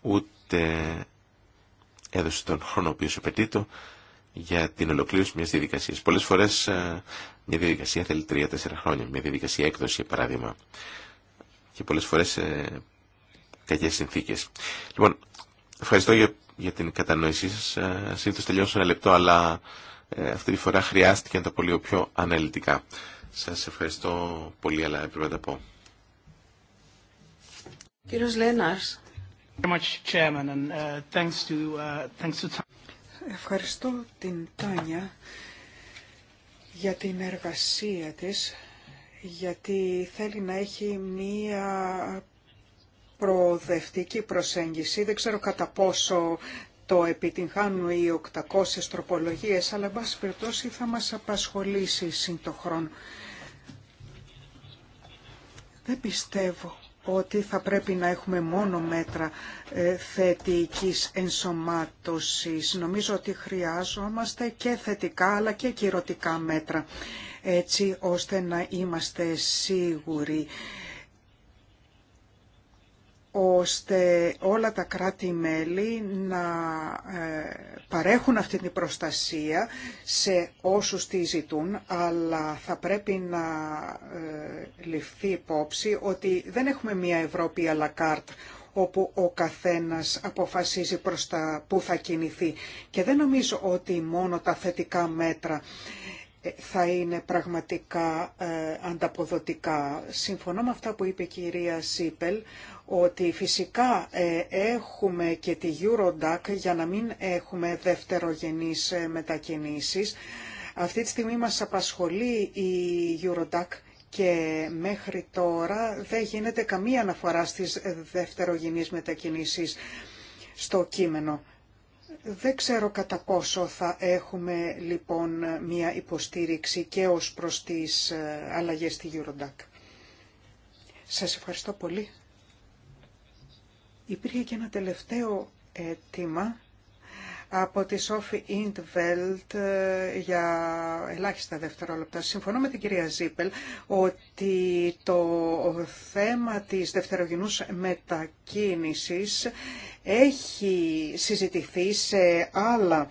ούτε έδωσε τον χρόνο ο οποίος απαιτείται για την ολοκλήρωση μιας διαδικασία. Πολλές φορές ε, μια διαδικασία θέλει τρία-τέσσερα χρόνια, μια διαδικασία έκδοση για παράδειγμα και πολλές φορές ε, κακές συνθήκες. Λοιπόν, ευχαριστώ για, για την κατανόησή σας. Ε, συνήθως τελειώσω ένα λεπτό, αλλά ε, αυτή τη φορά χρειάστηκε να τα πολύ πιο αναλυτικά. Σας ευχαριστώ πολύ, αλλά έπρεπε να τα πω. Κύριος Λέναρς. Uh, uh, ευχαριστώ την Τάνια για την εργασία της, γιατί θέλει να έχει μία προοδευτική προσέγγιση. Δεν ξέρω κατά πόσο το επιτυγχάνουν οι 800 τροπολογίες, αλλά πάση περιπτώσει θα μας απασχολήσει σύντοχρον. Δεν πιστεύω ότι θα πρέπει να έχουμε μόνο μέτρα ε, θετικής ενσωμάτωσης. Νομίζω ότι χρειάζομαστε και θετικά αλλά και κυρωτικά μέτρα, έτσι ώστε να είμαστε σίγουροι ώστε όλα τα κράτη-μέλη να ε, παρέχουν αυτή την προστασία σε όσους τη ζητούν, αλλά θα πρέπει να ε, ληφθεί υπόψη ότι δεν έχουμε μια Ευρώπη à la carte, όπου ο καθένας αποφασίζει προς τα που θα κινηθεί. Και δεν νομίζω ότι μόνο τα θετικά μέτρα ε, θα είναι πραγματικά ανταποδοτικά. Συμφωνώ με αυτά που είπε η κυρία Σίπελ, ότι φυσικά ε, έχουμε και τη Eurodac για να μην έχουμε δευτερογενείς ε, μετακινήσεις. Αυτή τη στιγμή μας απασχολεί η Eurodac και μέχρι τώρα δεν γίνεται καμία αναφορά στις δευτερογενείς μετακινήσεις στο κείμενο. Δεν ξέρω κατά πόσο θα έχουμε λοιπόν μία υποστήριξη και ως προς τις ε, αλλαγές στη Eurodac. Σας ευχαριστώ πολύ. Υπήρχε και ένα τελευταίο αίτημα από τη Σόφη Ιντβέλτ ε, για ελάχιστα δευτερόλεπτα. Συμφωνώ με την κυρία Ζίπελ ότι το θέμα της δευτερογενούς μετακίνησης έχει συζητηθεί σε άλλα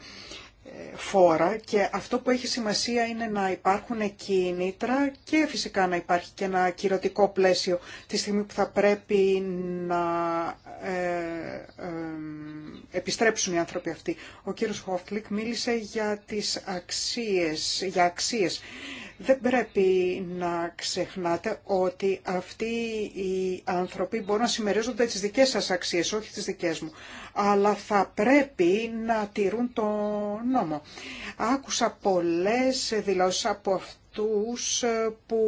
φόρα και αυτό που έχει σημασία είναι να υπάρχουν κίνητρα και φυσικά να υπάρχει και ένα κυρωτικό πλαίσιο τη στιγμή που θα πρέπει να ε, ε, επιστρέψουν οι άνθρωποι αυτοί. Ο κύριος Χόφτλικ μίλησε για τις αξίες, για αξίες δεν πρέπει να ξεχνάτε ότι αυτοί οι άνθρωποι μπορούν να συμμερίζονται τις δικές σας αξίες, όχι τις δικές μου. Αλλά θα πρέπει να τηρούν το νόμο. Άκουσα πολλές δηλώσεις από αυτούς που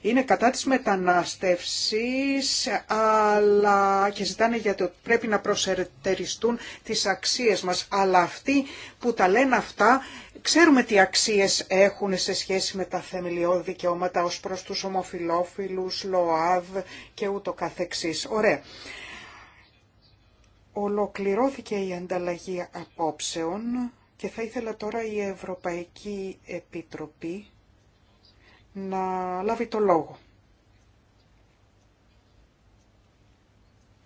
είναι κατά της μετανάστευσης αλλά και ζητάνε γιατί πρέπει να προσερτεριστούν τις αξίες μας. Αλλά αυτοί που τα λένε αυτά Ξέρουμε τι αξίες έχουν σε σχέση με τα θεμελιώδη δικαιώματα ως προς τους ομοφιλόφιλους, ΛΟΑΔ και ούτω καθεξής. Ωραία. Ολοκληρώθηκε η ανταλλαγή απόψεων και θα ήθελα τώρα η Ευρωπαϊκή Επιτροπή να λάβει το λόγο.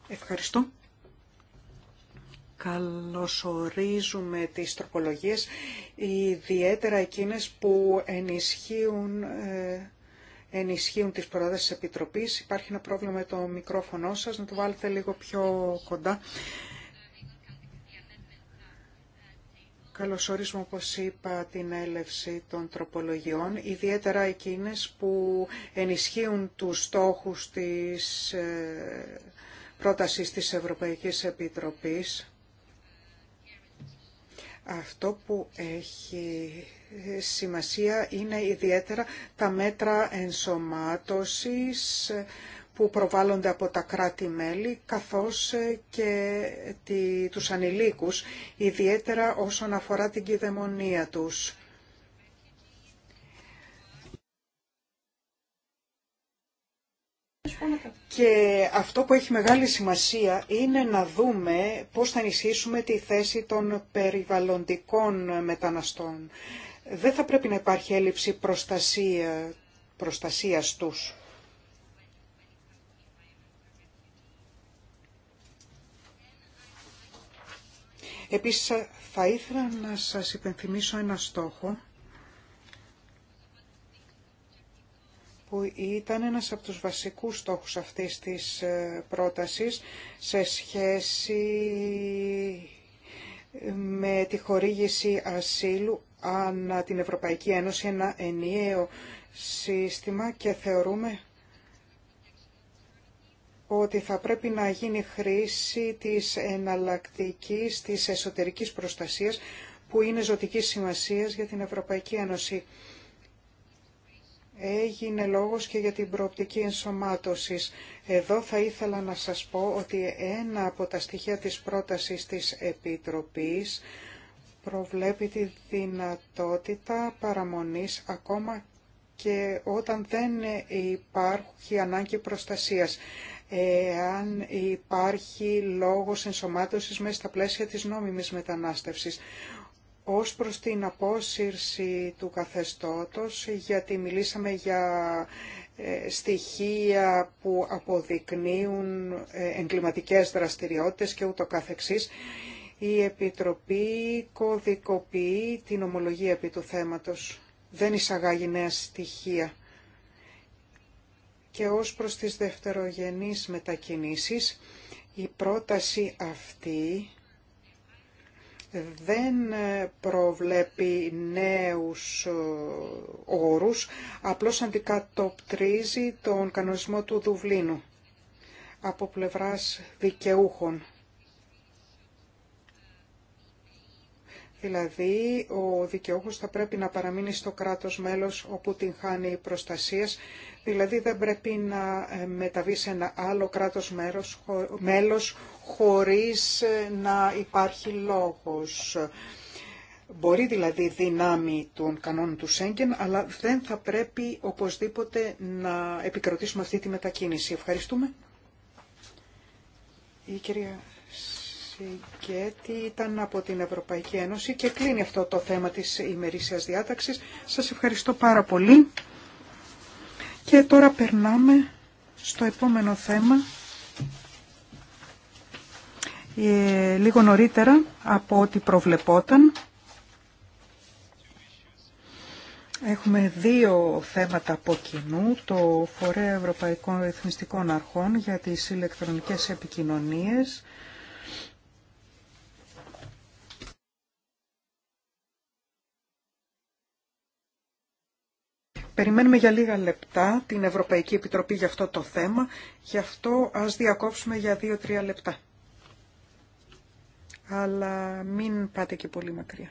Ευχαριστώ καλωσορίζουμε τις τροπολογίες, ιδιαίτερα εκείνες που ενισχύουν, ε, ενισχύουν τις προτάσεις της Επιτροπής. Υπάρχει ένα πρόβλημα με το μικρόφωνο σας, να το βάλετε λίγο πιο κοντά. Καλωσορίζουμε, όπως είπα, την έλευση των τροπολογιών, ιδιαίτερα εκείνες που ενισχύουν τους στόχους της ε, πρότασης της Ευρωπαϊκής Επιτροπής αυτό που έχει σημασία είναι ιδιαίτερα τα μέτρα ενσωμάτωσης που προβάλλονται από τα κράτη-μέλη, καθώς και τους ανηλίκους, ιδιαίτερα όσον αφορά την κυδαιμονία τους. Και αυτό που έχει μεγάλη σημασία είναι να δούμε πώς θα ενισχύσουμε τη θέση των περιβαλλοντικών μεταναστών. Δεν θα πρέπει να υπάρχει έλλειψη προστασία, προστασίας τους. Επίσης θα ήθελα να σας υπενθυμίσω ένα στόχο που ήταν ένας από τους βασικούς στόχους αυτής της ε, πρότασης σε σχέση ε, με τη χορήγηση ασύλου ανά την Ευρωπαϊκή Ένωση ένα ενιαίο σύστημα και θεωρούμε ότι θα πρέπει να γίνει χρήση της εναλλακτικής, της εσωτερικής προστασίας που είναι ζωτικής σημασίας για την Ευρωπαϊκή Ένωση έγινε λόγος και για την προοπτική ενσωμάτωσης. Εδώ θα ήθελα να σας πω ότι ένα από τα στοιχεία της πρότασης της Επιτροπής προβλέπει τη δυνατότητα παραμονής ακόμα και όταν δεν υπάρχει ανάγκη προστασίας. Εάν υπάρχει λόγος ενσωμάτωσης μέσα στα πλαίσια της νόμιμης μετανάστευσης ως προς την απόσυρση του καθεστώτος, γιατί μιλήσαμε για ε, στοιχεία που αποδεικνύουν ε, εγκληματικές δραστηριότητες και ούτω καθεξής. Η Επιτροπή κωδικοποιεί την ομολογία επί του θέματος. Δεν εισαγάγει νέα στοιχεία. Και ως προς τις δευτερογενείς μετακινήσεις, η πρόταση αυτή δεν ε, προβλέπει νέους ε, όρους, απλώς αντικατοπτρίζει τον κανονισμό του Δουβλίνου από πλευράς δικαιούχων. Δηλαδή, ο δικαιούχος θα πρέπει να παραμείνει στο κράτος μέλος όπου την χάνει προστασίας, δηλαδή δεν πρέπει να ε, μεταβεί σε ένα άλλο κράτος μέρος, μέλος χωρίς ε, να υπάρχει λόγος. Μπορεί δηλαδή δυνάμει των κανόνων του Σέγγεν, αλλά δεν θα πρέπει οπωσδήποτε να επικροτήσουμε αυτή τη μετακίνηση. Ευχαριστούμε. Η κυρία και τι ήταν από την Ευρωπαϊκή Ένωση και κλείνει αυτό το θέμα της ημερήσιας διάταξης. Σας ευχαριστώ πάρα πολύ. Και τώρα περνάμε στο επόμενο θέμα. Ε, λίγο νωρίτερα από ό,τι προβλεπόταν. Έχουμε δύο θέματα από κοινού, το Φορέα Ευρωπαϊκών Εθνιστικών Αρχών για τις ηλεκτρονικές επικοινωνίες Περιμένουμε για λίγα λεπτά την Ευρωπαϊκή Επιτροπή για αυτό το θέμα, γι' αυτό ας διακόψουμε για δύο-τρία λεπτά. Αλλά μην πάτε και πολύ μακριά.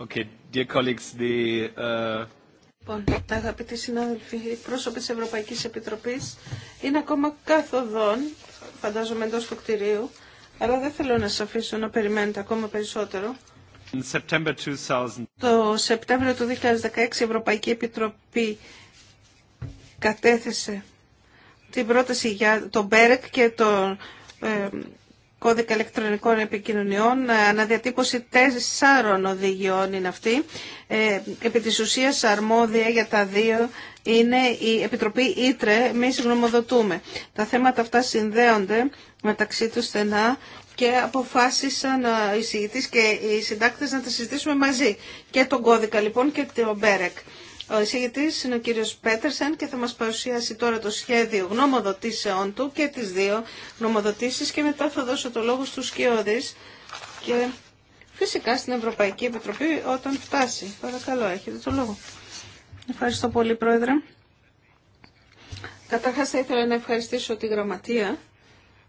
Uh, λοιπόν, αγαπητοί συνάδελφοι, οι πρόσωποι της Ευρωπαϊκής Επιτροπής είναι ακόμα καθοδόν, φαντάζομαι εντός του κτηρίου, αλλά δεν θέλω να σας αφήσω να περιμένετε ακόμα περισσότερο. Το Σεπτέμβριο του 2016 η Ευρωπαϊκή Επιτροπή κατέθεσε την πρόταση για τον ΜΠΕΡΕΚ και τον ε, κώδικα ηλεκτρονικών επικοινωνιών, ε, αναδιατύπωση τέσσερων οδηγιών είναι αυτή. Ε, επί της ουσίας αρμόδια για τα δύο είναι η Επιτροπή Ήτρε, εμεί γνωμοδοτούμε. Τα θέματα αυτά συνδέονται μεταξύ τους στενά και αποφάσισαν ε, οι συγητής και οι συντάκτες να τα συζητήσουμε μαζί. Και τον κώδικα λοιπόν και τον Μπέρεκ. Ο εισηγητής είναι ο κύριος Πέτερσεν και θα μας παρουσιάσει τώρα το σχέδιο γνωμοδοτήσεών του και τις δύο γνωμοδοτήσεις και μετά θα δώσω το λόγο στους Σκιώδης και φυσικά στην Ευρωπαϊκή Επιτροπή όταν φτάσει. Παρακαλώ, έχετε το λόγο. Ευχαριστώ πολύ, Πρόεδρε. Καταρχάς θα ήθελα να ευχαριστήσω τη Γραμματεία.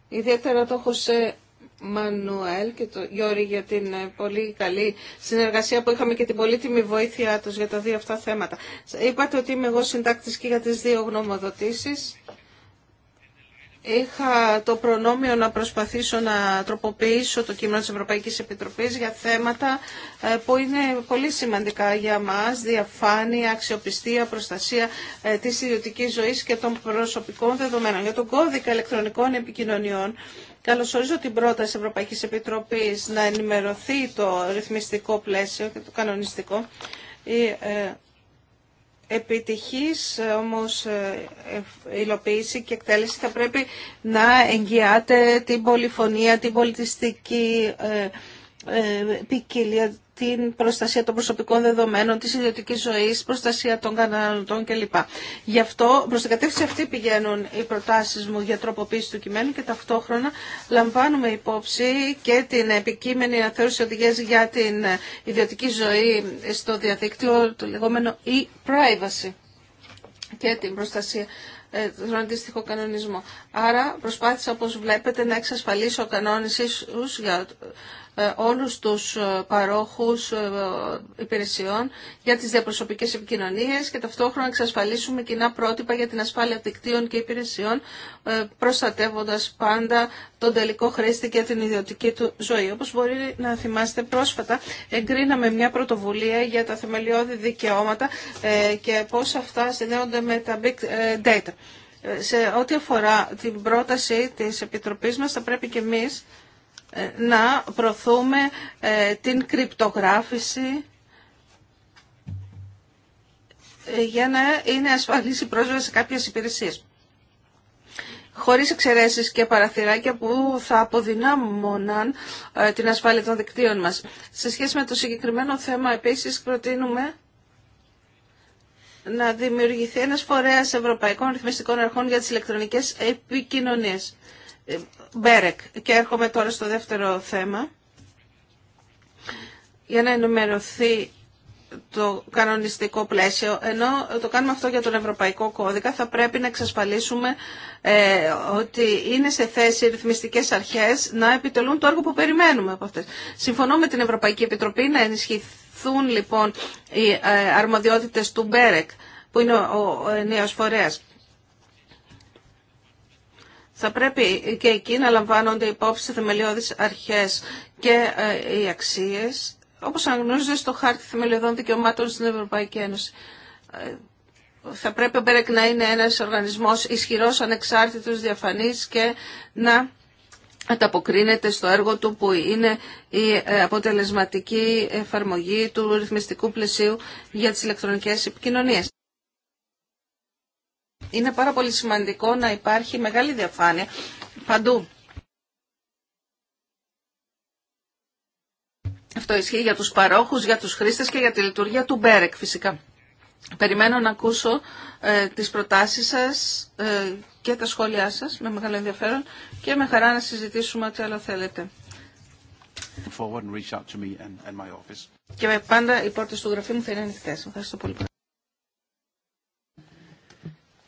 Ιδιαίτερα το σε... Μανουέλ και τον Γιώργη για την ε, πολύ καλή συνεργασία που είχαμε και την πολύτιμη βοήθειά τους για τα δύο αυτά θέματα. Είπατε ότι είμαι εγώ συντάκτης και για τις δύο γνωμοδοτήσεις. Είχα το προνόμιο να προσπαθήσω να τροποποιήσω το κείμενο της Ευρωπαϊκής Επιτροπής για θέματα ε, που είναι πολύ σημαντικά για μας, διαφάνεια, αξιοπιστία, προστασία ε, της ιδιωτικής ζωής και των προσωπικών δεδομένων. Για τον κώδικα ηλεκτρονικών επικοινωνιών, καλωσορίζω την πρόταση Ευρωπαϊκής Επιτροπής να ενημερωθεί το ρυθμιστικό πλαίσιο και το κανονιστικό. Ε, επιτυχής όμως ε, ε, υλοποίηση και εκτέλεση θα πρέπει να εγγυάται την πολυφωνία, την πολιτιστική ε, ποικιλία την προστασία των προσωπικών δεδομένων, της ιδιωτικής ζωής, προστασία των καταναλωτών κλπ. Γι' αυτό προς την κατεύθυνση αυτή πηγαίνουν οι προτάσεις μου για τροποποίηση του κειμένου και ταυτόχρονα λαμβάνουμε υπόψη και την επικείμενη αναθεώρηση οδηγίας για την ιδιωτική ζωή στο διαδίκτυο, το λεγόμενο e-privacy και την προστασία ε, τον αντίστοιχο κανονισμό. Άρα προσπάθησα, όπως βλέπετε, να εξασφαλίσω κανόνες ίσους για ε, όλους τους ε, παρόχους ε, υπηρεσιών για τις διαπροσωπικές επικοινωνίες και ταυτόχρονα εξασφαλίσουμε κοινά πρότυπα για την ασφάλεια δικτύων και υπηρεσιών προστατεύοντας πάντα τον τελικό χρήστη και την ιδιωτική του ζωή. Όπως μπορεί να θυμάστε πρόσφατα εγκρίναμε μια πρωτοβουλία για τα θεμελιώδη δικαιώματα και πώς αυτά συνδέονται με τα big data. Σε ό,τι αφορά την πρόταση της Επιτροπής μας θα πρέπει και εμείς ε, να προωθούμε ε, την κρυπτογράφηση ε, για να είναι ασφαλής η πρόσβαση σε κάποιες υπηρεσίες. Χωρίς εξαιρέσεις και παραθυράκια που θα αποδυνάμωναν την ασφάλεια των δικτύων μας. Σε σχέση με το συγκεκριμένο θέμα επίσης προτείνουμε να δημιουργηθεί ένας φορέας ευρωπαϊκών ρυθμιστικών αρχών για τις ηλεκτρονικές επικοινωνίες. Μπέρεκ. Και έρχομαι τώρα στο δεύτερο θέμα. Για να ενημερωθεί το κανονιστικό πλαίσιο, ενώ το κάνουμε αυτό για τον Ευρωπαϊκό Κώδικα, θα πρέπει να εξασφαλίσουμε ε, ότι είναι σε θέση οι ρυθμιστικές αρχές να επιτελούν το έργο που περιμένουμε από αυτές. Συμφωνώ με την Ευρωπαϊκή Επιτροπή να ενισχυθούν λοιπόν οι ε, αρμοδιότητες του Μπέρεκ, που είναι ο ενιαίος φορέας. Θα πρέπει και εκεί να λαμβάνονται υπόψη θεμελιώδεις αρχές και ε, οι αξίες, όπως αναγνωρίζονται στο χάρτη θεμελιωδών δικαιωμάτων στην Ευρωπαϊκή Ένωση. Ε, θα πρέπει ο Μπέρεκ να είναι ένας οργανισμός ισχυρός, ανεξάρτητος, διαφανής και να ανταποκρίνεται στο έργο του που είναι η ε, αποτελεσματική εφαρμογή του ρυθμιστικού πλαισίου για τις ηλεκτρονικές επικοινωνίες. Είναι πάρα πολύ σημαντικό να υπάρχει μεγάλη διαφάνεια παντού. Αυτό ισχύει για τους παρόχους, για τους χρήστες και για τη λειτουργία του Μπέρεκ φυσικά. Περιμένω να ακούσω ε, τις προτάσεις σας ε, και τα σχόλιά σας με μεγάλο ενδιαφέρον και με χαρά να συζητήσουμε ό,τι άλλο θέλετε. Και πάντα οι πόρτες του γραφείου μου θα είναι ανοιχτές. Ευχαριστώ πολύ.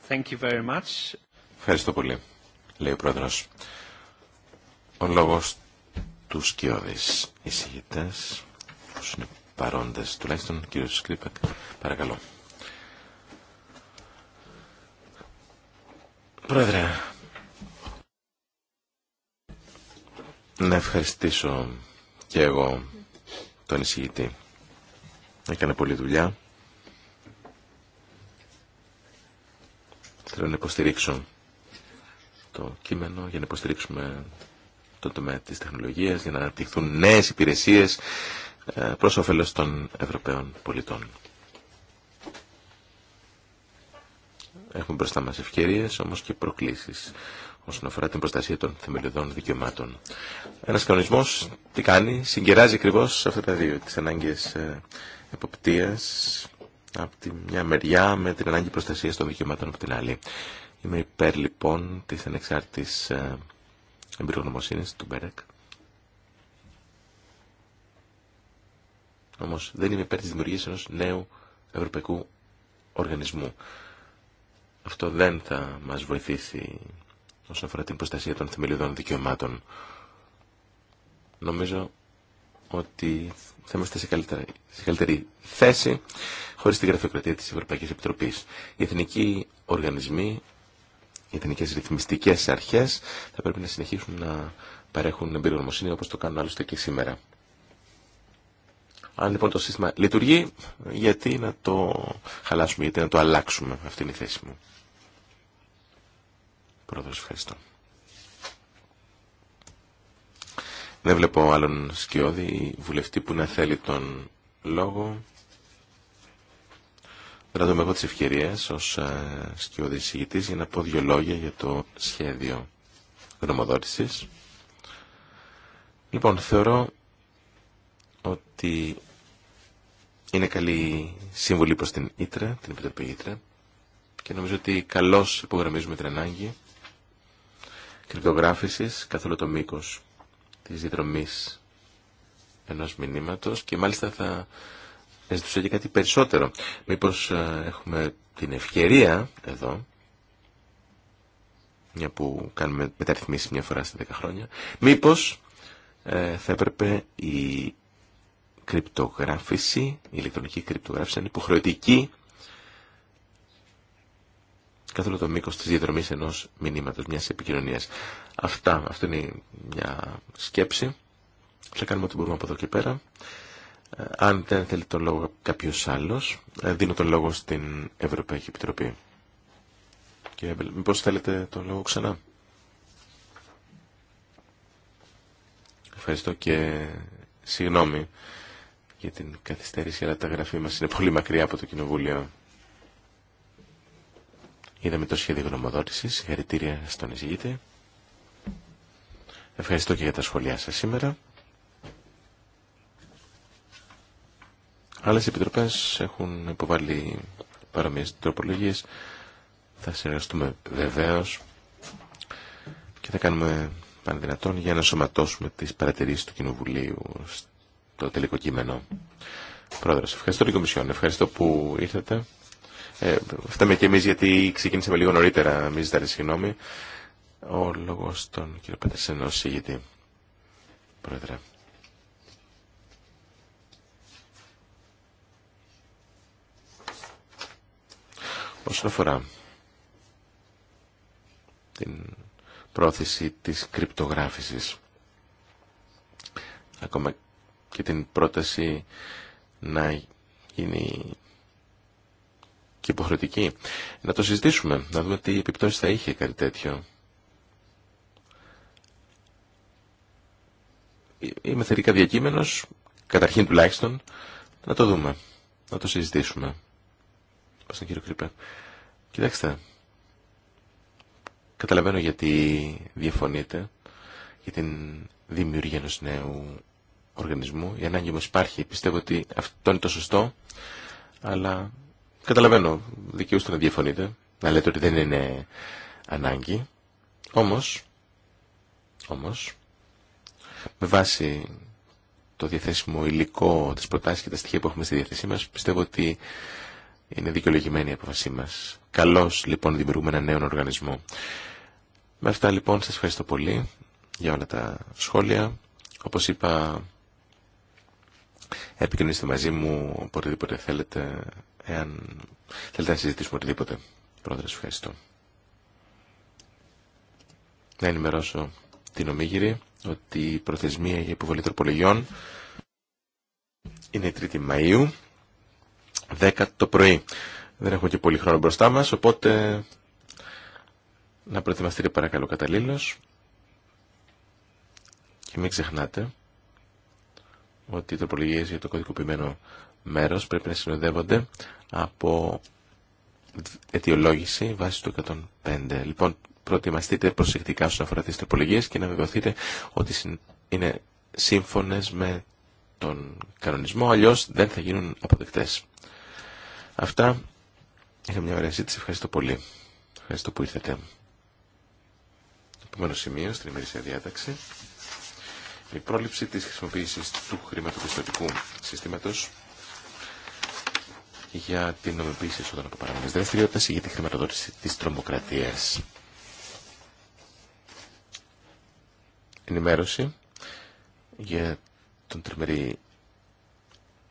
Thank Ευχαριστώ πολύ, λέει ο Πρόεδρο. Ο λόγο του οι εισηγητέ, που είναι παρόντε τουλάχιστον κύριο Σκρίπεκ, παρακαλώ. Πρόεδρε, να ευχαριστήσω και εγώ τον εισηγητή. Έκανε πολλή δουλειά. Θέλω να υποστηρίξω το κείμενο, για να υποστηρίξουμε το τομέα της τεχνολογίας, για να αναπτυχθούν νέες υπηρεσίες ε, προς όφελος των Ευρωπαίων πολιτών. Έχουμε μπροστά μας ευκαιρίες, όμως και προκλήσεις όσον αφορά την προστασία των θεμελιωδών δικαιωμάτων. Ένας κανονισμός τι κάνει, συγκεράζει ακριβώ αυτά τα δύο, τις ανάγκες ε, εποπτείας από τη μια μεριά με την ανάγκη προστασίας των δικαιωμάτων από την άλλη. Είμαι υπέρ λοιπόν της ανεξάρτητης ε, εμπειρογνωμοσύνης του Μπέρεκ. Όμως δεν είμαι υπέρ της δημιουργίας ενός νέου ευρωπαϊκού οργανισμού. Αυτό δεν θα μας βοηθήσει όσον αφορά την προστασία των θεμελιωδών δικαιωμάτων. Νομίζω ότι θα είμαστε σε καλύτερη, θέση χωρίς την γραφειοκρατία της Ευρωπαϊκής Επιτροπής. Οι εθνικοί οργανισμοί, οι εθνικές ρυθμιστικές αρχές θα πρέπει να συνεχίσουν να παρέχουν εμπειρογνωμοσύνη όπως το κάνουν άλλωστε και σήμερα. Αν λοιπόν το σύστημα λειτουργεί, γιατί να το χαλάσουμε, γιατί να το αλλάξουμε. Αυτή είναι η θέση μου. Πρόεδρος, ευχαριστώ. Δεν βλέπω άλλον σκιώδη βουλευτή που να θέλει τον λόγο. Δεν εγώ τις ευκαιρίες ως ε, σκιώδη εισηγητής για να πω δύο λόγια για το σχέδιο γνωμοδότησης. Λοιπόν, θεωρώ ότι είναι καλή σύμβουλη προς την Ήτρα, την Επιτροπή Ήτρα και νομίζω ότι καλώς υπογραμμίζουμε την ανάγκη κρυπτογράφησης καθ' όλο το μήκος της διδρομής ενός μηνύματος και μάλιστα θα ζητούσα και κάτι περισσότερο. Μήπως ε, έχουμε την ευκαιρία εδώ, μια που κάνουμε μεταρρυθμίσεις μια φορά στα 10 χρόνια, μήπως ε, θα έπρεπε η κρυπτογράφηση, η ηλεκτρονική κρυπτογράφηση, είναι υποχρεωτική καθόλου το μήκος της διαδρομή ενό μηνύματος, μιας επικοινωνία. Αυτά, αυτή είναι μια σκέψη. Θα κάνουμε ό,τι μπορούμε από εδώ και πέρα. Ε, αν δεν θέλει τον λόγο κάποιο άλλο, ε, δίνω τον λόγο στην Ευρωπαϊκή Επιτροπή. και θέλετε τον λόγο ξανά. Ευχαριστώ και συγγνώμη για την καθυστέρηση, αλλά τα γραφή μας είναι πολύ μακριά από το Κοινοβούλιο. Είδαμε το σχέδιο γνωμοδότηση. Συγχαρητήρια στον εισηγήτη. Ευχαριστώ και για τα σχόλιά σα σήμερα. Άλλε επιτροπέ έχουν υποβάλει παρομοίε τροπολογίε Θα συνεργαστούμε βεβαίω. και θα κάνουμε πανδυνατόν για να σωματώσουμε τις παρατηρήσει του Κοινοβουλίου στο τελικό κείμενο. Πρόεδρος, ευχαριστώ την Κομισιόν. Ευχαριστώ που ήρθατε. Ε, φτάμε και εμείς γιατί ξεκίνησαμε λίγο νωρίτερα, μη ζητάτε συγγνώμη. Ο λόγος των κ. Πέτρεσεν ως συγγητή. Πρόεδρε. Όσον αφορά την πρόθεση της κρυπτογράφησης, ακόμα και την πρόταση να γίνει και υποχρεωτική. Να το συζητήσουμε, να δούμε τι επιπτώσεις θα είχε κάτι τέτοιο. Είμαι θερικά διακείμενος, καταρχήν τουλάχιστον, να το δούμε, να το συζητήσουμε. Πώς τον κύριο Κρύπε. Κοιτάξτε, καταλαβαίνω γιατί διαφωνείτε για την δημιουργία ενός νέου οργανισμού. Η ανάγκη μας υπάρχει, πιστεύω ότι αυτό είναι το σωστό, αλλά Καταλαβαίνω, δικαιούστε να διαφωνείτε, να λέτε ότι δεν είναι ανάγκη. Όμως, όμως, με βάση το διαθέσιμο υλικό της προτάσεις και τα στοιχεία που έχουμε στη διαθέσή μας, πιστεύω ότι είναι δικαιολογημένη η αποφασή μας. Καλώς, λοιπόν, δημιουργούμε ένα νέο οργανισμό. Με αυτά, λοιπόν, σας ευχαριστώ πολύ για όλα τα σχόλια. Όπως είπα, επικοινωνήστε μαζί μου οποτεδήποτε θέλετε εάν θέλετε να συζητήσουμε οτιδήποτε. Πρόεδρε, σας ευχαριστώ. Να ενημερώσω την Ομίγυρη ότι η προθεσμία για υποβολή τροπολογιών είναι η 3η Μαΐου, 10 το πρωί. Δεν έχουμε και πολύ χρόνο μπροστά μας, οπότε να προετοιμαστείτε παρακαλώ καταλήλως. Και μην ξεχνάτε ότι οι τροπολογίες για το κωδικοποιημένο μέρος πρέπει να συνοδεύονται από αιτιολόγηση βάσει του 105. Λοιπόν, προετοιμαστείτε προσεκτικά όσον αφορά τις τροπολογίες και να βεβαιωθείτε ότι είναι σύμφωνες με τον κανονισμό, αλλιώς δεν θα γίνουν αποδεκτές. Αυτά. Είχα μια ωραία ζήτηση. Ευχαριστώ πολύ. Ευχαριστώ που ήρθατε. Επόμενο σημείο στην ημερήσια διάταξη. Η πρόληψη της χρησιμοποίησης του χρηματοπιστωτικού συστήματος για την νομιμοποίηση εσόδων από δραστηριότητε ή για τη χρηματοδότηση της τρομοκρατίας. Ενημέρωση για τον τριμερή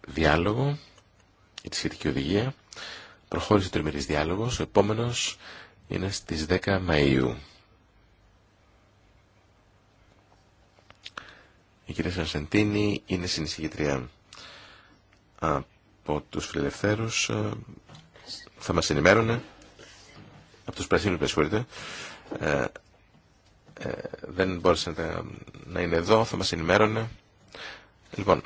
διάλογο για τη σχετική οδηγία. Προχώρησε ο τριμερή διάλογος. Ο επόμενος είναι στις 10 Μαΐου. Η κυρία Σαρσεντίνη είναι συνεισηγητρία από τους φιλελευθέρους ε, θα μας ενημέρωνε από τους πρασίνους που ε, ε, δεν μπόρεσε να, είναι εδώ θα μας ενημέρωνε λοιπόν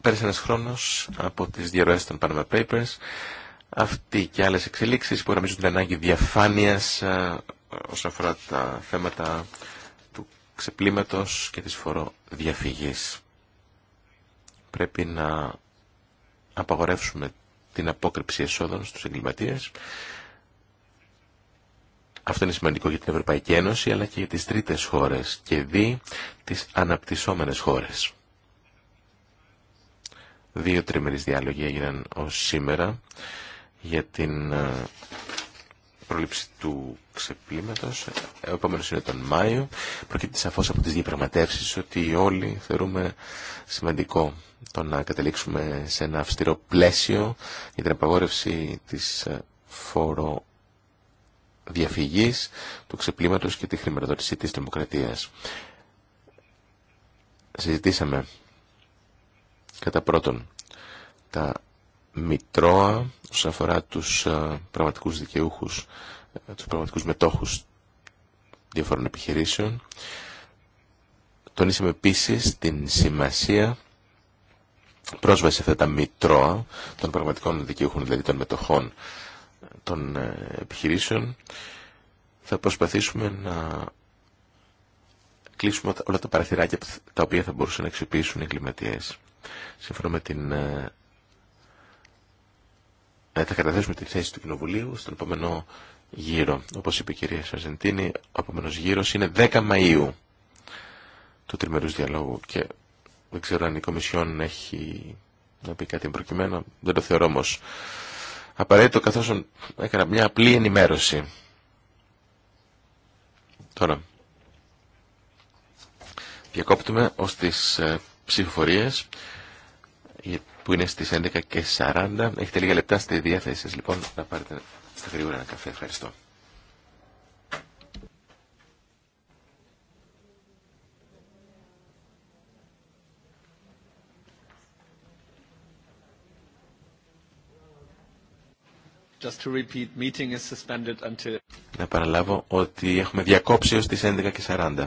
πέρασε ένας χρόνος από τις διαρροές των Panama Papers αυτή και άλλες εξελίξεις που γραμμίζουν την ανάγκη διαφάνειας όσον αφορά τα θέματα του ξεπλήματος και της φοροδιαφυγής πρέπει να απαγορεύσουμε την απόκρυψη εσόδων στους εγκληματίες. Αυτό είναι σημαντικό για την Ευρωπαϊκή Ένωση αλλά και για τις τρίτες χώρες και δι τις αναπτυσσόμενες χώρες. Δύο τριμερείς διάλογοι έγιναν ως σήμερα για την ε, πρόληψη του ξεπλήματος. Ε, ο επόμενο είναι τον Μάιο. Προκύπτει σαφώ από τις διαπραγματεύσεις ότι όλοι θεωρούμε σημαντικό το να καταλήξουμε σε ένα αυστηρό πλαίσιο για την απαγόρευση της ε, φόρο του ξεπλήματος και τη χρηματοδότηση της δημοκρατίας. Συζητήσαμε κατά πρώτον τα Μητρώα όσον αφορά τους ε, πραγματικούς δικαιούχους, ε, τους πραγματικούς μετόχους διαφορών επιχειρήσεων. Τονίσαμε επίσης την σημασία πρόσβαση σε αυτά τα μητρώα των πραγματικών δικαιούχων, δηλαδή των μετοχών ε, των επιχειρήσεων. Θα προσπαθήσουμε να κλείσουμε όλα τα παραθυράκια τα οποία θα μπορούσαν να εξυπήσουν οι εγκληματίες. Σύμφωνα με την ε, θα καταθέσουμε τη θέση του Κοινοβουλίου στον επόμενο γύρο. Όπως είπε η κυρία Σαρζεντίνη, ο επόμενο γύρος είναι 10 Μαΐου του τριμερού διαλόγου και δεν ξέρω αν η Κομισιόν έχει να πει κάτι προκειμένου δεν το θεωρώ όμω. απαραίτητο καθώ έκανα μια απλή ενημέρωση. Τώρα, διακόπτουμε ως τις ε, ψηφοφορίες που είναι στις 11 και 40. Έχετε λίγα λεπτά στη διάθεση σας λοιπόν να πάρετε στα γρήγορα ένα καφέ. Ευχαριστώ. Just to repeat, meeting is suspended until... Να παραλάβω ότι έχουμε διακόψει ως τις 11 και 40.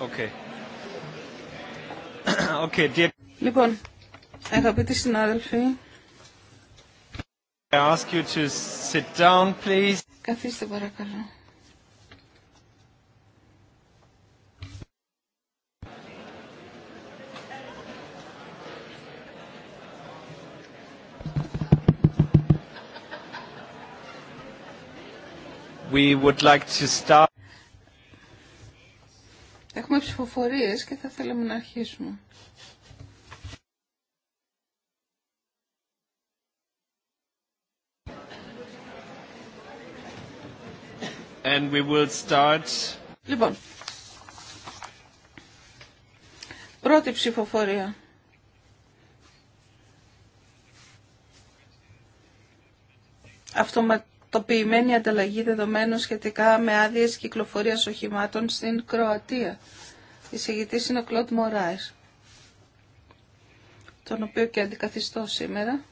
Okay. Okay, dear... Λοιπόν, αγαπητοί συνάδελφοι, I ask you to sit down, please. Καθίστε παρακαλώ. We would like to start ψηφοφορίες και θα θέλαμε να αρχίσουμε. And we will start... Λοιπόν, πρώτη ψηφοφορία. Αυτοματοποιημένη ανταλλαγή δεδομένων σχετικά με άδειε κυκλοφορία οχημάτων στην Κροατία. Εισηγητής είναι ο Κλοντ Μωράης, τον οποίο και αντικαθιστώ σήμερα.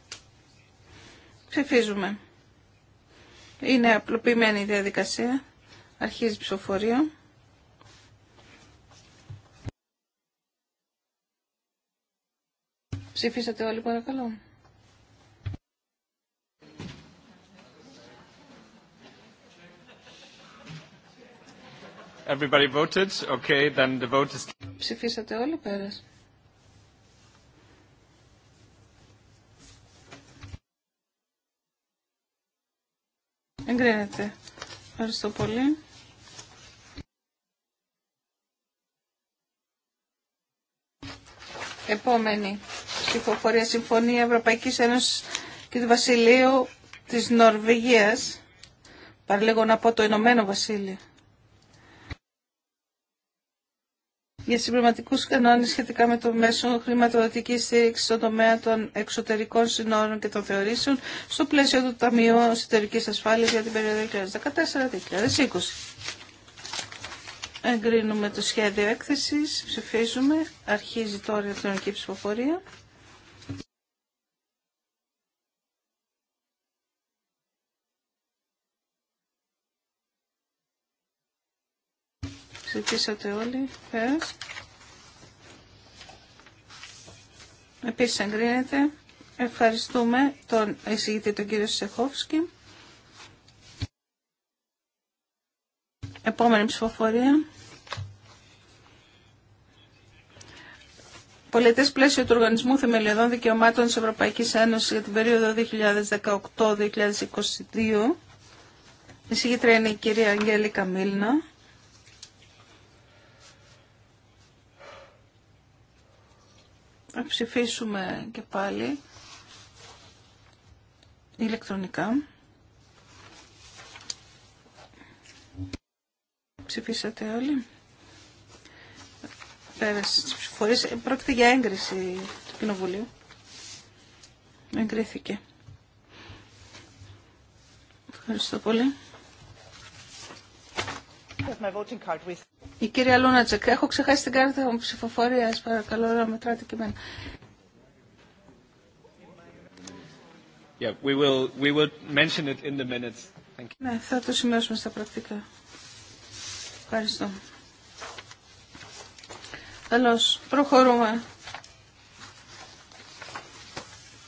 Ψηφίζουμε. Είναι απλοποιημένη η διαδικασία. Αρχίζει η ψηφοφορία. Ψηφίσατε όλοι παρακαλώ. Ψηφίσατε όλοι πέρας. Εγκρίνεται. Ευχαριστώ πολύ. Επόμενη ψηφοφορία Συμφωνία Ευρωπαϊκής Ένωσης και του Βασιλείου της Νορβηγίας. Παραλίγο να πω το Ηνωμένο Βασίλειο. για συμπληρωματικού κανόνες σχετικά με το μέσο χρηματοδοτική στήριξη στον τομέα των εξωτερικών συνόρων και των θεωρήσεων στο πλαίσιο του Ταμείου Εσωτερική Ασφάλειας για την περίοδο 2014-2020. Εγκρίνουμε το σχέδιο έκθεσης, ψηφίζουμε, αρχίζει τώρα η ηλεκτρονική ψηφοφορία. Ψηφίσατε όλοι. Πέρας. Επίσης εγκρίνεται. Ευχαριστούμε τον εισηγητή τον κύριο Σεχόφσκι. Επόμενη ψηφοφορία. Πολιτέ πλαίσιο του Οργανισμού Θεμελιωδών Δικαιωμάτων τη Ευρωπαϊκή Ένωση για την περίοδο 2018-2022. Η είναι η κυρία Αγγέλικα Καμίλνα. Να ψηφίσουμε και πάλι ηλεκτρονικά. Ψηφίσατε όλοι. Πέρασε τις ψηφορίες. Ε, πρόκειται για έγκριση του Κοινοβουλίου. Εγκρίθηκε. Ευχαριστώ πολύ. Η κυρία Λούνατσεκ, έχω ξεχάσει την κάρτα μου ψηφοφορία. Παρακαλώ να μετράτε και εμένα. Ναι, θα το σημειώσουμε στα πρακτικά. Ευχαριστώ. Καλώ, προχωρούμε.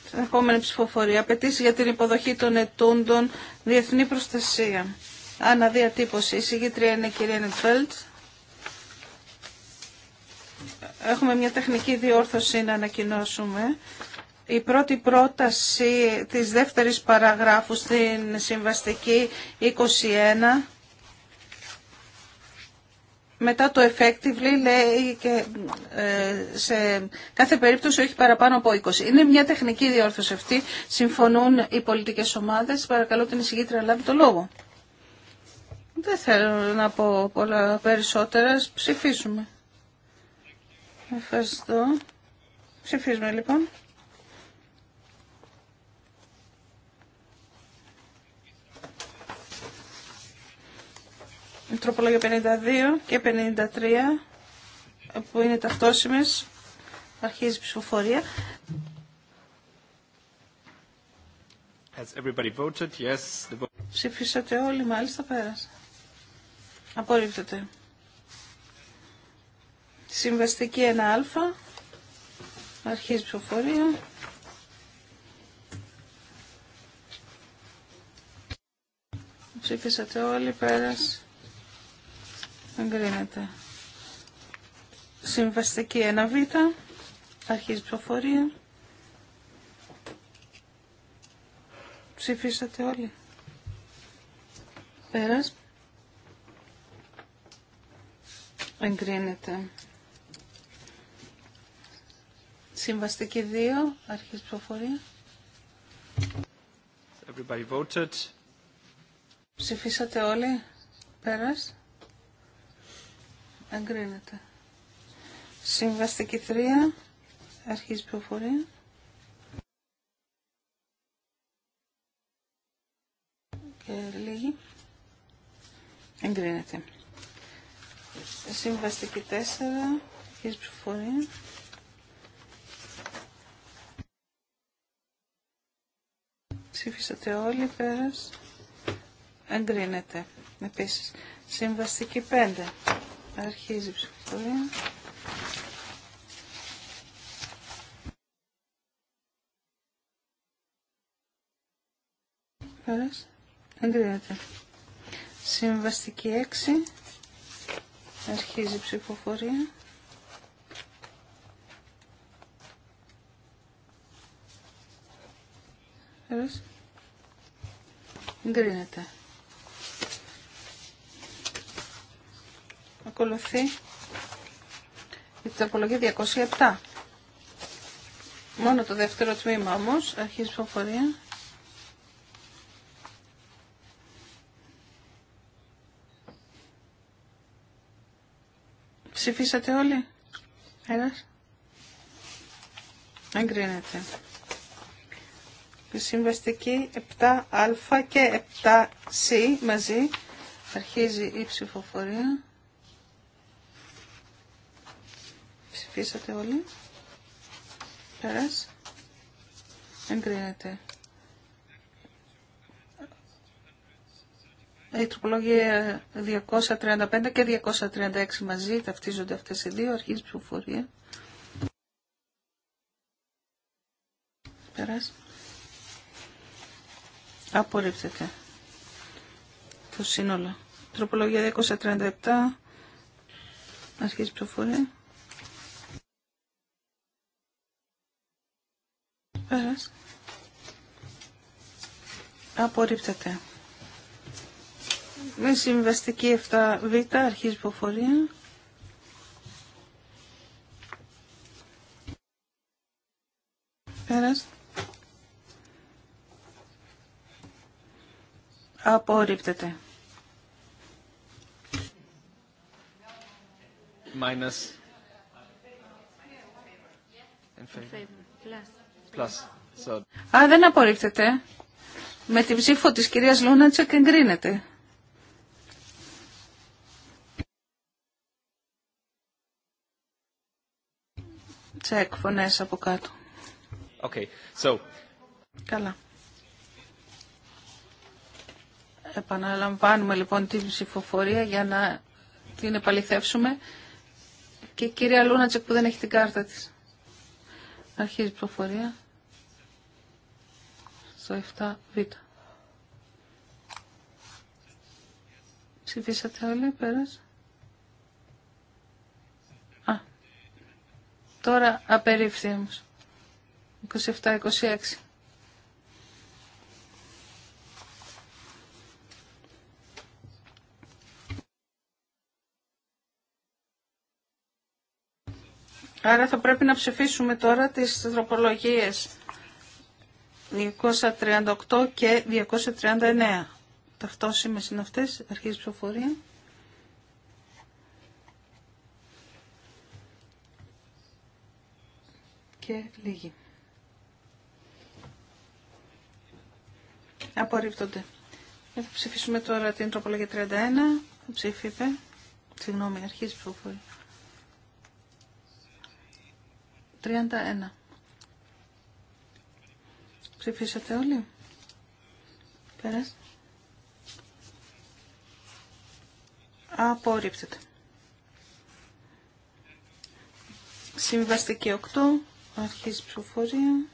Στην επόμενη ψηφοφορία. Απαιτήσει για την υποδοχή των ετούντων διεθνή προστασία. Αναδιατύπωση. Η συγγήτρια είναι η κυρία Νετφέλτ. Έχουμε μια τεχνική διόρθωση να ανακοινώσουμε. Η πρώτη πρόταση της δεύτερης παραγράφου στην συμβαστική 21 μετά το effectively λέει και ε, σε κάθε περίπτωση όχι παραπάνω από 20. Είναι μια τεχνική διόρθωση αυτή. Συμφωνούν οι πολιτικές ομάδες. Παρακαλώ την εισηγήτρια να λάβει το λόγο. Δεν θέλω να πω πολλά περισσότερα. Ψηφίσουμε. Ευχαριστώ. Ψηφίσουμε λοιπόν. Τροπολόγια 52 και 53 που είναι ταυτόσιμες. Αρχίζει η ψηφοφορία. Ψηφίσατε όλοι, μάλιστα πέρασε. Απορρίπτεται. Συμβαστική 1α. Αρχής ψηφοφορία. Ψήφισατε όλοι, πέρας. Εγκρίνεται. Συμβαστική 1β. Αρχής ψηφοφορία. Ψήφισατε όλοι. Πέρας. Εγκρίνεται. Συμβαστική 2, αρχής ψηφοφορία. Everybody voted. Ψηφίσατε όλοι. Πέρας. Εγκρίνεται. Συμβαστική 3, αρχής ψηφοφορία. Και λίγη. Εγκρίνεται. Συμβαστική 4, αρχής ψηφοφορία. Ψήφισατε όλοι, πέρας. Εγκρίνεται. Επίσης, συμβαστική 5, αρχίζει η ψηφοφορία. Πέρας. Εγκρίνεται. Συμβαστική 6, Αρχίζει η ψηφοφορία. Εγκρίνεται. Ακολουθεί η τσαπολογή 207. Μόνο το δεύτερο τμήμα όμως, αρχίζει η ψηφοφορία. Ψηφίσατε όλοι. Ένας. Εγκρίνεται. Συμβαστική 7α και 7c μαζί. Αρχίζει η ψηφοφορία. Ψηφίσατε όλοι. Πέρας. Εγκρίνεται. Η τροπολόγια 235 και 236 μαζί ταυτίζονται αυτές οι δύο αρχής ψηφοφορία. Περάσει. Απορρίπτεται το σύνολο. Τροπολογία 237 αρχής ψηφοφορία. Πέρας. Απορρίπτεται. Με συμβαστική 7β αρχίζει υποφορία. Πέρας. Απορρίπτεται. Minus. In Α, δεν απορρίπτεται. Με την ψήφο της κυρίας Λούνατσεκ εγκρίνεται. τσεκ, φωνές από κάτω. Okay. So... Καλά. Επαναλαμβάνουμε λοιπόν την ψηφοφορία για να την επαληθεύσουμε. Και η κυρία Λούνατσεκ που δεν έχει την κάρτα της. Αρχίζει η ψηφοφορία. Στο 7β. Ψηφίσατε όλοι, πέρασε. Τώρα όμως. 27-26. Άρα θα πρέπει να ψηφίσουμε τώρα τις τροπολογίες 238 και 239. Ταυτόσιμες είναι αυτές, αρχής ψηφοφορία. και λίγη. Απορρίπτονται. Ε, θα ψηφίσουμε τώρα την τροπολογία 31. Θα Συγγνώμη, αρχίζει η 31. Ψηφίσατε όλοι. Πέρας. Απορρίπτεται. Συμβαστική 8. Αρχίζει η ψηφοφορία.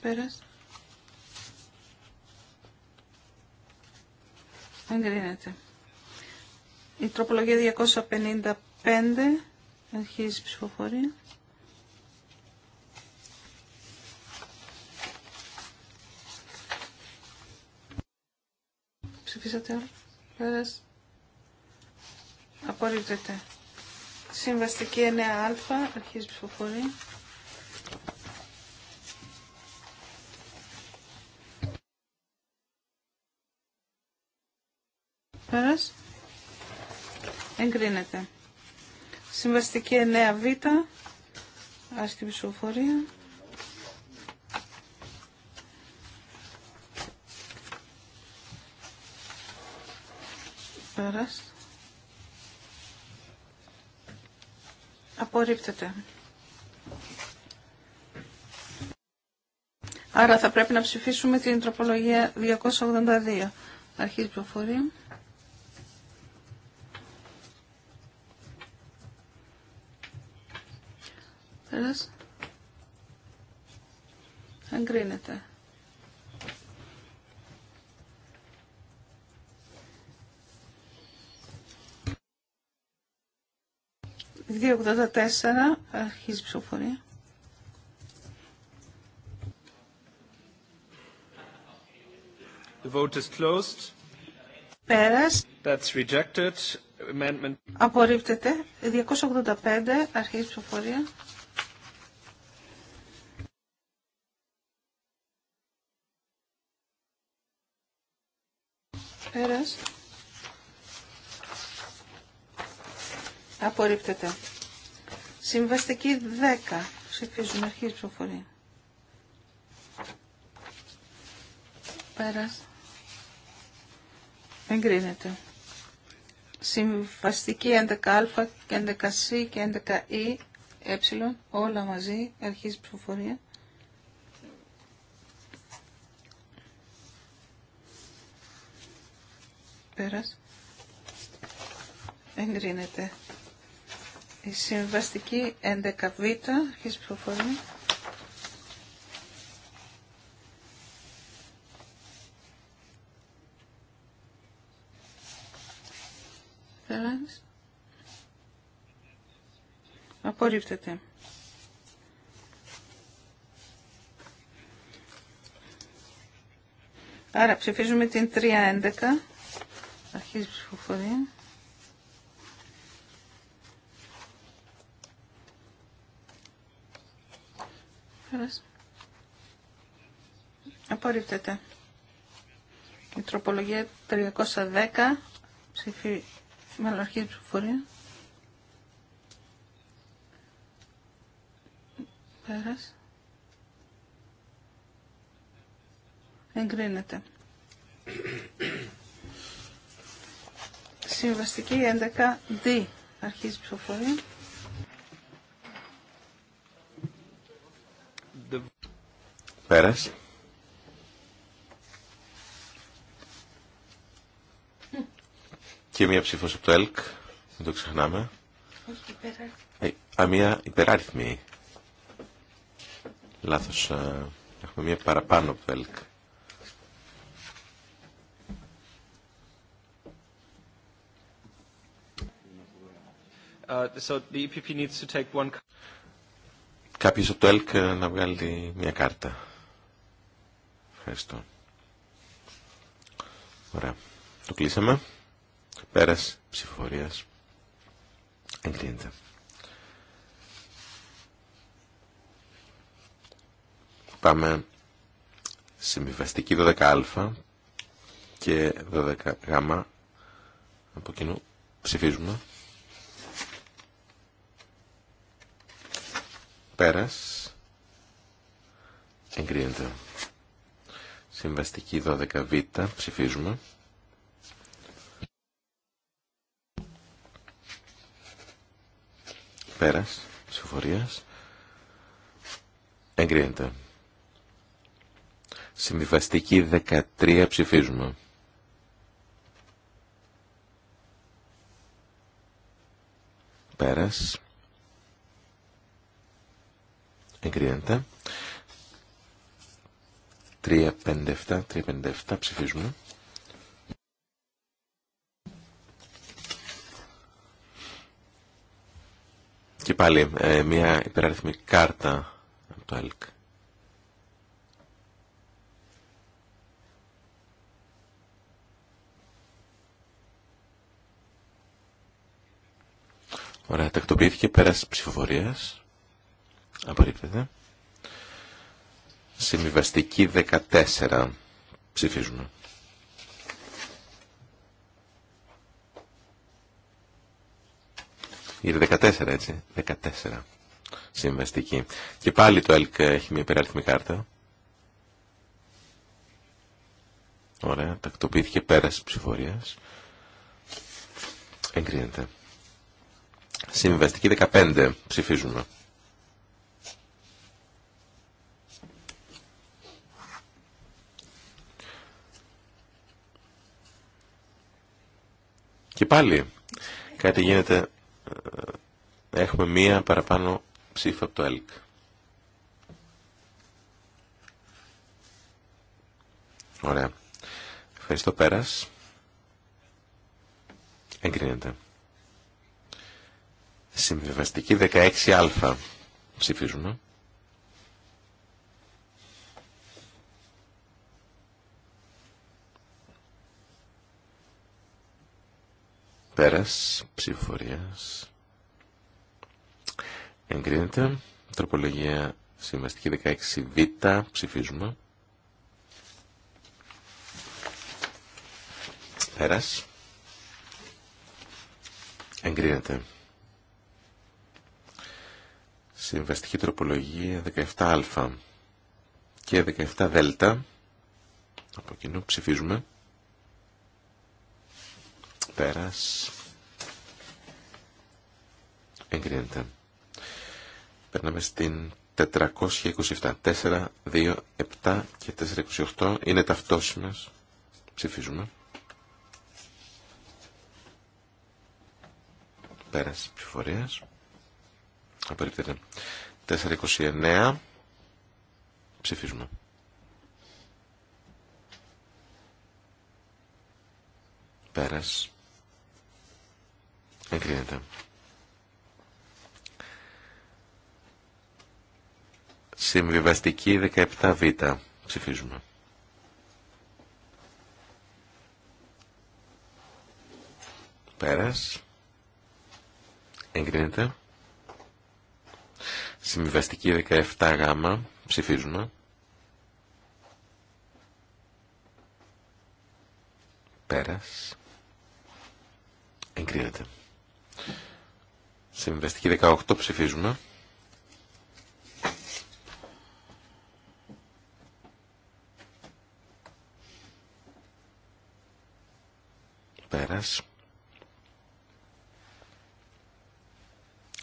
Πέρας. Εγκρίνεται. Η τροπολογία 255 αρχίζει η ψηφοφορία. Ψηφίσατε όλοι. Πέρας. Απορρίπτεται. Συμβαστική 9α, η ψηφοφορία. Πέρας. Εγκρίνεται. Συμβαστική 9β, η ψηφοφορία. Τώρα Απορρίπτεται. Άρα θα πρέπει να ψηφίσουμε την τροπολογία 282. Αρχή πληροφορία. Πέρας. Εγκρίνεται. 284 αρχίζει η ψηφοφορία. The vote is closed. Πέρας. That's rejected. Amendment. Απορρίπτεται. 285 αρχίζει η ψηφοφορία. Πέρας. απορρίπτεται. Συμβαστική 10. ψηφιζουμε αρχή αρχής ψηφοφορία. Πέρας. Εγκρίνεται. Συμβαστική 11α και 11c και 11η ε, όλα μαζί, αρχής ψηφοφορία. Πέρας. Εγκρίνεται. Η συμβαστική 11β, αρχής ψηφοφορία. Απορρίπτεται. Άρα ψηφίζουμε την 311, η ψηφοφορία. Πέρας. Απορρίπτεται. Η τροπολογία 310 ψηφι με μάλλον αρχή ψηφοφορία. Πέρας. Εγκρίνεται. Συμβαστική 11D αρχής ψηφοφορία. Πέρασε. Και μία ψήφο από το ΕΛΚ, δεν το ξεχνάμε. Όχι ε, Α, μία υπεράριθμη. Λάθος, έχουμε μία παραπάνω από το ΕΛΚ. Uh, e από το ΕΛΚ ε, να βγάλει μία κάρτα. Ευχαριστώ. Ωραία. Το κλείσαμε. Πέρας ψηφορίας. Εγκρίνεται. Πάμε συμβιβαστική 12α και 12γ από κοινού ψηφίζουμε. Πέρας εγκρίνεται. Συμβαστική 12β. Ψηφίζουμε. Πέρας Ψηφορίας. Εγκρίνεται. Συμβιβαστική 13 ψηφίζουμε. Πέρας. Εγκρίνεται. 357, 357 ψηφίζουμε. Και πάλι ε, μια υπεραριθμή κάρτα από το ΕΛΚ. Ωραία, τακτοποιήθηκε πέρας ψηφοφορία Απορρίπτεται. Συμβιβαστική 14. Ψηφίζουμε. Είναι 14 έτσι. 14. Συμβαστική. Και πάλι το ΕΛΚ έχει μια υπεράριθμη κάρτα. Ωραία. Τακτοποιήθηκε πέραση ψηφορίας. Εγκρίνεται. Συμβιβαστική 15. Ψηφίζουμε. Και πάλι κάτι γίνεται. Ε, έχουμε μία παραπάνω ψήφα από το ΕΛΚ. Ωραία. Ευχαριστώ πέρας. Εγκρίνεται. Συμβιβαστική 16α. Ψηφίζουμε. Πέρας ψηφοφορίας. Εγκρίνεται. Τροπολογία συμβαστική 16β. Ψηφίζουμε. Πέρας. Εγκρίνεται. Συμβαστική τροπολογία 17α και 17δ. Από κοινού ψηφίζουμε πέρας εγκρίνεται. Περνάμε στην 427. 4, 2, 7 και 428 είναι ταυτόσιμες. Ψηφίζουμε. της ψηφορίας. Απορρίπτεται. 429. Ψηφίζουμε. Πέρας. Εγκρίνεται. Συμβιβαστική 17β. Ψηφίζουμε. Πέρας. Εγκρίνεται. Συμβιβαστική 17γ. Ψηφίζουμε. Πέρας. Εγκρίνεται. Συμβεστική 18 ψηφίζουμε. Πέρας.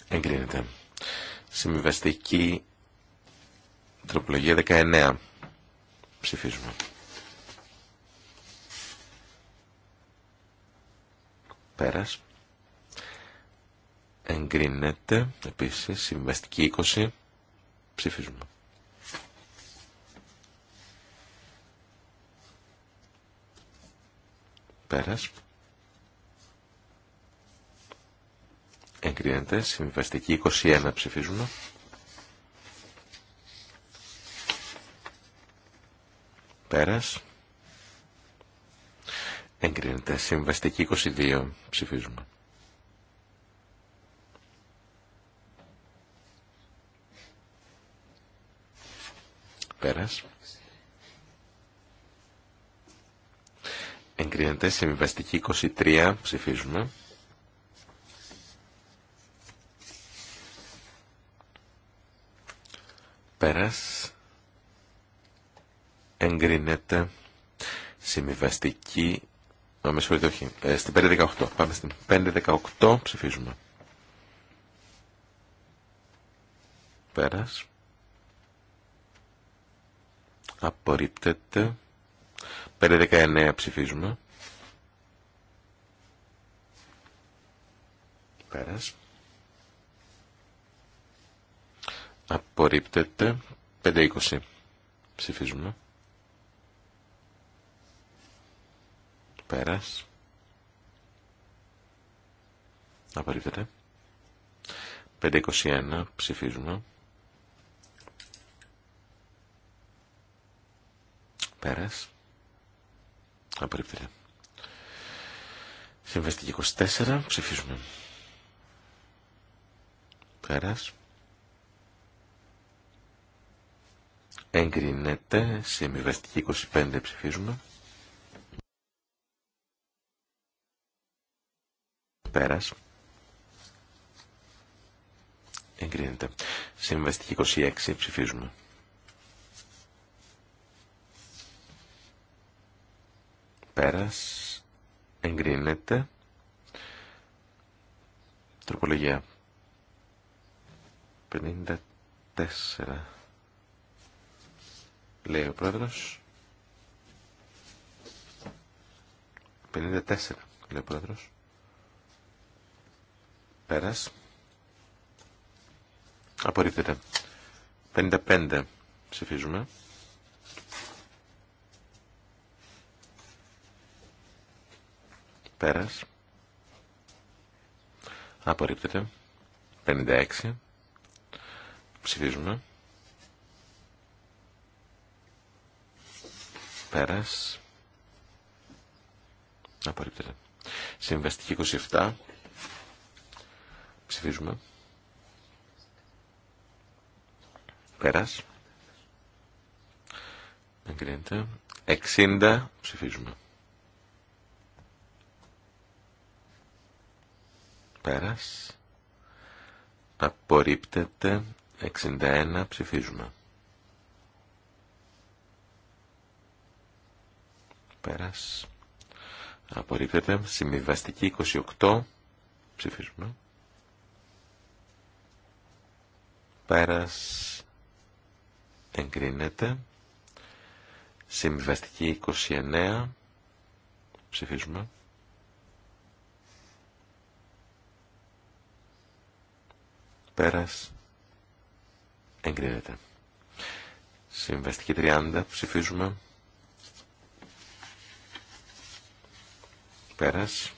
Εγκρίνεται. Συμβεστική τροπολογία 19 ψηφίζουμε. Πέρας. Εγκρίνεται επίσης συμβαστική 20. Ψηφίζουμε. Πέρας. Εγκρίνεται συμβαστική 21. Ψηφίζουμε. Πέρας. Εγκρίνεται συμβαστική 22. Ψηφίζουμε. πέρας. Εγκρίνεται συμβιβαστική 23, ψηφίζουμε. Πέρας. Εγκρίνεται συμβιβαστική... Α, με συγχωρείτε, όχι. Ε, στην 518. Πάμε στην 518, ψηφίζουμε. Πέρας απορριπτεται 519 ψηφίζουμε. Πέρας. 520 ψηφίζουμε. Πέρας. 521 ψηφίζουμε. Πέρας. Απορρίπτεται. Συμβαστική 24. Ψηφίζουμε. Πέρας. Εγκρινέται. Συμβαστική 25. Ψηφίζουμε. Πέρας. Εγκρίνεται. Συμβαστική 26. Ψηφίζουμε. πέρας εγκρίνεται τροπολογία 54 λέει ο πρόεδρος 54 λέει ο πρόεδρος πέρας απορρίπτεται 55 ψηφίζουμε Πέρας. Απορρίπτεται. 56. Ψηφίζουμε. Πέρας. Απορρίπτεται. Συμβαστική 27. Ψηφίζουμε. Πέρας. Εγκρίνεται. 60. Ψηφίζουμε. Πέρας. Απορρίπτεται. 61. Ψηφίζουμε. Πέρας. Απορρίπτεται. Συμβιβαστική 28. Ψηφίζουμε. Πέρας. Εγκρίνεται. Συμβιβαστική 29. Ψηφίζουμε. Πέρας. Εγκρίνεται. Συμβαστική 30. Ψηφίζουμε. Πέρας.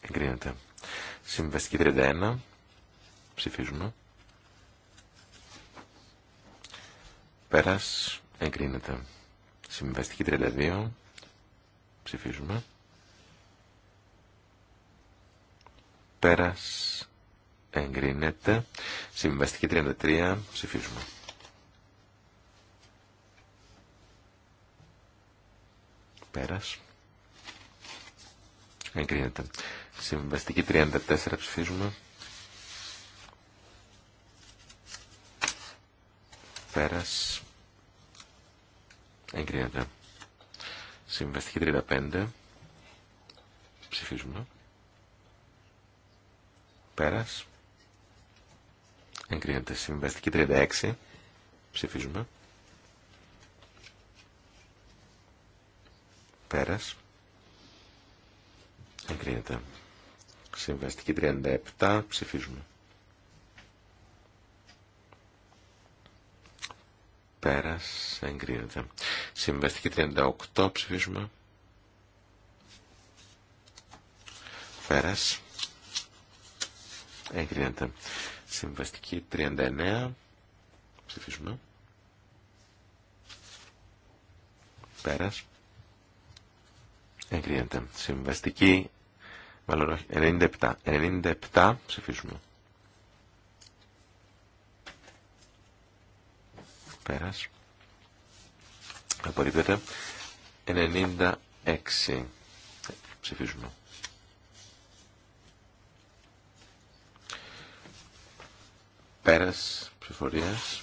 Εγκρίνεται. Συμβαστική 31. Ψηφίζουμε. Πέρας. Εγκρίνεται. Συμβαστική 32. Ψηφίζουμε. Πέρας εγκρίνεται. Συμβαστική 33, ψηφίζουμε. Πέρας. Εγκρίνεται. Συμβαστική 34, ψηφίζουμε. Πέρας. Εγκρίνεται. Συμβαστική 35, ψηφίζουμε. Πέρας Εγκρίνεται συμβαστική 36. Ψηφίζουμε. Πέρας. Εγκρίνεται. Συμβαστική 37. Ψηφίζουμε. Πέρας. Εγκρίνεται. Συμβαστική 38. Ψηφίζουμε. Πέρας. Εγκρίνεται. Συμβαστική 39. Ψηφίζουμε. Πέρας. Εγκρίνεται. Συμβαστική, μάλλον όχι, 97. 97 ψηφίζουμε. Πέρας. Απορρίπτεται. 96 ψηφίζουμε. Πέρας ψηφορίας.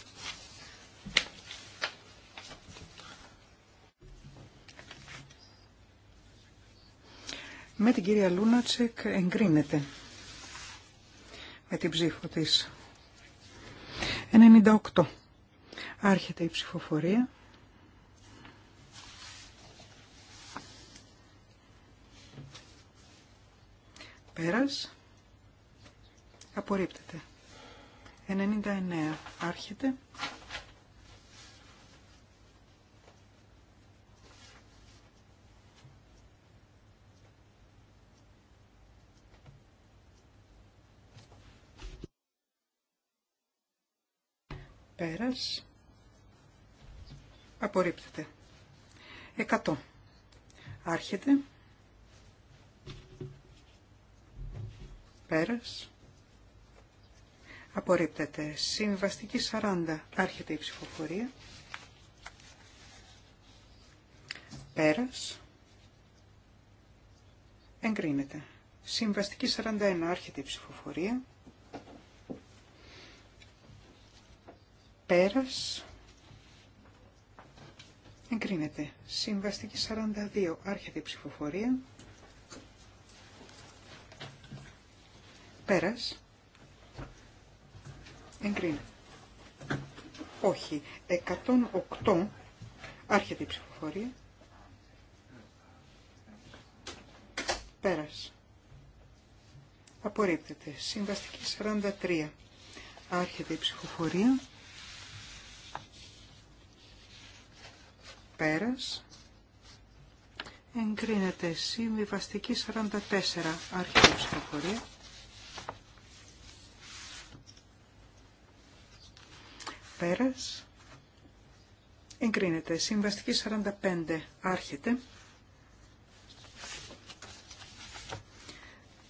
Με την κυρία Λούνατσεκ εγκρίνεται με την ψήφο της. 98. Άρχεται η ψηφοφορία. Πέρας. Απορρίπτεται. 99 άρχεται. Πέρας. Απορρίπτεται. 100. Άρχεται. Πέρας. Απορρίπτεται. Συμβαστική 40. Άρχεται η ψηφοφορία. Πέρας. Εγκρίνεται. Συμβαστική 41. Άρχεται η ψηφοφορία. Πέρας. Εγκρίνεται. Συμβαστική 42. Άρχεται η ψηφοφορία. Πέρας. Εγκρίνεται. Όχι. 108. Άρχεται η ψηφοφορία. Πέρας. Απορρίπτεται. Συμβαστική 43. Άρχεται η ψηφοφορία. Πέρας. Εγκρίνεται. Συμβιβαστική 44. Άρχεται η ψηφοφορία. Πέρας. Εγκρίνεται. Συμβαστική 45. Άρχεται.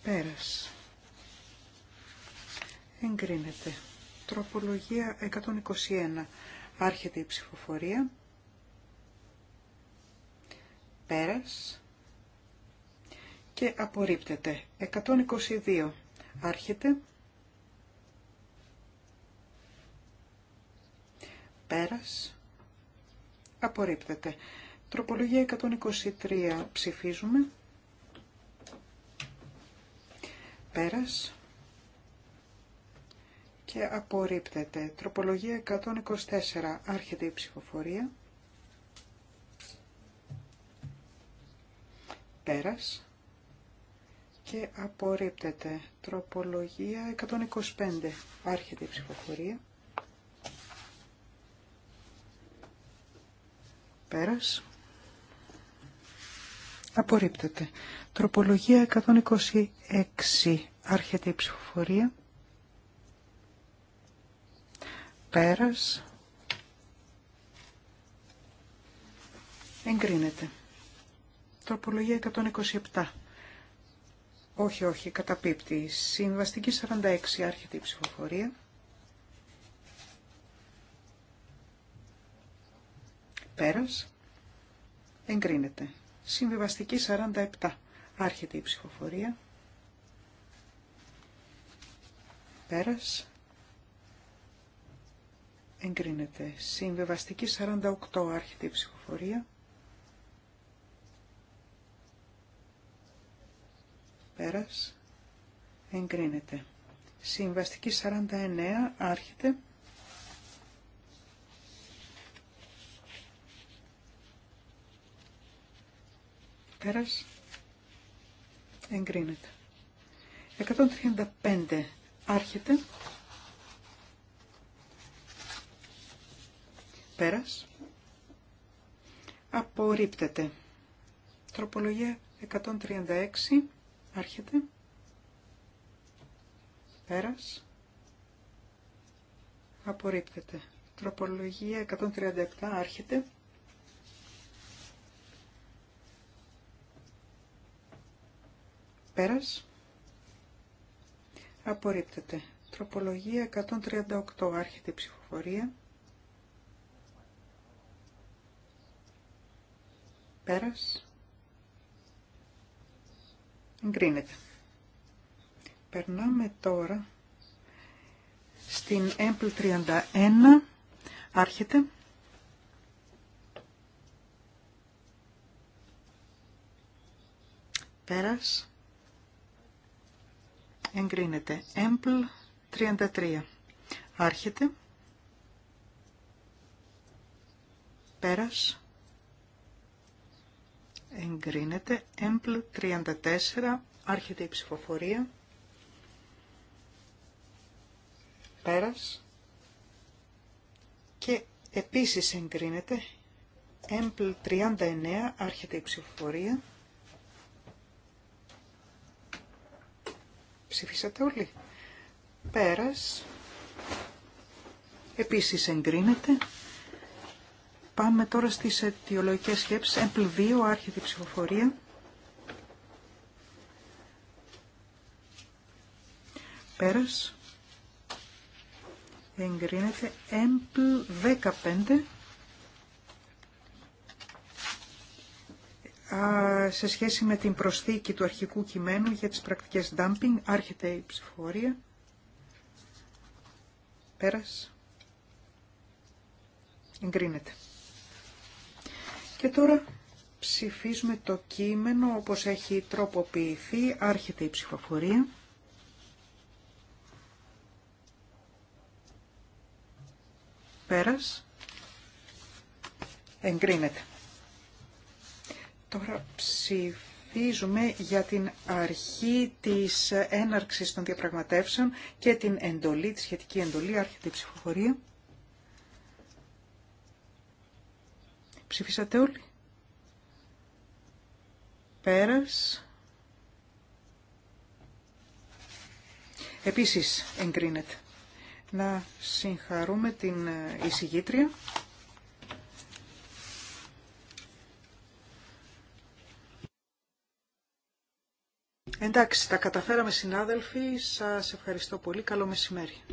Πέρας. Εγκρίνεται. Τροπολογία 121. Άρχεται η ψηφοφορία. Πέρας. Και απορρίπτεται. 122. Άρχεται. Πέρας. Απορρίπτεται. Τροπολογία 123. Ψηφίζουμε. Πέρας. Και απορρίπτεται. Τροπολογία 124. Άρχεται η ψηφοφορία. Πέρας. Και απορρίπτεται. Τροπολογία 125. Άρχεται η ψηφοφορία. Πέρας. Απορρίπτεται. Τροπολογία 126. Άρχεται η ψηφοφορία. Πέρας. Εγκρίνεται. Τροπολογία 127. Όχι, όχι, καταπίπτει. Συμβαστική 46. Άρχεται η ψηφοφορία. Πέρας. Εγκρίνεται. Συμβιβαστική 47. Άρχεται η ψηφοφορία. Πέρας. Εγκρίνεται. Συμβιβαστική 48. Άρχεται η ψηφοφορία. Πέρας. Εγκρίνεται. Συμβαστική 49. Άρχεται. Πέρας. Εγκρίνεται. 135. Άρχεται. Πέρας. Απορρίπτεται. Τροπολογία 136. Άρχεται. Πέρας. Απορρίπτεται. Τροπολογία 137. Άρχεται. Πέρας. Απορρίπτεται. Τροπολογία 138. Άρχεται η ψηφοφορία. Πέρας. Εγκρίνεται. Περνάμε τώρα στην έμπλ 31. Άρχεται. Πέρας εγκρίνεται. Έμπλ 33. Άρχεται. Πέρας. Εγκρίνεται. Έμπλ 34. Άρχεται η ψηφοφορία. Πέρας. Και επίσης εγκρίνεται. Έμπλ 39. Άρχεται η ψηφοφορία. Ψηφίσατε όλοι. Πέρας. Επίσης εγκρίνεται. Πάμε τώρα στις αιτιολογικές σκέψεις. Εμπλ 2, άρχιδη ψηφοφορία. Πέρας. Εγκρίνεται. Εμπλ 15, σε σχέση με την προσθήκη του αρχικού κειμένου για τις πρακτικές dumping. Άρχεται η ψηφοφορία. Πέρας. Εγκρίνεται. Και τώρα ψηφίζουμε το κείμενο όπως έχει τροποποιηθεί. Άρχεται η ψηφοφορία. Πέρας. Εγκρίνεται. Τώρα ψηφίζουμε για την αρχή της έναρξης των διαπραγματεύσεων και την εντολή, τη σχετική εντολή, άρχεται ψηφοφορία. Ψηφίσατε όλοι. Πέρας. Επίσης εγκρίνεται. Να συγχαρούμε την εισηγήτρια. Εντάξει, τα καταφέραμε συνάδελφοι. Σας ευχαριστώ πολύ. Καλό μεσημέρι.